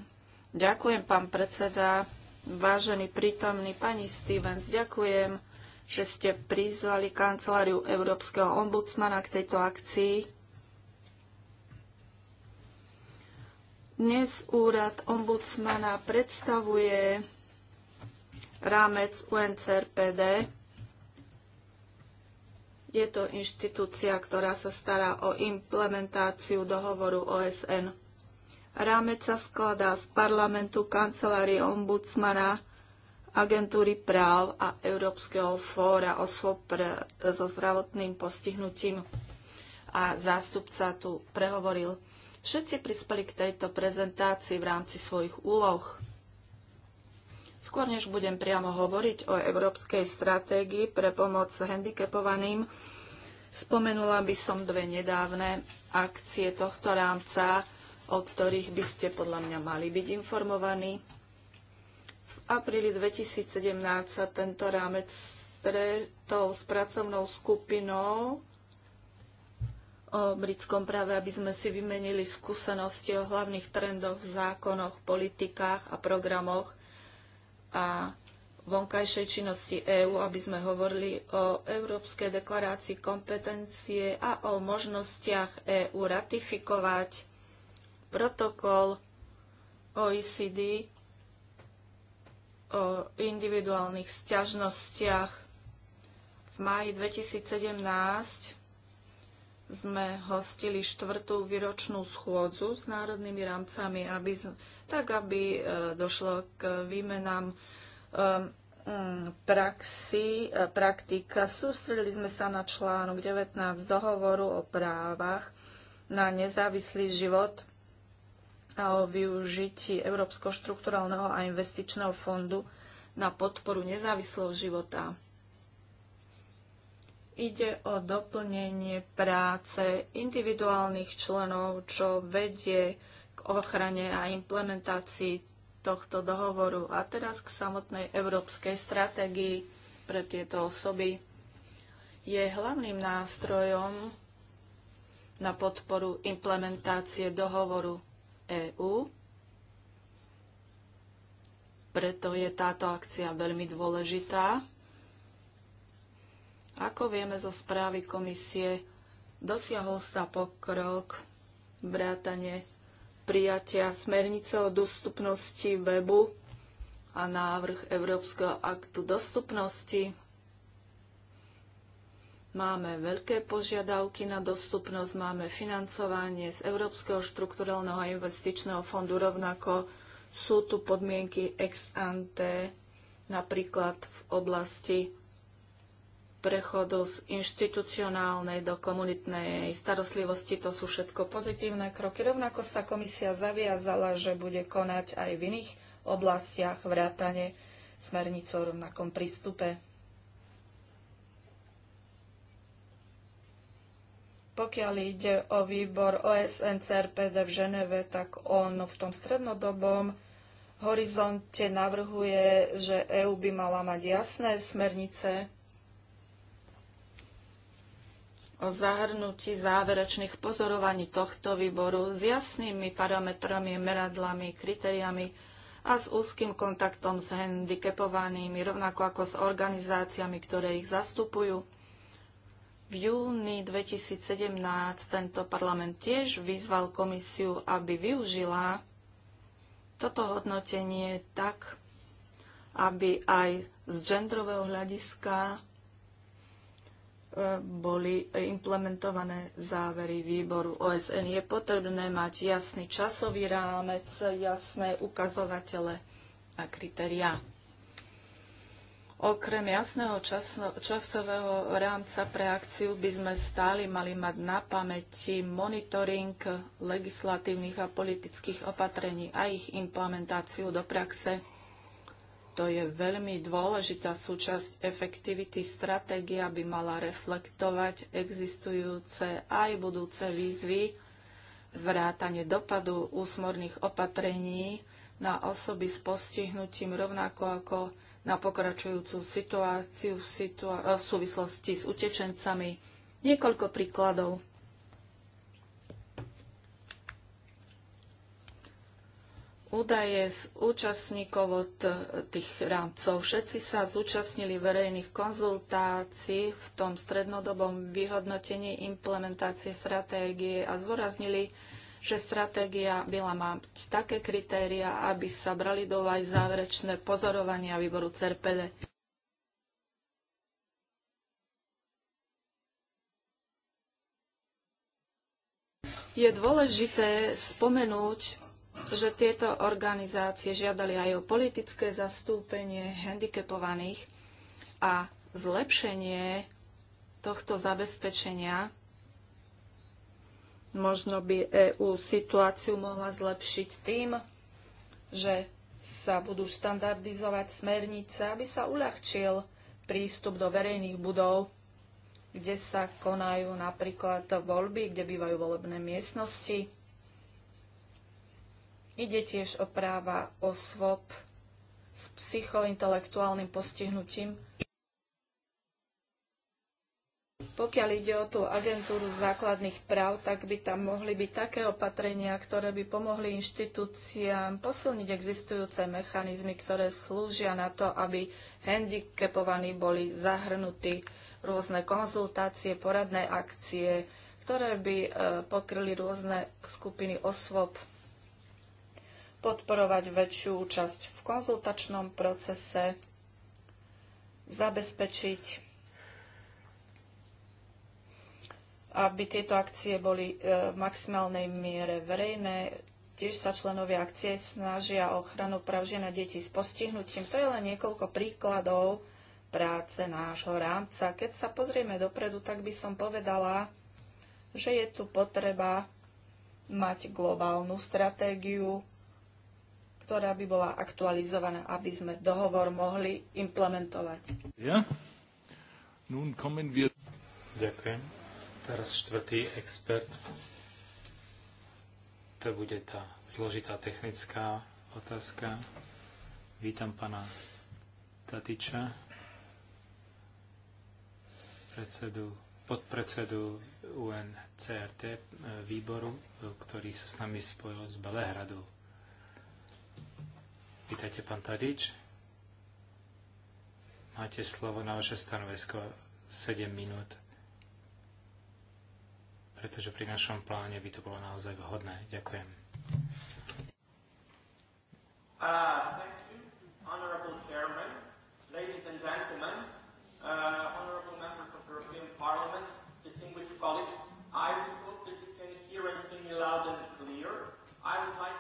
Ďakujem, pán predseda, vážený prítomný pani Stevens, ďakujem, že ste prizvali kanceláriu Európskeho ombudsmana k tejto akcii. Dnes úrad ombudsmana predstavuje rámec UNCRPD. Je to inštitúcia, ktorá sa stará o implementáciu dohovoru OSN. Rámec sa skladá z parlamentu, kancelárie ombudsmana, agentúry práv a Európskeho fóra osôb pre, so zdravotným postihnutím. A zástupca tu prehovoril Všetci prispeli k tejto prezentácii v rámci svojich úloh. Skôr než budem priamo hovoriť o európskej stratégii pre pomoc handicapovaným, spomenula by som dve nedávne akcie tohto rámca, o ktorých by ste podľa mňa mali byť informovaní. V apríli 2017 sa tento rámec stretol s pracovnou skupinou o britskom práve, aby sme si vymenili skúsenosti o hlavných trendoch, zákonoch, politikách a programoch a vonkajšej činnosti EÚ, aby sme hovorili o Európskej deklarácii kompetencie a o možnostiach EÚ ratifikovať protokol OECD o individuálnych sťažnostiach v máji 2017 sme hostili štvrtú výročnú schôdzu s národnými rámcami, aby, tak aby e, došlo k výmenám e, mm, praxi, e, praktika. Sústredili sme sa na článok 19 dohovoru o právach na nezávislý život a o využití Európsko štrukturálneho a investičného fondu na podporu nezávislého života ide o doplnenie práce individuálnych členov, čo vedie k ochrane a implementácii tohto dohovoru. A teraz k samotnej európskej stratégii pre tieto osoby. Je hlavným nástrojom na podporu implementácie dohovoru EÚ. Preto je táto akcia veľmi dôležitá. Ako vieme zo správy komisie, dosiahol sa pokrok vrátane prijatia smernice o dostupnosti webu a návrh Európskeho aktu dostupnosti. Máme veľké požiadavky na dostupnosť, máme financovanie z Európskeho štrukturálneho a investičného fondu, rovnako sú tu podmienky ex ante, napríklad v oblasti prechodu z inštitucionálnej do komunitnej starostlivosti. To sú všetko pozitívne kroky. Rovnako sa komisia zaviazala, že bude konať aj v iných oblastiach vrátane smernice o rovnakom prístupe. Pokiaľ ide o výbor OSN CRPD v Ženeve, tak on v tom strednodobom horizonte navrhuje, že EÚ by mala mať jasné smernice o zahrnutí záverečných pozorovaní tohto výboru s jasnými parametrami, meradlami, kritériami a s úzkým kontaktom s handicapovanými, rovnako ako s organizáciami, ktoré ich zastupujú. V júni 2017 tento parlament tiež vyzval komisiu, aby využila toto hodnotenie tak, aby aj z genderového hľadiska boli implementované závery výboru OSN. Je potrebné mať jasný časový rámec, jasné ukazovatele a kritériá. Okrem jasného časového rámca pre akciu by sme stáli mali mať na pamäti monitoring legislatívnych a politických opatrení a ich implementáciu do praxe. To je veľmi dôležitá súčasť efektivity. Stratégia by mala reflektovať existujúce aj budúce výzvy, vrátane dopadu úsmorných opatrení na osoby s postihnutím rovnako ako na pokračujúcu situáciu v, situá- v súvislosti s utečencami. Niekoľko príkladov. údaje z účastníkov od e, tých rámcov. Všetci sa zúčastnili verejných konzultácií v tom strednodobom vyhodnotení implementácie stratégie a zvoraznili, že stratégia byla mať také kritéria, aby sa brali do aj záverečné pozorovania výboru CERPEDE. Je dôležité spomenúť že tieto organizácie žiadali aj o politické zastúpenie handicapovaných a zlepšenie tohto zabezpečenia. Možno by EÚ situáciu mohla zlepšiť tým, že sa budú štandardizovať smernice, aby sa uľahčil prístup do verejných budov, kde sa konajú napríklad voľby, kde bývajú volebné miestnosti Ide tiež o práva osôb s psychointelektuálnym postihnutím. Pokiaľ ide o tú agentúru základných práv, tak by tam mohli byť také opatrenia, ktoré by pomohli inštitúciám posilniť existujúce mechanizmy, ktoré slúžia na to, aby handicapovaní boli zahrnutí rôzne konzultácie, poradné akcie, ktoré by e, pokryli rôzne skupiny osôb podporovať väčšiu účasť v konzultačnom procese, zabezpečiť, aby tieto akcie boli e, v maximálnej miere verejné. Tiež sa členovia akcie snažia o ochranu práv žien a detí s postihnutím. To je len niekoľko príkladov práce nášho rámca. Keď sa pozrieme dopredu, tak by som povedala, že je tu potreba mať globálnu stratégiu ktorá by bola aktualizovaná, aby sme dohovor mohli implementovať.
Ja? Nun kommen wir... Ďakujem. Teraz
štvrtý expert. To bude tá zložitá technická otázka. Vítam pana Tatiča, predsedu, podpredsedu UNCRT e, výboru, e, ktorý sa s nami spojil z Belehradu. Vítajte, pán Tadič. Máte slovo na vaše stanovisko 7 minút, pretože pri našom pláne by to bolo naozaj vhodné. Ďakujem.
Uh, Honorable Chairman, ladies and gentlemen, uh, honorable members of the European Parliament, distinguished colleagues, I would hope that you can hear loud and clear. I would like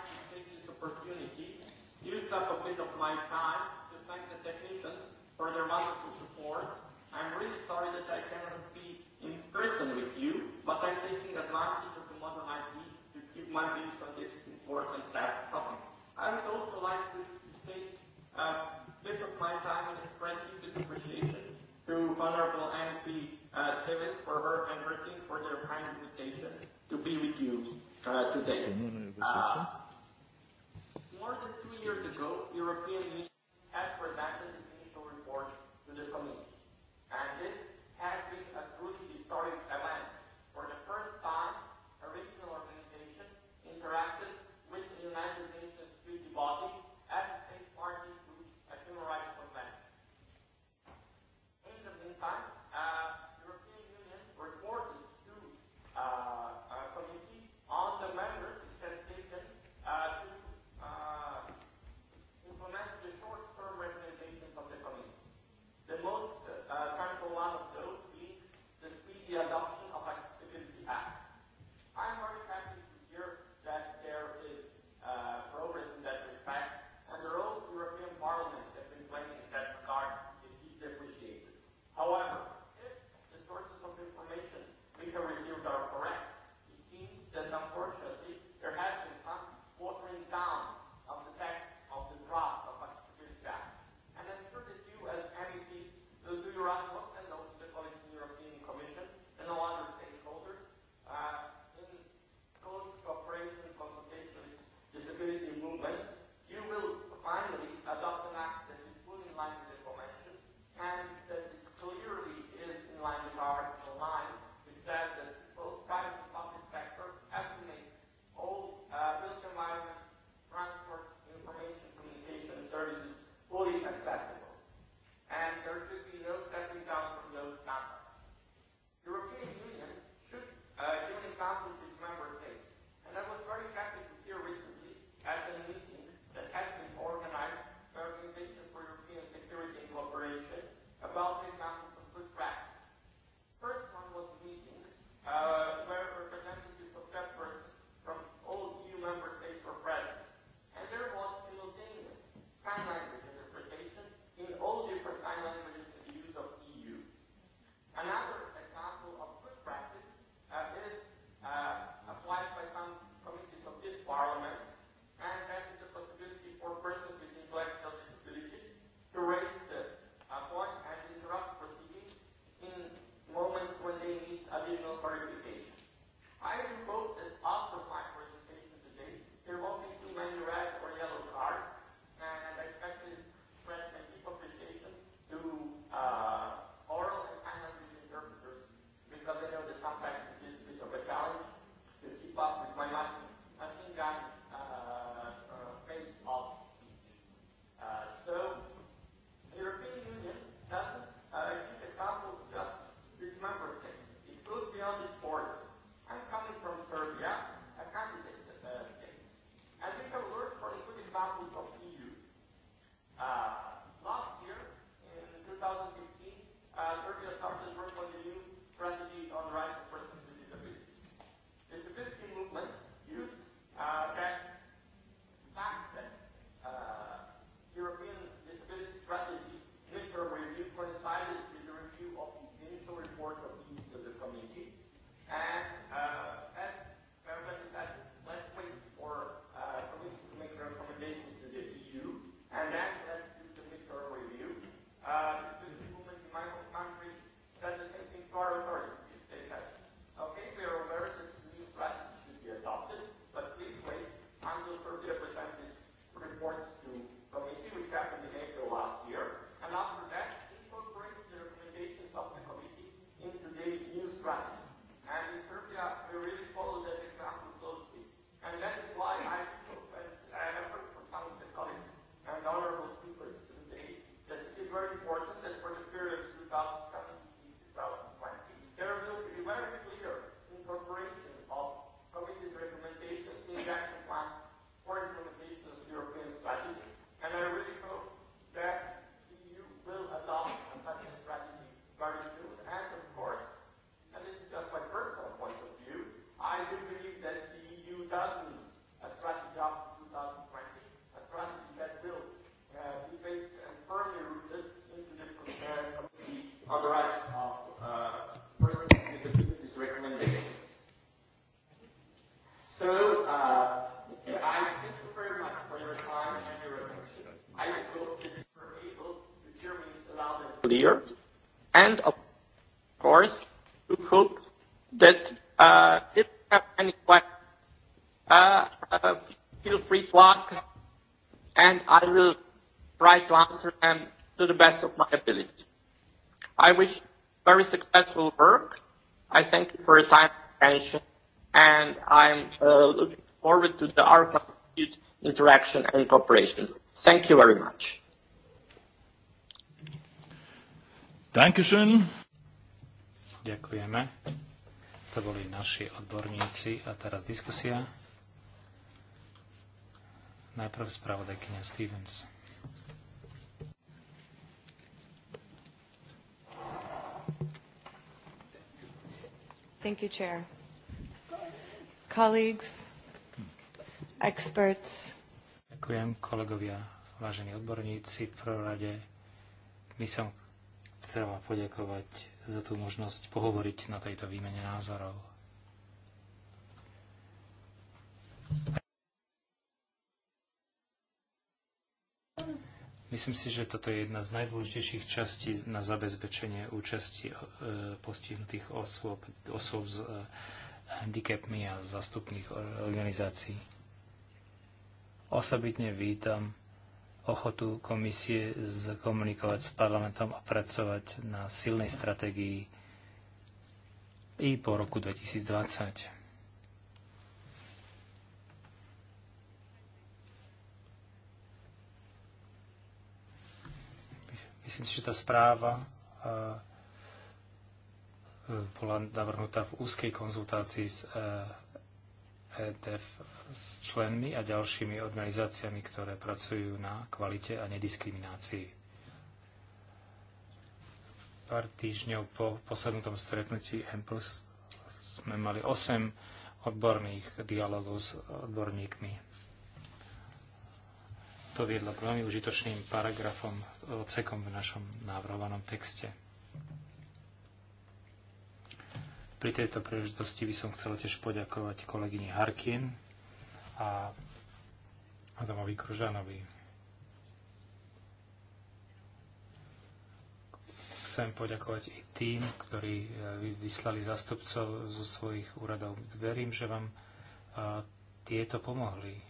Use up a bit of my time to thank the technicians for their wonderful support. I'm really sorry that I cannot be in person with you, but I'm taking advantage of the modern IT to keep my views on this important topic. I would also like to take a bit of my time and express deepest appreciation to Honorable MP uh, Sivis for her and her team for their kind invitation to be with you uh, today. Uh, More than two years ago, European Union asked for advances in initial report to the Committee. I will try to answer them to the best of my abilities. I wish very successful work. I thank you for your time and attention, and I'm uh, looking forward to the, our continued interaction and cooperation. Thank you very much.
Dankeschön. Ďakujeme. To boli naši
odborníci a teraz diskusia. Najprv spravodajkynia Stevens.
Thank you, Chair. Colleagues, experts.
Ďakujem, kolegovia, vážení odborníci. V prvom rade by som chcela poďakovať za tú možnosť pohovoriť na tejto výmene názorov. Myslím si, že toto je jedna z najdôležitejších častí na zabezpečenie účasti e, postihnutých osôb, osôb s e, handicapmi a zastupných organizácií. Osobitne vítam ochotu komisie komunikovať s parlamentom a pracovať na silnej stratégii i po roku 2020. Myslím si, že tá správa e, e, bola navrhnutá v úzkej konzultácii s EDF, e s členmi a ďalšími organizáciami, ktoré pracujú na kvalite a nediskriminácii. Pár týždňov po poslednutom stretnutí EMPLS sme mali 8 odborných dialogov s odborníkmi. To viedlo k veľmi užitočným paragrafom odsekom v našom návrhovanom texte. Pri tejto príležitosti by som chcel tiež poďakovať kolegyni Harkin a Adamovi Kružanovi. Chcem poďakovať i tým, ktorí eh, vyslali zastupcov zo svojich úradov. Verím, že vám eh, tieto pomohli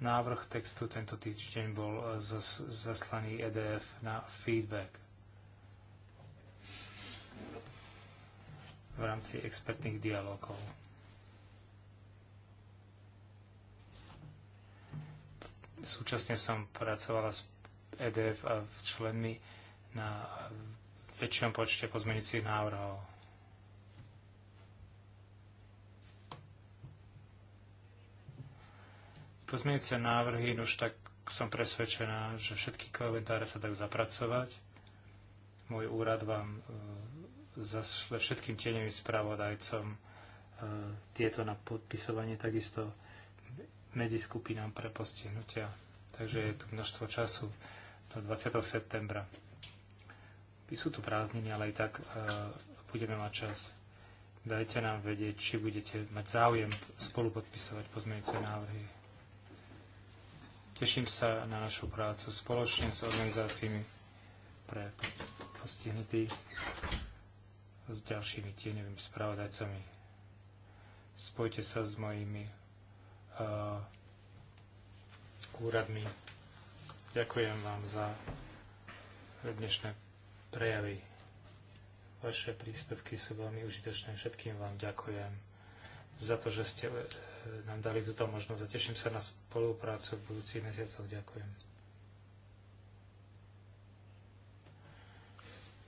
Návrh textu tento týždeň bol e, zas, zaslaný EDF na feedback. v rámci expertných dialogov. Súčasne som pracovala s EDF a členmi na väčšom počte pozmeňujúcich návrhov. pozmeňujúce návrhy, no už tak som presvedčená, že všetky komentáre sa dajú zapracovať. Môj úrad vám e, zašle všetkým tieňovým spravodajcom e, tieto na podpisovanie takisto medzi skupinám pre postihnutia. Takže je tu množstvo času do 20. septembra. I sú tu prázdniny, ale aj tak e, budeme mať čas. Dajte nám vedieť, či budete mať záujem spolupodpisovať pozmeňujúce návrhy. Teším sa na našu prácu spoločne s organizáciami pre postihnutých s ďalšími tieňovými spravodajcami. Spojte sa s mojimi uh, úradmi. Ďakujem vám za dnešné prejavy. Vaše príspevky sú veľmi užitočné. Všetkým vám ďakujem za to, že ste nám dali túto možnosť a teším sa na spoluprácu v budúcich mesiacoch. Ďakujem.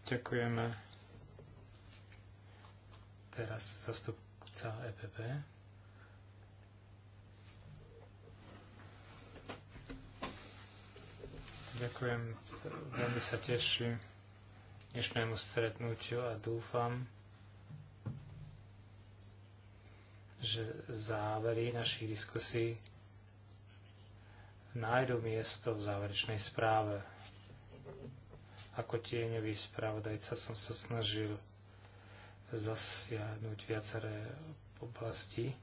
Ďakujeme. Teraz zastupca EPP. Ďakujem, veľmi sa teším dnešnému stretnutiu a dúfam, že závery našich diskusí nájdu miesto v záverečnej správe. Ako tieňový spravodajca som sa snažil zasiahnuť viaceré oblasti.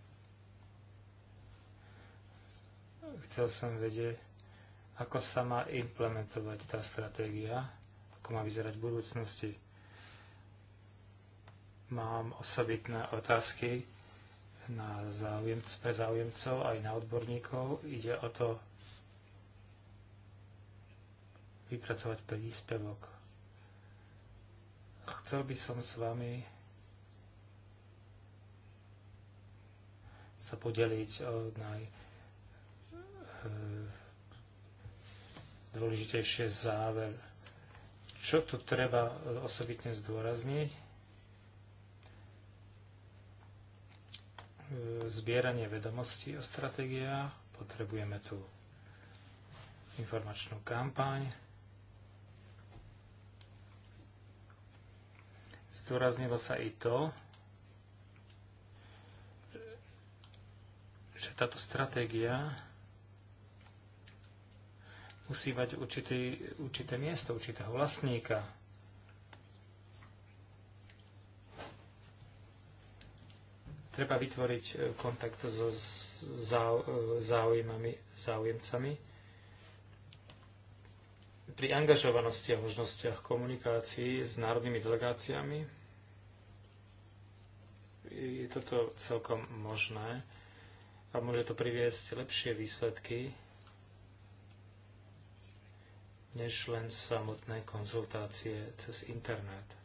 Chcel som vedieť, ako sa má implementovať tá stratégia, ako má vyzerať v budúcnosti. Mám osobitné otázky na záujemc, pre záujemcov aj na odborníkov. Ide o to vypracovať príspevok. Chcel by som s vami sa podeliť o naj e, dôležitejšie záver. Čo tu treba osobitne zdôrazniť? zbieranie vedomostí o stratégiách, potrebujeme tu informačnú kampaň. Zdôraznilo sa i to, že táto stratégia musí mať určité, určité miesto, určitého vlastníka, Treba vytvoriť e, kontakt so e, záujmami, záujemcami. Pri angažovanosti a možnostiach komunikácií s národnými delegáciami je toto celkom možné a môže to priviesť lepšie výsledky než len samotné konzultácie cez internet.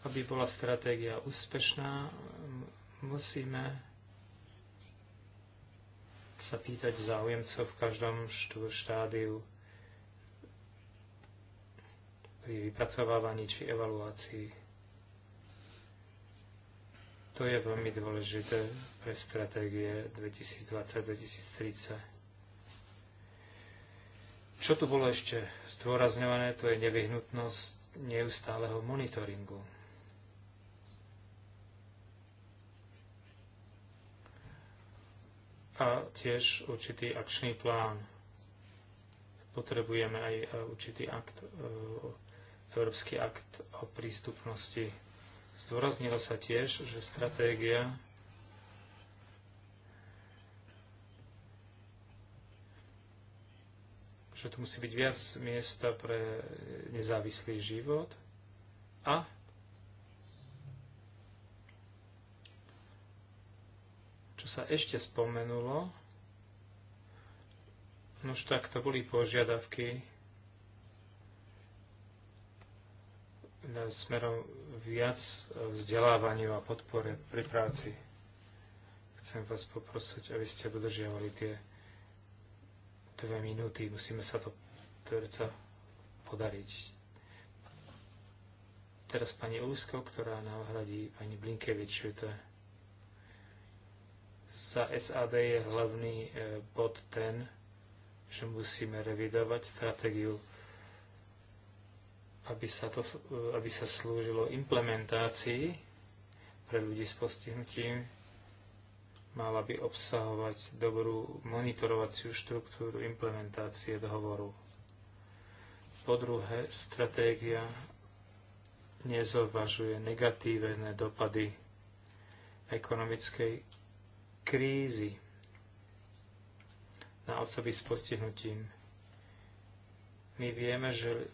Aby bola stratégia úspešná, musíme sa pýtať záujemcov v každom štádiu pri vypracovávaní či evaluácii. To je veľmi dôležité pre stratégie 2020-2030. Čo tu bolo ešte zdôrazňované, to je nevyhnutnosť neustáleho monitoringu. a tiež určitý akčný plán. Potrebujeme aj e, určitý akt, e, európsky akt o prístupnosti. Zdôraznilo sa tiež, že stratégia že tu musí byť viac miesta pre nezávislý život a Čo sa ešte spomenulo, už tak to boli požiadavky na smerom viac vzdelávaniu a podpore pri práci. Chcem vás poprosiť, aby ste dodržiavali tie dve minúty. Musíme sa to predsa podariť. Teraz pani Úsko, ktorá nahradí pani Blinkevičiu, to je za SAD je hlavný e, bod ten, že musíme revidovať stratégiu, aby sa, to, e, aby sa slúžilo implementácii pre ľudí s postihnutím. Mala by obsahovať dobrú monitorovaciu štruktúru implementácie dohovoru. Po druhé, stratégia nezovažuje negatívne dopady ekonomickej krízy na osoby s postihnutím. My vieme, že,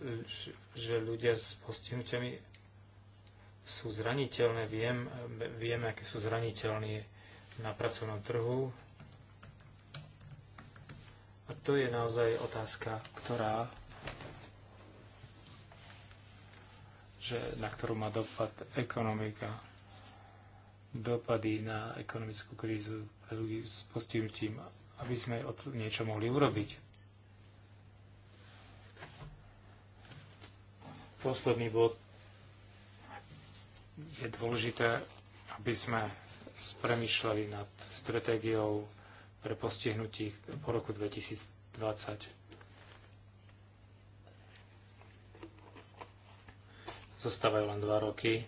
že ľudia s postihnutiami sú zraniteľné, Viem, vieme, aké sú zraniteľní na pracovnom trhu. A to je naozaj otázka, ktorá že, na ktorú má dopad ekonomika dopady na ekonomickú krízu pre ľudí s postihnutím, aby sme od niečo mohli urobiť. Posledný bod je dôležité, aby sme spremýšľali nad stratégiou pre postihnutí po roku 2020. Zostávajú len dva roky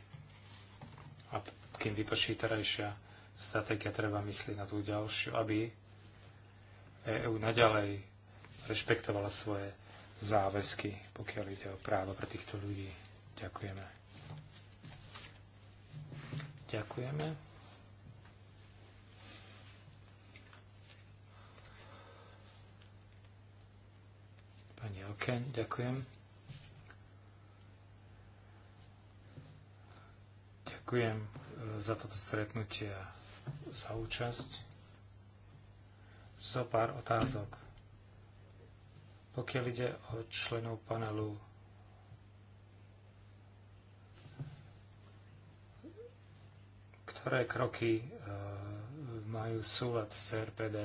kým vyprší terajšia stratégia, treba myslieť na tú ďalšiu, aby EÚ naďalej rešpektovala svoje záväzky, pokiaľ ide o právo pre týchto ľudí. Ďakujeme. Ďakujeme. Pani Oken, ďakujem. Ďakujem za toto stretnutie a za účasť. Zo pár otázok. Pokiaľ ide o členov panelu ktoré kroky e, majú súlad s CRPD.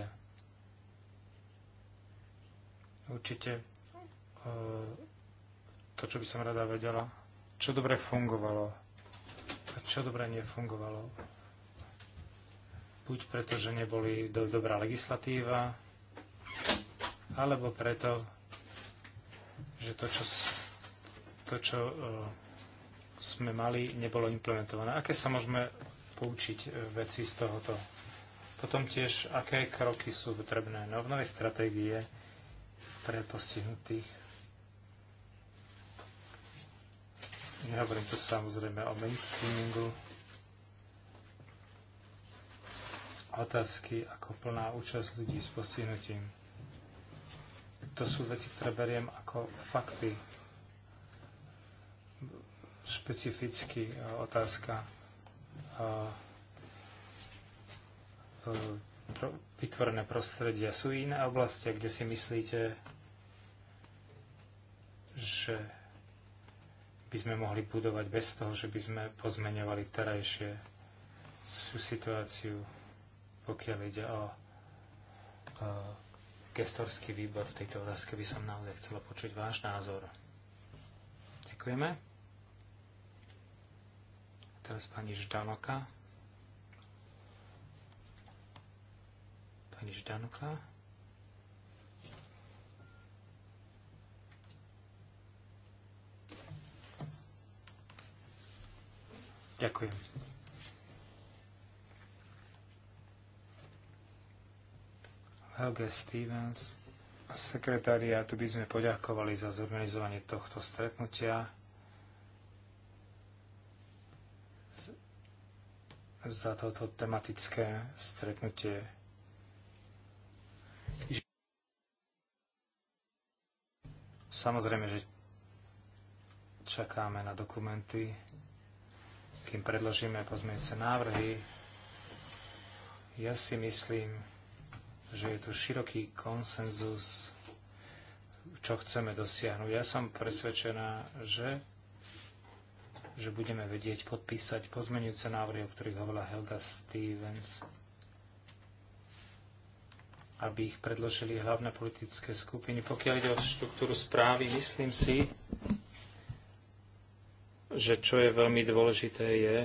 Určite e, to, čo by som rada vedela, čo dobre fungovalo čo dobre nefungovalo. Buď preto, že neboli do, dobrá legislatíva, alebo preto, že to, čo, to, čo uh, sme mali, nebolo implementované. Aké sa môžeme poučiť e, veci z tohoto? Potom tiež, aké kroky sú potrebné no, v novej stratégie pre postihnutých Nehovorím to samozrejme o mainstreamingu. Otázky ako plná účasť ľudí s postihnutím. To sú veci, ktoré beriem ako fakty. Špecificky e, otázka e, e, vytvorené prostredia. Sú iné oblasti, kde si myslíte, že by sme mohli budovať bez toho, že by sme pozmeňovali terajšie sú situáciu, pokiaľ ide o, o gestorský výbor v tejto otázke, by som naozaj chcela počuť váš názor. Ďakujeme. Teraz pani Ždanoka. Pani Ždanoka. Ďakujem. Helge Stevens a sekretariátu by sme poďakovali za zorganizovanie tohto stretnutia. za toto tematické stretnutie. Samozrejme, že čakáme na dokumenty kým predložíme pozmeňujúce návrhy. Ja si myslím, že je tu široký konsenzus, čo chceme dosiahnuť. Ja som presvedčená, že že budeme vedieť podpísať pozmeňujúce návrhy, o ktorých hovorila Helga Stevens, aby ich predložili hlavné politické skupiny. Pokiaľ ide o štruktúru správy, myslím si, že čo je veľmi dôležité je,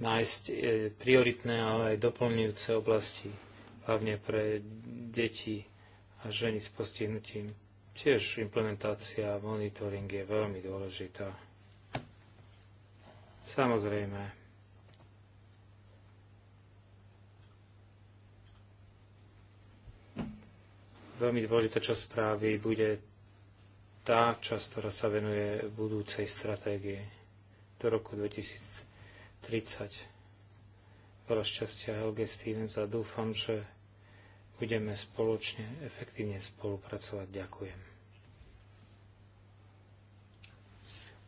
nájsť e, prioritné, ale aj doplňujúce oblasti, hlavne pre deti a ženy s postihnutím. Tiež implementácia a monitoring je veľmi dôležitá. Samozrejme, veľmi dôležitá časť správy bude tá časť, ktorá sa venuje budúcej stratégie do roku 2030. Veľa šťastia Helge Stevens a dúfam, že budeme spoločne efektívne spolupracovať. Ďakujem.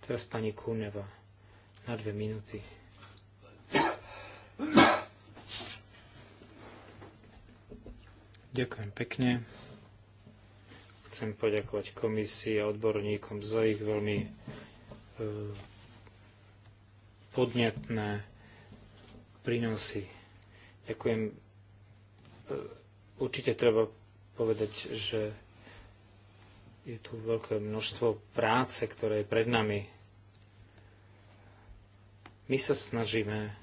Teraz pani Kúneva na dve minúty. Ďakujem pekne. Chcem poďakovať komisii a odborníkom za ich veľmi e, podnetné prínosy. Ďakujem. E, určite treba povedať, že je tu veľké množstvo práce, ktoré je pred nami. My sa snažíme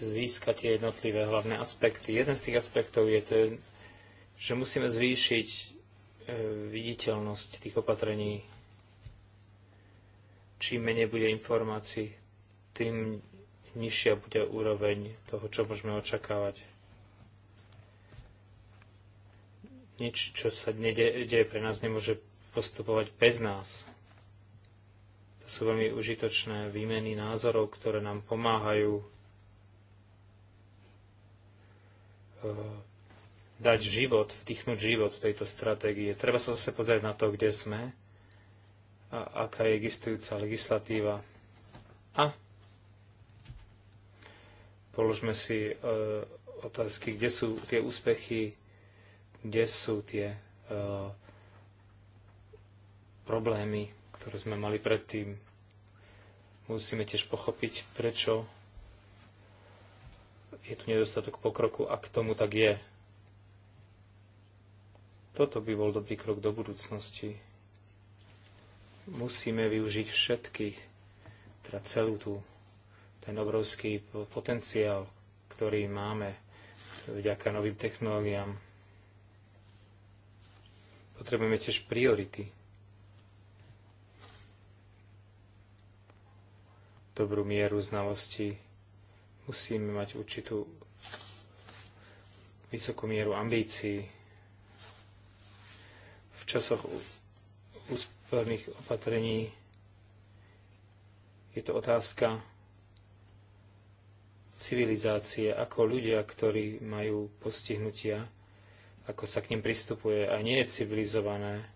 získať tie jednotlivé hlavné aspekty. Jeden z tých aspektov je ten, že musíme zvýšiť e, viditeľnosť tých opatrení. Čím menej bude informácií, tým nižšia bude úroveň toho, čo môžeme očakávať. Nič, čo sa deje pre nás, nemôže postupovať bez nás. To sú veľmi užitočné výmeny názorov, ktoré nám pomáhajú Eh, dať život, vtichnúť život v tejto stratégie. Treba sa zase pozrieť na to, kde sme a aká je existujúca legislatíva. A položme si e, otázky, kde sú tie úspechy, kde sú tie e, problémy, ktoré sme mali predtým. Musíme tiež pochopiť, prečo je tu nedostatok pokroku, ak tomu tak je. Toto by bol dobrý krok do budúcnosti. Musíme využiť všetkých, teda celú tú, ten obrovský potenciál, ktorý máme vďaka novým technológiám. Potrebujeme tiež priority. Dobrú mieru znalosti. Musíme mať určitú vysokú mieru ambícií. V časoch úsporných opatrení je to otázka civilizácie, ako ľudia, ktorí majú postihnutia, ako sa k ním pristupuje a nie je civilizované,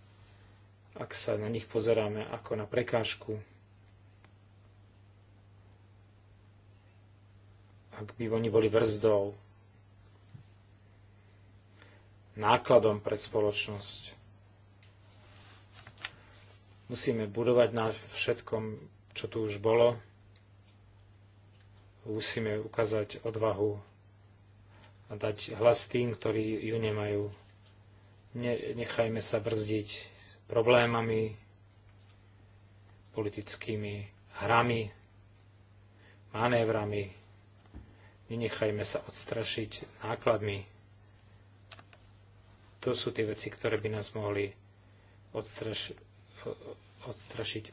ak sa na nich pozeráme ako na prekážku ak by oni boli brzdou, nákladom pre spoločnosť. Musíme budovať na všetkom, čo tu už bolo. Musíme ukázať odvahu a dať hlas tým, ktorí ju nemajú. Ne, nechajme sa brzdiť problémami, politickými hrami, manévrami, Nenechajme sa odstrašiť nákladmi. To sú tie veci, ktoré by nás mohli odstraš- odstrašiť.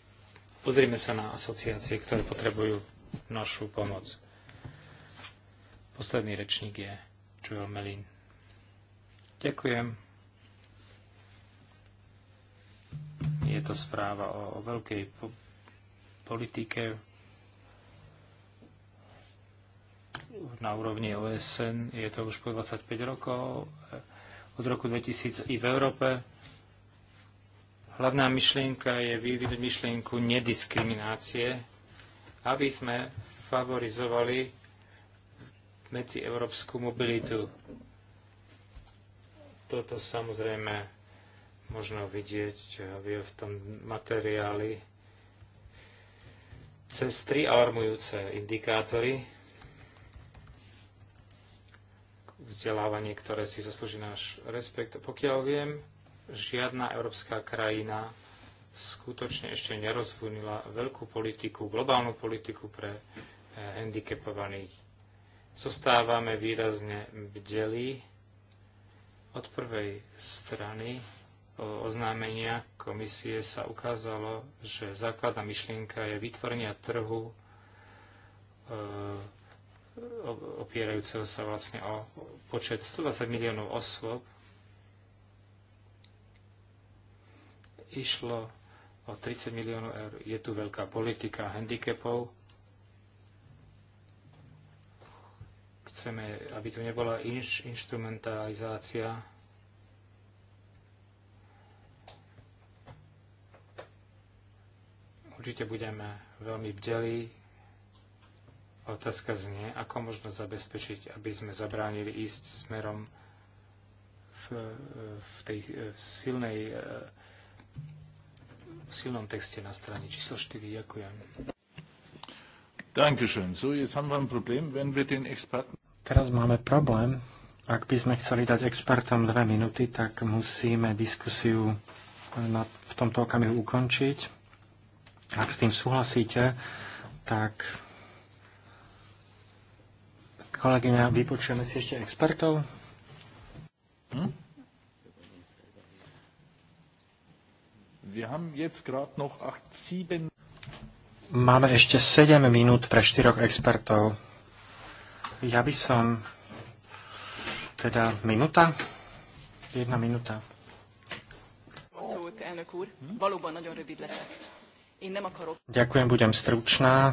Pozrime sa na asociácie, ktoré potrebujú našu pomoc. Posledný rečník je Joel Melin. Ďakujem. Je to správa o, o veľkej po- politike na úrovni OSN je to už po 25 rokov, od roku 2000 i v Európe. Hlavná myšlienka je vyvinúť myšlienku nediskriminácie, aby sme favorizovali európsku mobilitu. Toto samozrejme možno vidieť je v tom materiáli cez tri alarmujúce indikátory, vzdelávanie, ktoré si zaslúži náš respekt. Pokiaľ viem, žiadna európska krajina skutočne ešte nerozvunila veľkú politiku, globálnu politiku pre eh, handicapovaných. Zostávame výrazne bdeli od prvej strany eh, oznámenia komisie sa ukázalo, že základná myšlienka je vytvorenia trhu eh, opierajúceho sa vlastne o počet 120 miliónov osôb. Išlo o 30 miliónov eur. Je tu veľká politika handicapov. Chceme, aby tu nebola inš, instrumentalizácia určite budeme veľmi bdelí Otázka znie, ako možno zabezpečiť, aby sme zabránili ísť smerom v, v tej e, v silnej e, v silnom texte na strane číslo 4.
Ďakujem. Dankeschön. So, jetzt haben wir ein Problem, wenn wir den Experten...
Teraz máme problém. Ak by sme chceli dať expertom dve minúty, tak musíme diskusiu e, na, v tomto okamihu ukončiť. Ak s tým súhlasíte, tak Kolegyňa, vypočujeme si ešte expertov. Hm? Máme ešte 7 minút pre štyroch expertov. Ja by som... Teda minúta? Jedna minúta. Ďakujem, budem stručná.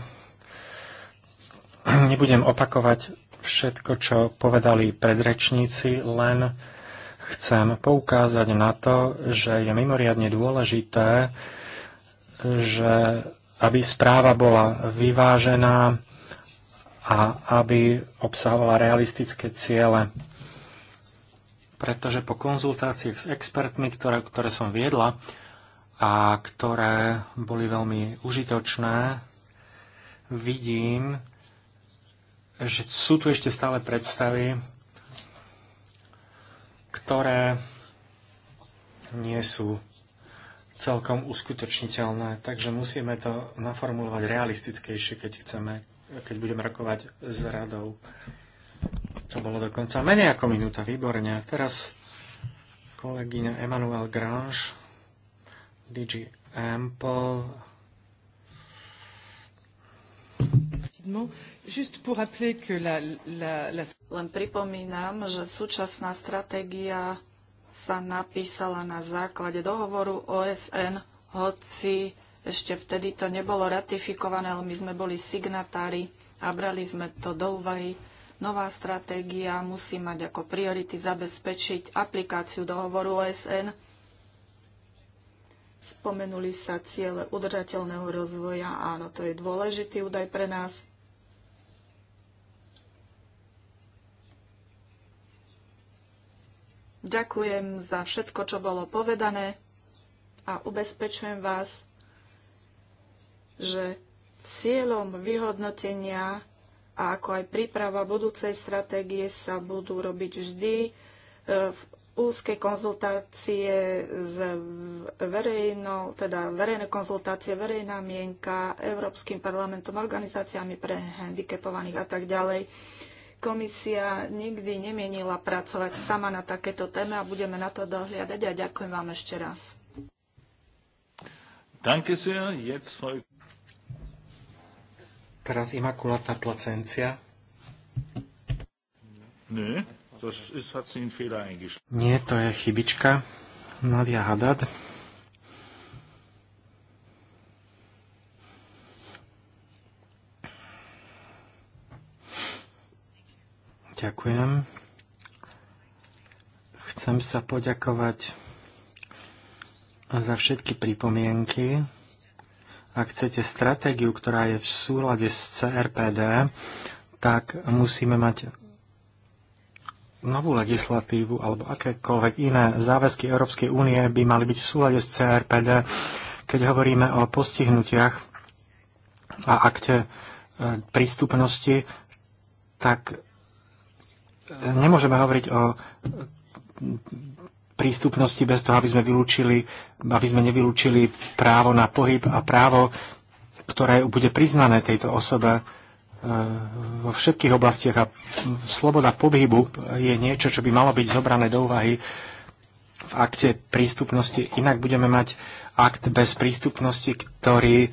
Nebudem opakovať všetko, čo povedali predrečníci, len chcem poukázať na to, že je mimoriadne dôležité, že aby správa bola vyvážená a aby obsahovala realistické ciele. Pretože po konzultáciách s expertmi, ktoré, ktoré som viedla a ktoré boli veľmi užitočné, vidím, že sú tu ešte stále predstavy, ktoré nie sú celkom uskutočniteľné, takže musíme to naformulovať realistickejšie, keď chceme, keď budeme rokovať s radou. To bolo dokonca menej ako minúta, výborne. teraz kolegyňa Emmanuel Grange, DG Ample.
Len pripomínam, že súčasná stratégia sa napísala na základe dohovoru OSN, hoci ešte vtedy to nebolo ratifikované, ale my sme boli signatári a brali sme to do úvahy. Nová stratégia musí mať ako priority zabezpečiť aplikáciu dohovoru OSN. Spomenuli sa ciele udržateľného rozvoja, áno, to je dôležitý údaj pre nás Ďakujem za všetko, čo bolo povedané a ubezpečujem vás, že cieľom vyhodnotenia a ako aj príprava budúcej stratégie sa budú robiť vždy e, v úzkej konzultácie s verejnou, teda verejné konzultácie, verejná mienka, Európskym parlamentom, organizáciami pre handicapovaných a tak ďalej. Komisia nikdy nemienila pracovať sama na takéto téme a budeme na to dohliadať a ďakujem vám ešte raz.
Teraz Imakulata Placencia. Nie, to je chybička. Nadia Haddad. Ďakujem. Chcem sa poďakovať za všetky pripomienky. Ak chcete stratégiu, ktorá je v súlade s CRPD, tak musíme mať novú legislatívu alebo akékoľvek iné záväzky Európskej únie by mali byť v súlade s CRPD, keď hovoríme o postihnutiach a akte e, prístupnosti, tak nemôžeme hovoriť o prístupnosti bez toho, aby sme, vylúčili, aby sme nevylúčili právo na pohyb a právo, ktoré bude priznané tejto osobe e, vo všetkých oblastiach a sloboda pohybu je niečo, čo by malo byť zobrané do úvahy v akte prístupnosti. Inak budeme mať akt bez prístupnosti, ktorý e,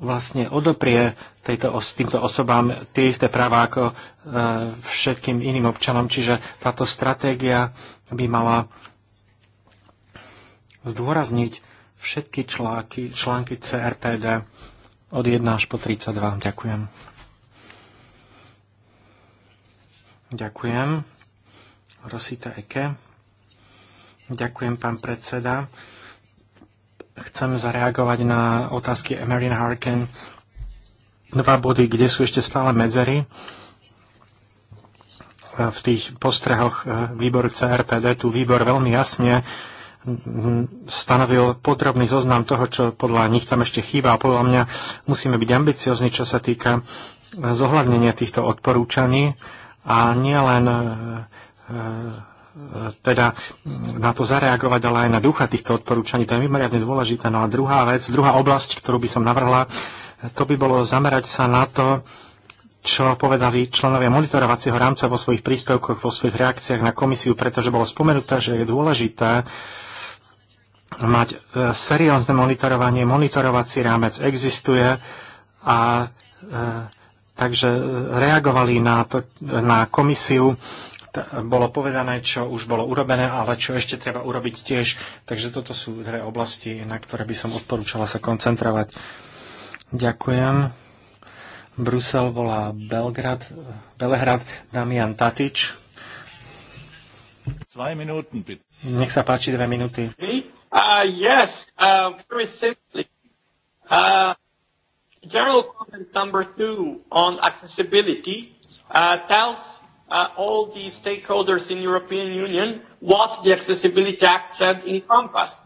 vlastne odoprie tejto, týmto osobám tie isté práva ako e, všetkým iným občanom. Čiže táto stratégia by mala zdôrazniť všetky články, články CRPD od 1 až po 32. Ďakujem. Ďakujem. Rosita Eke. Ďakujem, pán predseda. Chcem zareagovať na otázky Emerin Harkin. Dva body, kde sú ešte stále medzery v tých postrehoch eh, výboru CRPD. Tu výbor veľmi jasne stanovil podrobný zoznam toho, čo podľa nich tam ešte chýba. A podľa mňa musíme byť ambiciozni, čo sa týka eh, zohľadnenia týchto odporúčaní a nielen eh, teda na to zareagovať, ale aj na ducha týchto odporúčaní. To je mimoriadne dôležité. No a druhá vec, druhá oblasť, ktorú by som navrhla, to by bolo zamerať sa na to, čo povedali členovia monitorovacieho rámca vo svojich príspevkoch, vo svojich reakciách na komisiu, pretože bolo spomenuté, že je dôležité mať e, seriózne monitorovanie. Monitorovací rámec existuje a e, takže e, reagovali na, to, na komisiu bolo povedané, čo už bolo urobené, ale čo ešte treba urobiť tiež. Takže toto sú dve oblasti, na ktoré by som odporúčala sa koncentrovať. Ďakujem. Brusel volá Belgrad, Belehrad Damian Tatič. Nech sa páči dve minúty.
Ah, uh, yes, uh, general comment number two on accessibility uh, tells uh, all the stakeholders in European Union what the Accessibility Act said encompassed.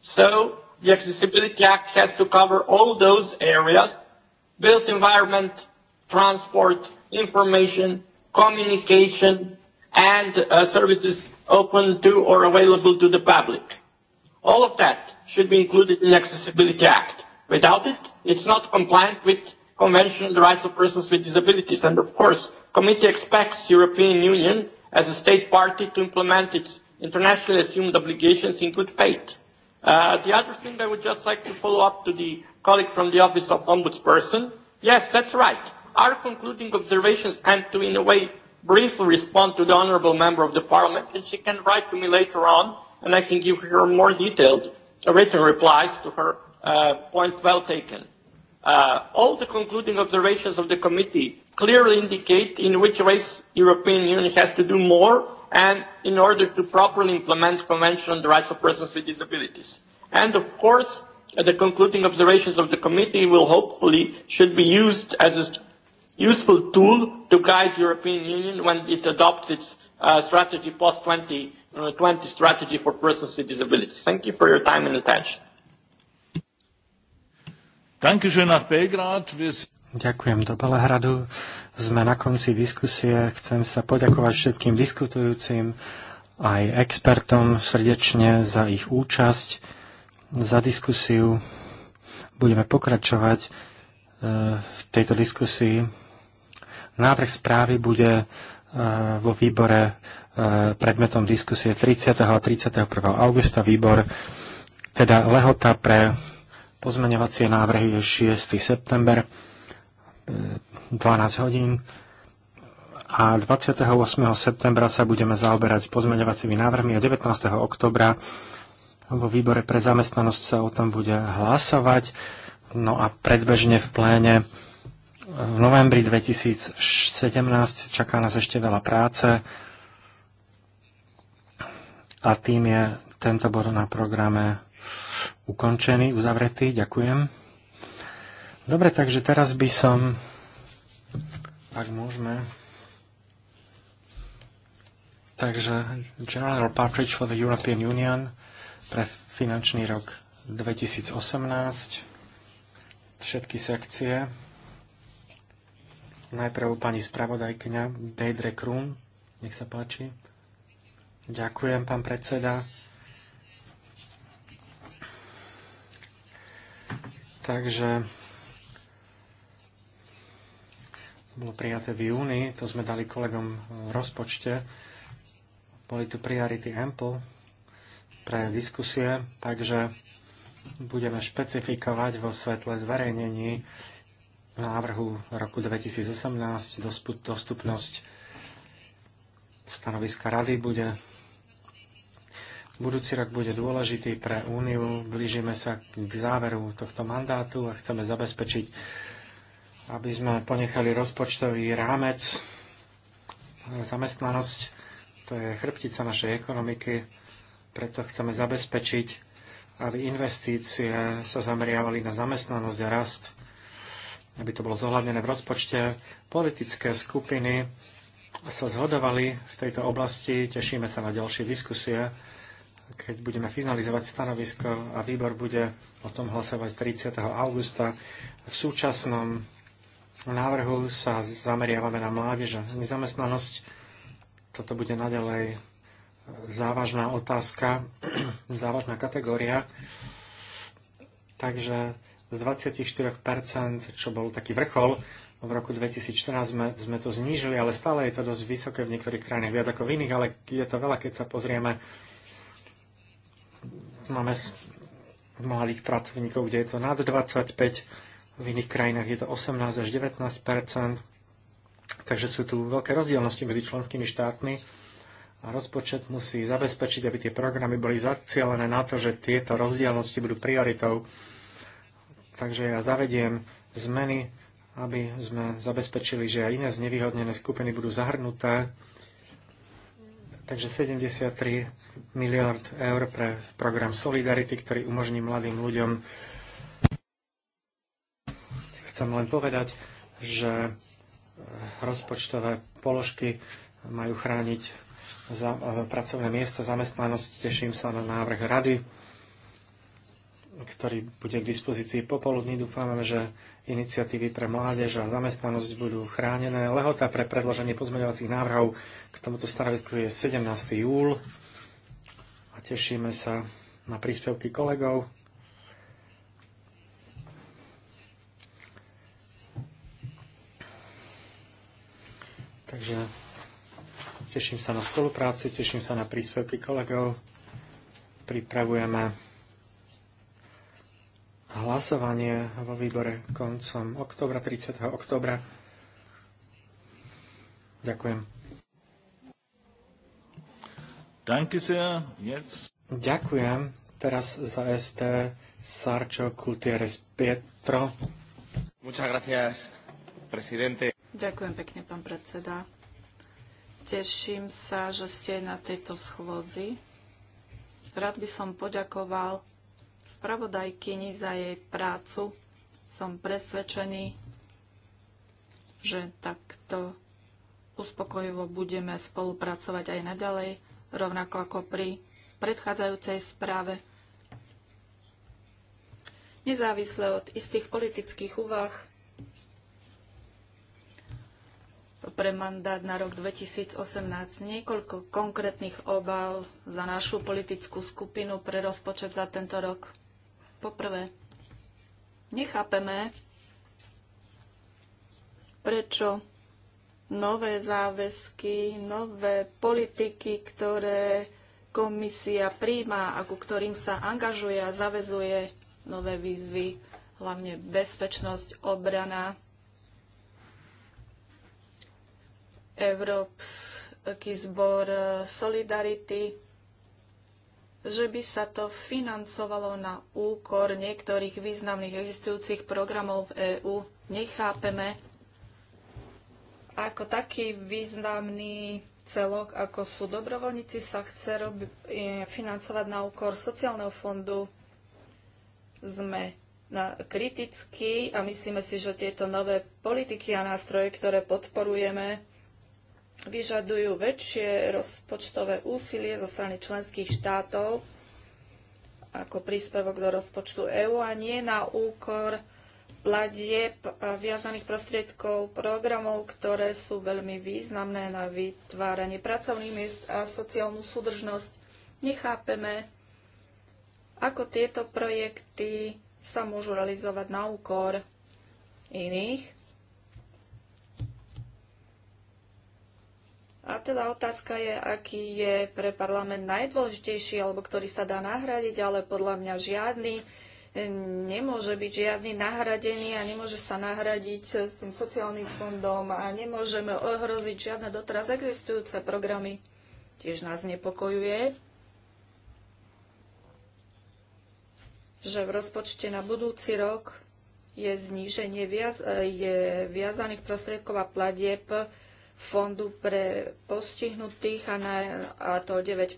So the Accessibility Act has to cover all those areas, built environment, transport, information, communication, and uh, services open to or available to the public. All of that should be included in the Accessibility Act. Without it, it's not compliant with Convention on the Rights of Persons with Disabilities. And of course, committee expects the European Union as a state party to implement its internationally assumed obligations in good faith. Uh, the other thing I would just like to follow up to the colleague from the Office of Ombudsperson. Yes, that's right. Our concluding observations and to, in a way, briefly respond to the Honourable Member of the Parliament, and she can write to me later on, and I can give her more detailed written replies to her uh, point well taken. Uh, all the concluding observations of the committee clearly indicate in which ways European Union has to do more and in order to properly implement Convention on the Rights of Persons with Disabilities. And of course, the concluding observations of the committee will hopefully should be used as a useful tool to guide the European Union when it adopts its uh, strategy post 2020 uh, strategy for persons with disabilities. Thank you for your time and attention.
Dankeschön nach
Belgrad. Wir Ďakujem do Belehradu. Sme na konci diskusie. Chcem sa poďakovať všetkým diskutujúcim aj expertom srdečne za ich účasť, za diskusiu. Budeme pokračovať e, v tejto diskusii. Návrh správy bude e, vo výbore e, predmetom diskusie 30. a 31. augusta. Výbor, teda lehota pre pozmeňovacie návrhy je 6. september. 12 hodín a 28. septembra sa budeme zaoberať pozmeňovacími návrhmi a 19. oktobra vo výbore pre zamestnanosť sa o tom bude hlasovať. No a predbežne v pléne v novembri 2017 čaká nás ešte veľa práce a tým je tento bod na programe ukončený, uzavretý. Ďakujem. Dobre, takže teraz by som, ak môžeme, takže General Partridge for the European Union pre finančný rok 2018, všetky sekcie. Najprv pani spravodajkňa Deidre Krún, nech sa páči. Ďakujem, pán predseda. Takže bolo prijaté v júni, to sme dali kolegom v rozpočte. Boli tu priority Ample pre diskusie, takže budeme špecifikovať vo svetle zverejnení návrhu roku 2018 dostupnosť stanoviska rady bude Budúci rok bude dôležitý pre Úniu. Blížime sa k záveru tohto mandátu a chceme zabezpečiť aby sme ponechali rozpočtový rámec, zamestnanosť, to je chrbtica našej ekonomiky, preto chceme zabezpečiť, aby investície sa zameriavali na zamestnanosť a rast, aby to bolo zohľadnené v rozpočte. Politické skupiny sa zhodovali v tejto oblasti, tešíme sa na ďalšie diskusie, keď budeme finalizovať stanovisko a výbor bude o tom hlasovať 30. augusta v súčasnom návrhu sa zameriavame na mládež a nezamestnanosť. Toto bude naďalej závažná otázka, [clears throat] závažná kategória. Takže z 24%, čo bol taký vrchol, v roku 2014 sme, sme to znížili, ale stále je to dosť vysoké v niektorých krajinách, viac ako v iných, ale je to veľa, keď sa pozrieme. Máme mladých pracovníkov, kde je to nad 25, v iných krajinách je to 18 až 19 takže sú tu veľké rozdielnosti medzi členskými štátmi a rozpočet musí zabezpečiť, aby tie programy boli zacielené na to, že tieto rozdielnosti budú prioritou. Takže ja zavediem zmeny, aby sme zabezpečili, že aj iné znevýhodnené skupiny budú zahrnuté. Takže 73 miliard eur pre program Solidarity, ktorý umožní mladým ľuďom Chcem len povedať, že e, rozpočtové položky majú chrániť za, e, pracovné miesta, zamestnanosť. Teším sa na návrh rady, ktorý bude k dispozícii popoludní. Dúfame, že iniciatívy pre mládež a zamestnanosť budú chránené. Lehota pre predloženie pozmeňovacích návrhov k tomuto stanovisku je 17. júl a tešíme sa na príspevky kolegov. Takže teším sa na spoluprácu, teším sa na príspevky kolegov. Pripravujeme hlasovanie vo výbore koncom oktobra, 30. oktobra. Ďakujem. Ďakujem teraz za ST Sarčo Kultieres Pietro.
Muchas gracias, presidente.
Ďakujem pekne, pán predseda. Teším sa, že ste na tejto schôdzi. Rád by som poďakoval spravodajkyni za jej prácu. Som presvedčený, že takto uspokojivo budeme spolupracovať aj naďalej, rovnako ako pri predchádzajúcej správe. Nezávisle od istých politických úvah pre mandát na rok 2018 niekoľko konkrétnych obav za našu politickú skupinu pre rozpočet za tento rok. Poprvé, nechápeme, prečo nové záväzky, nové politiky, ktoré komisia príjma a ku ktorým sa angažuje a zavezuje nové výzvy, hlavne bezpečnosť, obrana, Európsky zbor Solidarity, že by sa to financovalo na úkor niektorých významných existujúcich programov v EÚ. Nechápeme, ako taký významný celok, ako sú dobrovoľníci, sa chce e, financovať na úkor sociálneho fondu. Sme na kriticky a myslíme si, že tieto nové politiky a nástroje, ktoré podporujeme, vyžadujú väčšie rozpočtové úsilie zo strany členských štátov ako príspevok do rozpočtu EÚ a nie na úkor platieb viazaných prostriedkov programov, ktoré sú veľmi významné na vytváranie pracovných miest a sociálnu súdržnosť. Nechápeme, ako tieto projekty sa môžu realizovať na úkor iných A teda otázka je, aký je pre parlament najdôležitejší, alebo ktorý sa dá nahradiť, ale podľa mňa žiadny eh, nemôže byť žiadny nahradený a nemôže sa nahradiť s tým sociálnym fondom a nemôžeme ohroziť žiadne doteraz existujúce programy. Tiež nás nepokojuje, že v rozpočte na budúci rok je zníženie viaz, eh, je viazaných prostriedkov a platieb fondu pre postihnutých a, na, a to 9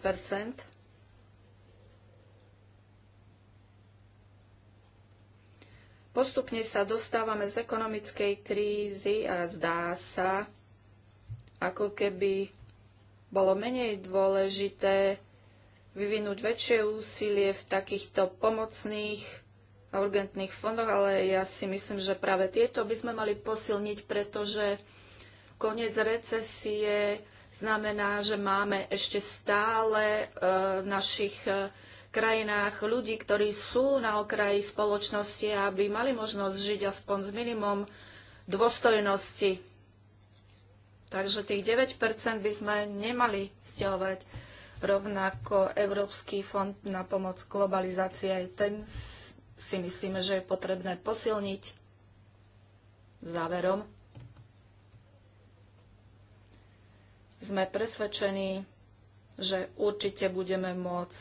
Postupne sa dostávame z ekonomickej krízy a zdá sa, ako keby bolo menej dôležité vyvinúť väčšie úsilie v takýchto pomocných a urgentných fondoch, ale ja si myslím, že práve tieto by sme mali posilniť, pretože Koniec recesie znamená, že máme ešte stále e, v našich e, krajinách ľudí, ktorí sú na okraji spoločnosti, aby mali možnosť žiť aspoň s minimum dôstojnosti. Takže tých 9 by sme nemali stiahovať. Rovnako Európsky fond na pomoc globalizácie aj ten si myslíme, že je potrebné posilniť. Záverom Sme presvedčení, že určite budeme môcť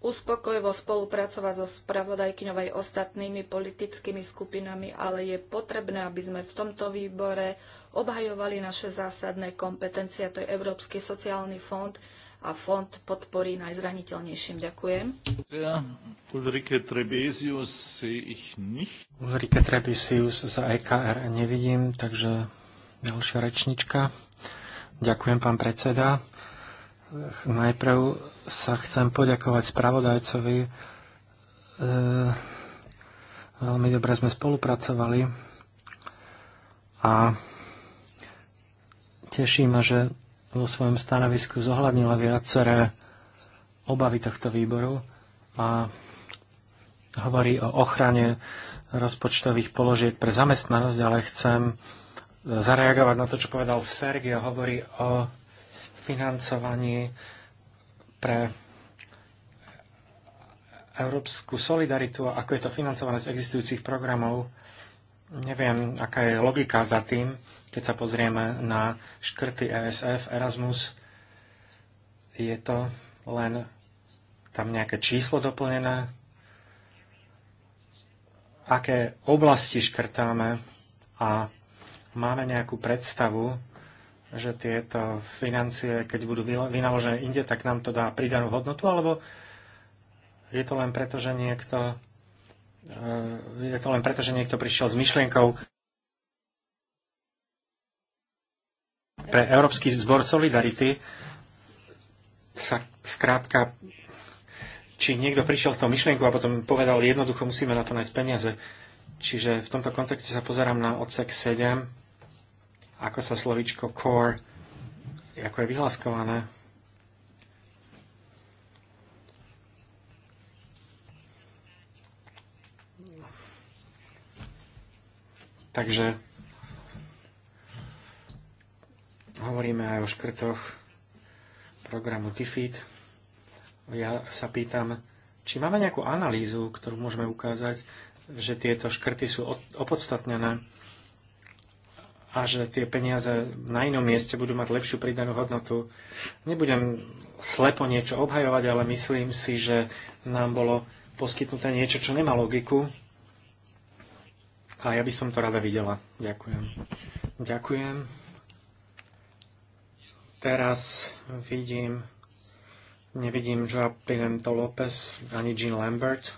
uspokojivo spolupracovať so spravodajkyňovej aj ostatnými politickými skupinami, ale je potrebné, aby sme v tomto výbore obhajovali naše zásadné kompetencie, to je Európsky sociálny fond a fond podpory najzraniteľnejším. Ďakujem.
Ja, Ulrike Trebesius ich nicht.
Ulrike Trebesius za EKR nevidím, takže Ďalšia rečnička. Ďakujem, pán predseda. Najprv sa chcem poďakovať spravodajcovi. E, veľmi dobre sme spolupracovali a teší ma, že vo svojom stanovisku zohľadnila viaceré obavy tohto výboru a hovorí o ochrane rozpočtových položiek pre zamestnanosť, ale chcem zareagovať na to, čo povedal Sergio. Hovorí o financovaní pre európsku solidaritu, ako je to financované z existujúcich programov. Neviem, aká je logika za tým, keď sa pozrieme na škrty ESF, Erasmus. Je to len tam nejaké číslo doplnené, aké oblasti škrtáme a máme nejakú predstavu, že tieto financie, keď budú vynaložené inde, tak nám to dá pridanú hodnotu, alebo je to len preto, že niekto e, je to len preto, že niekto prišiel s myšlienkou pre Európsky zbor Solidarity sa skrátka či niekto prišiel s tou myšlienkou a potom povedal, jednoducho musíme na to nájsť peniaze. Čiže v tomto kontexte sa pozerám na odsek 7 ako sa slovičko core, ako je vyhlaskované. Takže hovoríme aj o škrtoch programu Tifit. Ja sa pýtam, či máme nejakú analýzu, ktorú môžeme ukázať, že tieto škrty sú opodstatnené a že tie peniaze na inom mieste budú mať lepšiu pridanú hodnotu. Nebudem slepo niečo obhajovať, ale myslím si, že nám bolo poskytnuté niečo, čo nemá logiku. A ja by som to rada videla. Ďakujem. Ďakujem. Teraz vidím, nevidím Joa Pinento López ani Jean Lambert.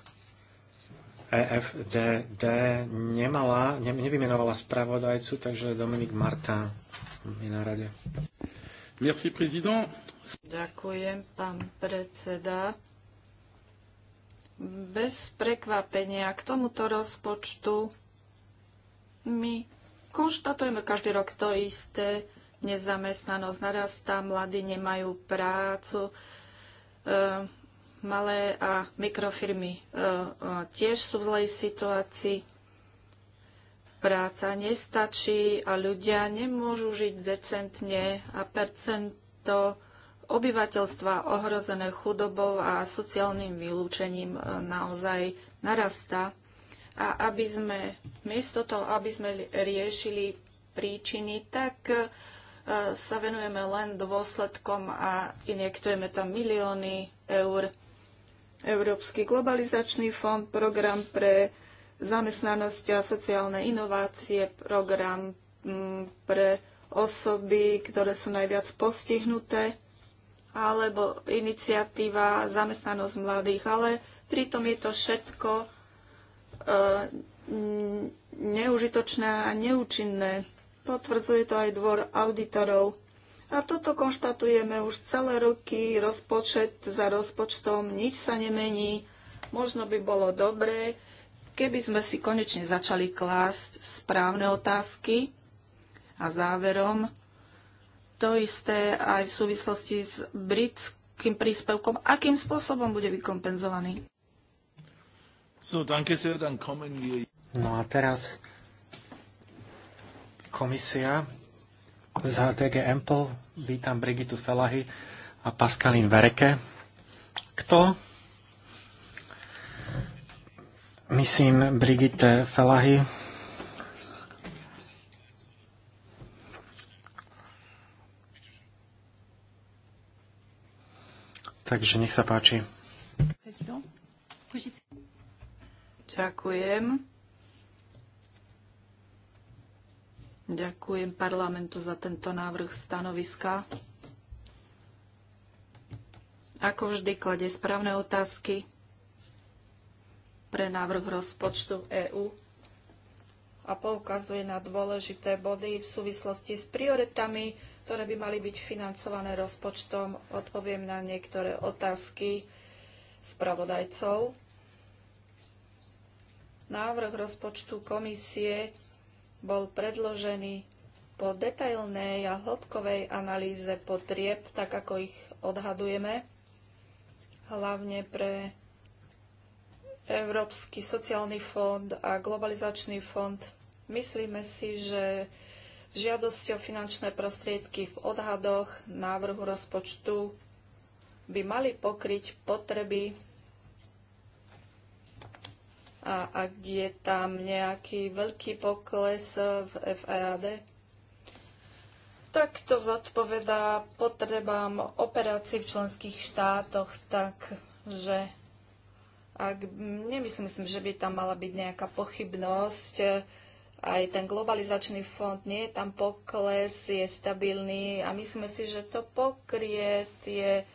EFDD nemala, ne, nevymenovala spravodajcu, takže Dominik Marta
je na rade. Merci, prezident. Ďakujem, pán predseda. Bez prekvapenia k tomuto rozpočtu my konštatujeme každý rok to isté. Nezamestnanosť narastá, mladí nemajú prácu. Ehm, Malé a mikrofirmy e, e, tiež sú v zlej situácii. Práca nestačí a ľudia nemôžu žiť decentne a percento obyvateľstva ohrozené chudobou a sociálnym vylúčením e, naozaj narastá. A aby sme, miesto toho, aby sme riešili príčiny, tak sa venujeme len dôsledkom a injektujeme tam milióny eur. Európsky globalizačný fond, program pre zamestnanosť a sociálne inovácie, program mm, pre osoby, ktoré sú najviac postihnuté, alebo iniciatíva zamestnanosť mladých, ale pritom je to všetko e, neužitočné a neúčinné. Potvrdzuje to aj dvor auditorov. A toto konštatujeme už celé roky, rozpočet za rozpočtom, nič sa nemení. Možno by bolo dobré, keby sme si konečne začali klásť správne otázky. A záverom, to isté aj v súvislosti s britským príspevkom, akým spôsobom bude vykompenzovaný.
So, danke sehr, dann kommen wir...
No a teraz komisia z HTG Ample vítam Brigitu Felahy a Paskalín Vereke. Kto? Myslím Brigitte Felahy. Takže nech sa páči.
Ďakujem. Ďakujem parlamentu za tento návrh stanoviska. Ako vždy klade správne otázky pre návrh rozpočtu EÚ a poukazuje na dôležité body v súvislosti s prioritami, ktoré by mali byť financované rozpočtom. Odpoviem na niektoré otázky spravodajcov. Návrh rozpočtu komisie bol predložený po detailnej a hĺbkovej analýze potrieb, tak ako ich odhadujeme, hlavne pre Európsky sociálny fond a globalizačný fond. Myslíme si, že žiadosť o finančné prostriedky v odhadoch návrhu rozpočtu by mali pokryť potreby a ak je tam nejaký veľký pokles v FAD, tak to zodpovedá potrebám operácií v členských štátoch, takže ak, nemyslím si, že by tam mala byť nejaká pochybnosť. Aj ten globalizačný fond nie je tam pokles, je stabilný a myslím si, že to pokrie tie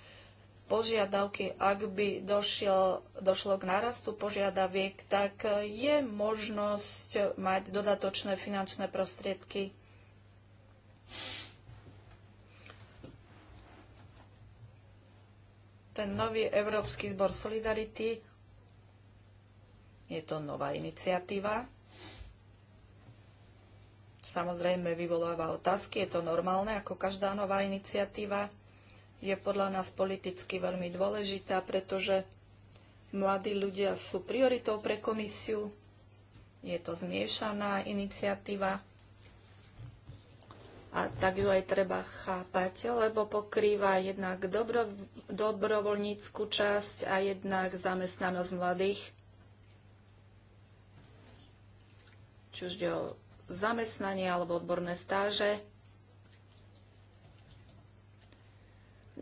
požiadavky, ak by došiel, došlo k nárastu požiadaviek, tak je možnosť mať dodatočné finančné prostriedky. Ten nový Európsky zbor Solidarity je to nová iniciatíva. Samozrejme vyvoláva otázky, je to normálne ako každá nová iniciatíva je podľa nás politicky veľmi dôležitá, pretože mladí ľudia sú prioritou pre komisiu. Je to zmiešaná iniciatíva a tak ju aj treba chápať, lebo pokrýva jednak dobro, dobrovoľníckú časť a jednak zamestnanosť mladých. Či už ide o zamestnanie alebo odborné stáže.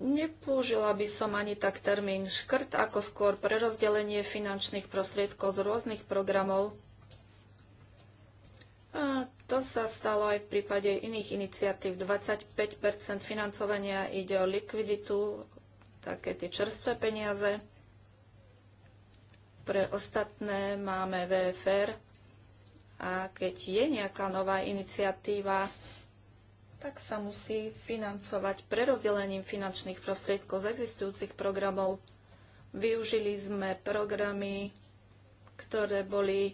Nepoužila by som ani tak termín škrt, ako skôr prerozdelenie finančných prostriedkov z rôznych programov. A to sa stalo aj v prípade iných iniciatív. 25 financovania ide o likviditu, také tie čerstvé peniaze. Pre ostatné máme VFR a keď je nejaká nová iniciatíva, tak sa musí financovať prerozdelením finančných prostriedkov z existujúcich programov. Využili sme programy, ktoré boli e,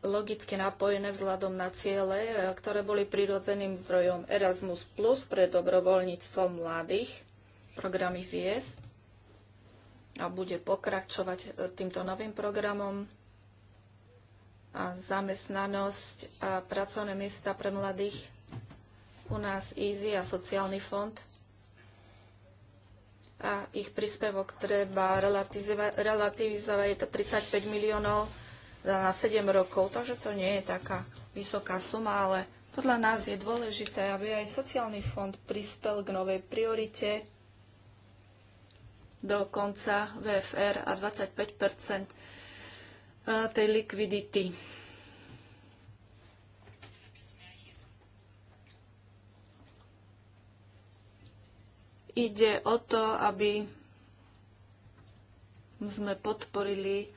logicky napojené vzhľadom na ciele, e, ktoré boli prirodzeným zdrojom Erasmus Plus pre dobrovoľníctvo mladých, programy FIES a bude pokračovať e, týmto novým programom zamestnanosť a pracovné miesta pre mladých. U nás EASY a sociálny fond. A ich príspevok treba relativizovať. Je to 35 miliónov na 7 rokov, takže to nie je taká vysoká suma, ale podľa nás je dôležité, aby aj sociálny fond prispel k novej priorite do konca VFR a 25 tej likvidity. Ide o to, aby sme podporili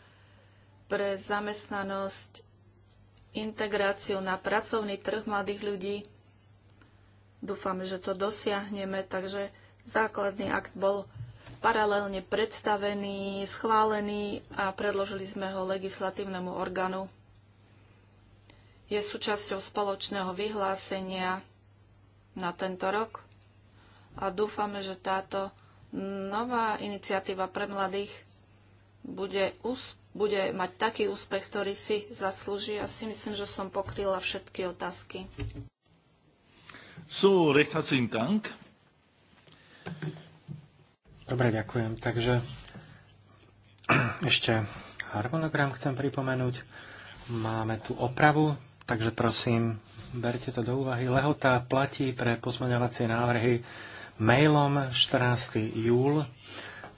pre zamestnanosť integráciu na pracovný trh mladých ľudí. Dúfame, že to dosiahneme, takže základný akt bol paralelne predstavený, schválený a predložili sme ho legislatívnemu orgánu. Je súčasťou spoločného vyhlásenia na tento rok a dúfame, že táto nová iniciatíva pre mladých bude, bude mať taký úspech, ktorý si zaslúži. Ja si myslím, že som pokryla všetky otázky.
So, recht herzlichen Dank.
Dobre, ďakujem. Takže [clears throat] ešte harmonogram chcem pripomenúť. Máme tu opravu, takže prosím, berte to do úvahy. Lehota platí pre pozmeňovacie návrhy mailom 14. júl.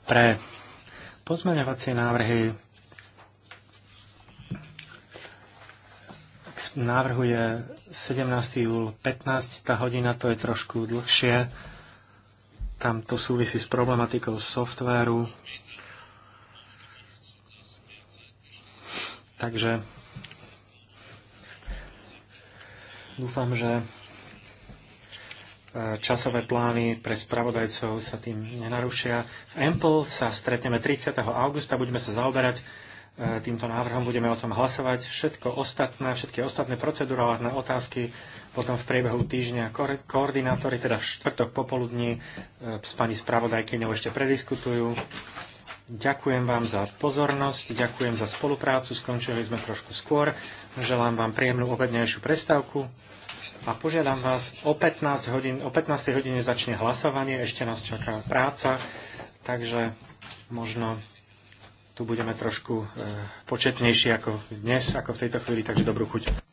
Pre pozmeňovacie návrhy návrhu je 17. júl 15. Tá hodina to je trošku dlhšie tam to súvisí s problematikou softvéru. Takže dúfam, že e, časové plány pre spravodajcov sa tým nenarušia. V Ample sa stretneme 30. augusta, budeme sa zaoberať E, týmto návrhom, budeme o tom hlasovať. Všetko ostatné, všetky ostatné procedurálne otázky potom v priebehu týždňa koordinátori, teda v štvrtok popoludní e, s pani spravodajkyňou ešte prediskutujú. Ďakujem vám za pozornosť, ďakujem za spoluprácu, skončili sme trošku skôr. Želám vám príjemnú obednejšiu prestávku a požiadam vás, o 15, hodin, o 15. hodine začne hlasovanie, ešte nás čaká práca, takže možno tu budeme trošku eh, početnejší ako dnes, ako v tejto chvíli, takže dobrú chuť.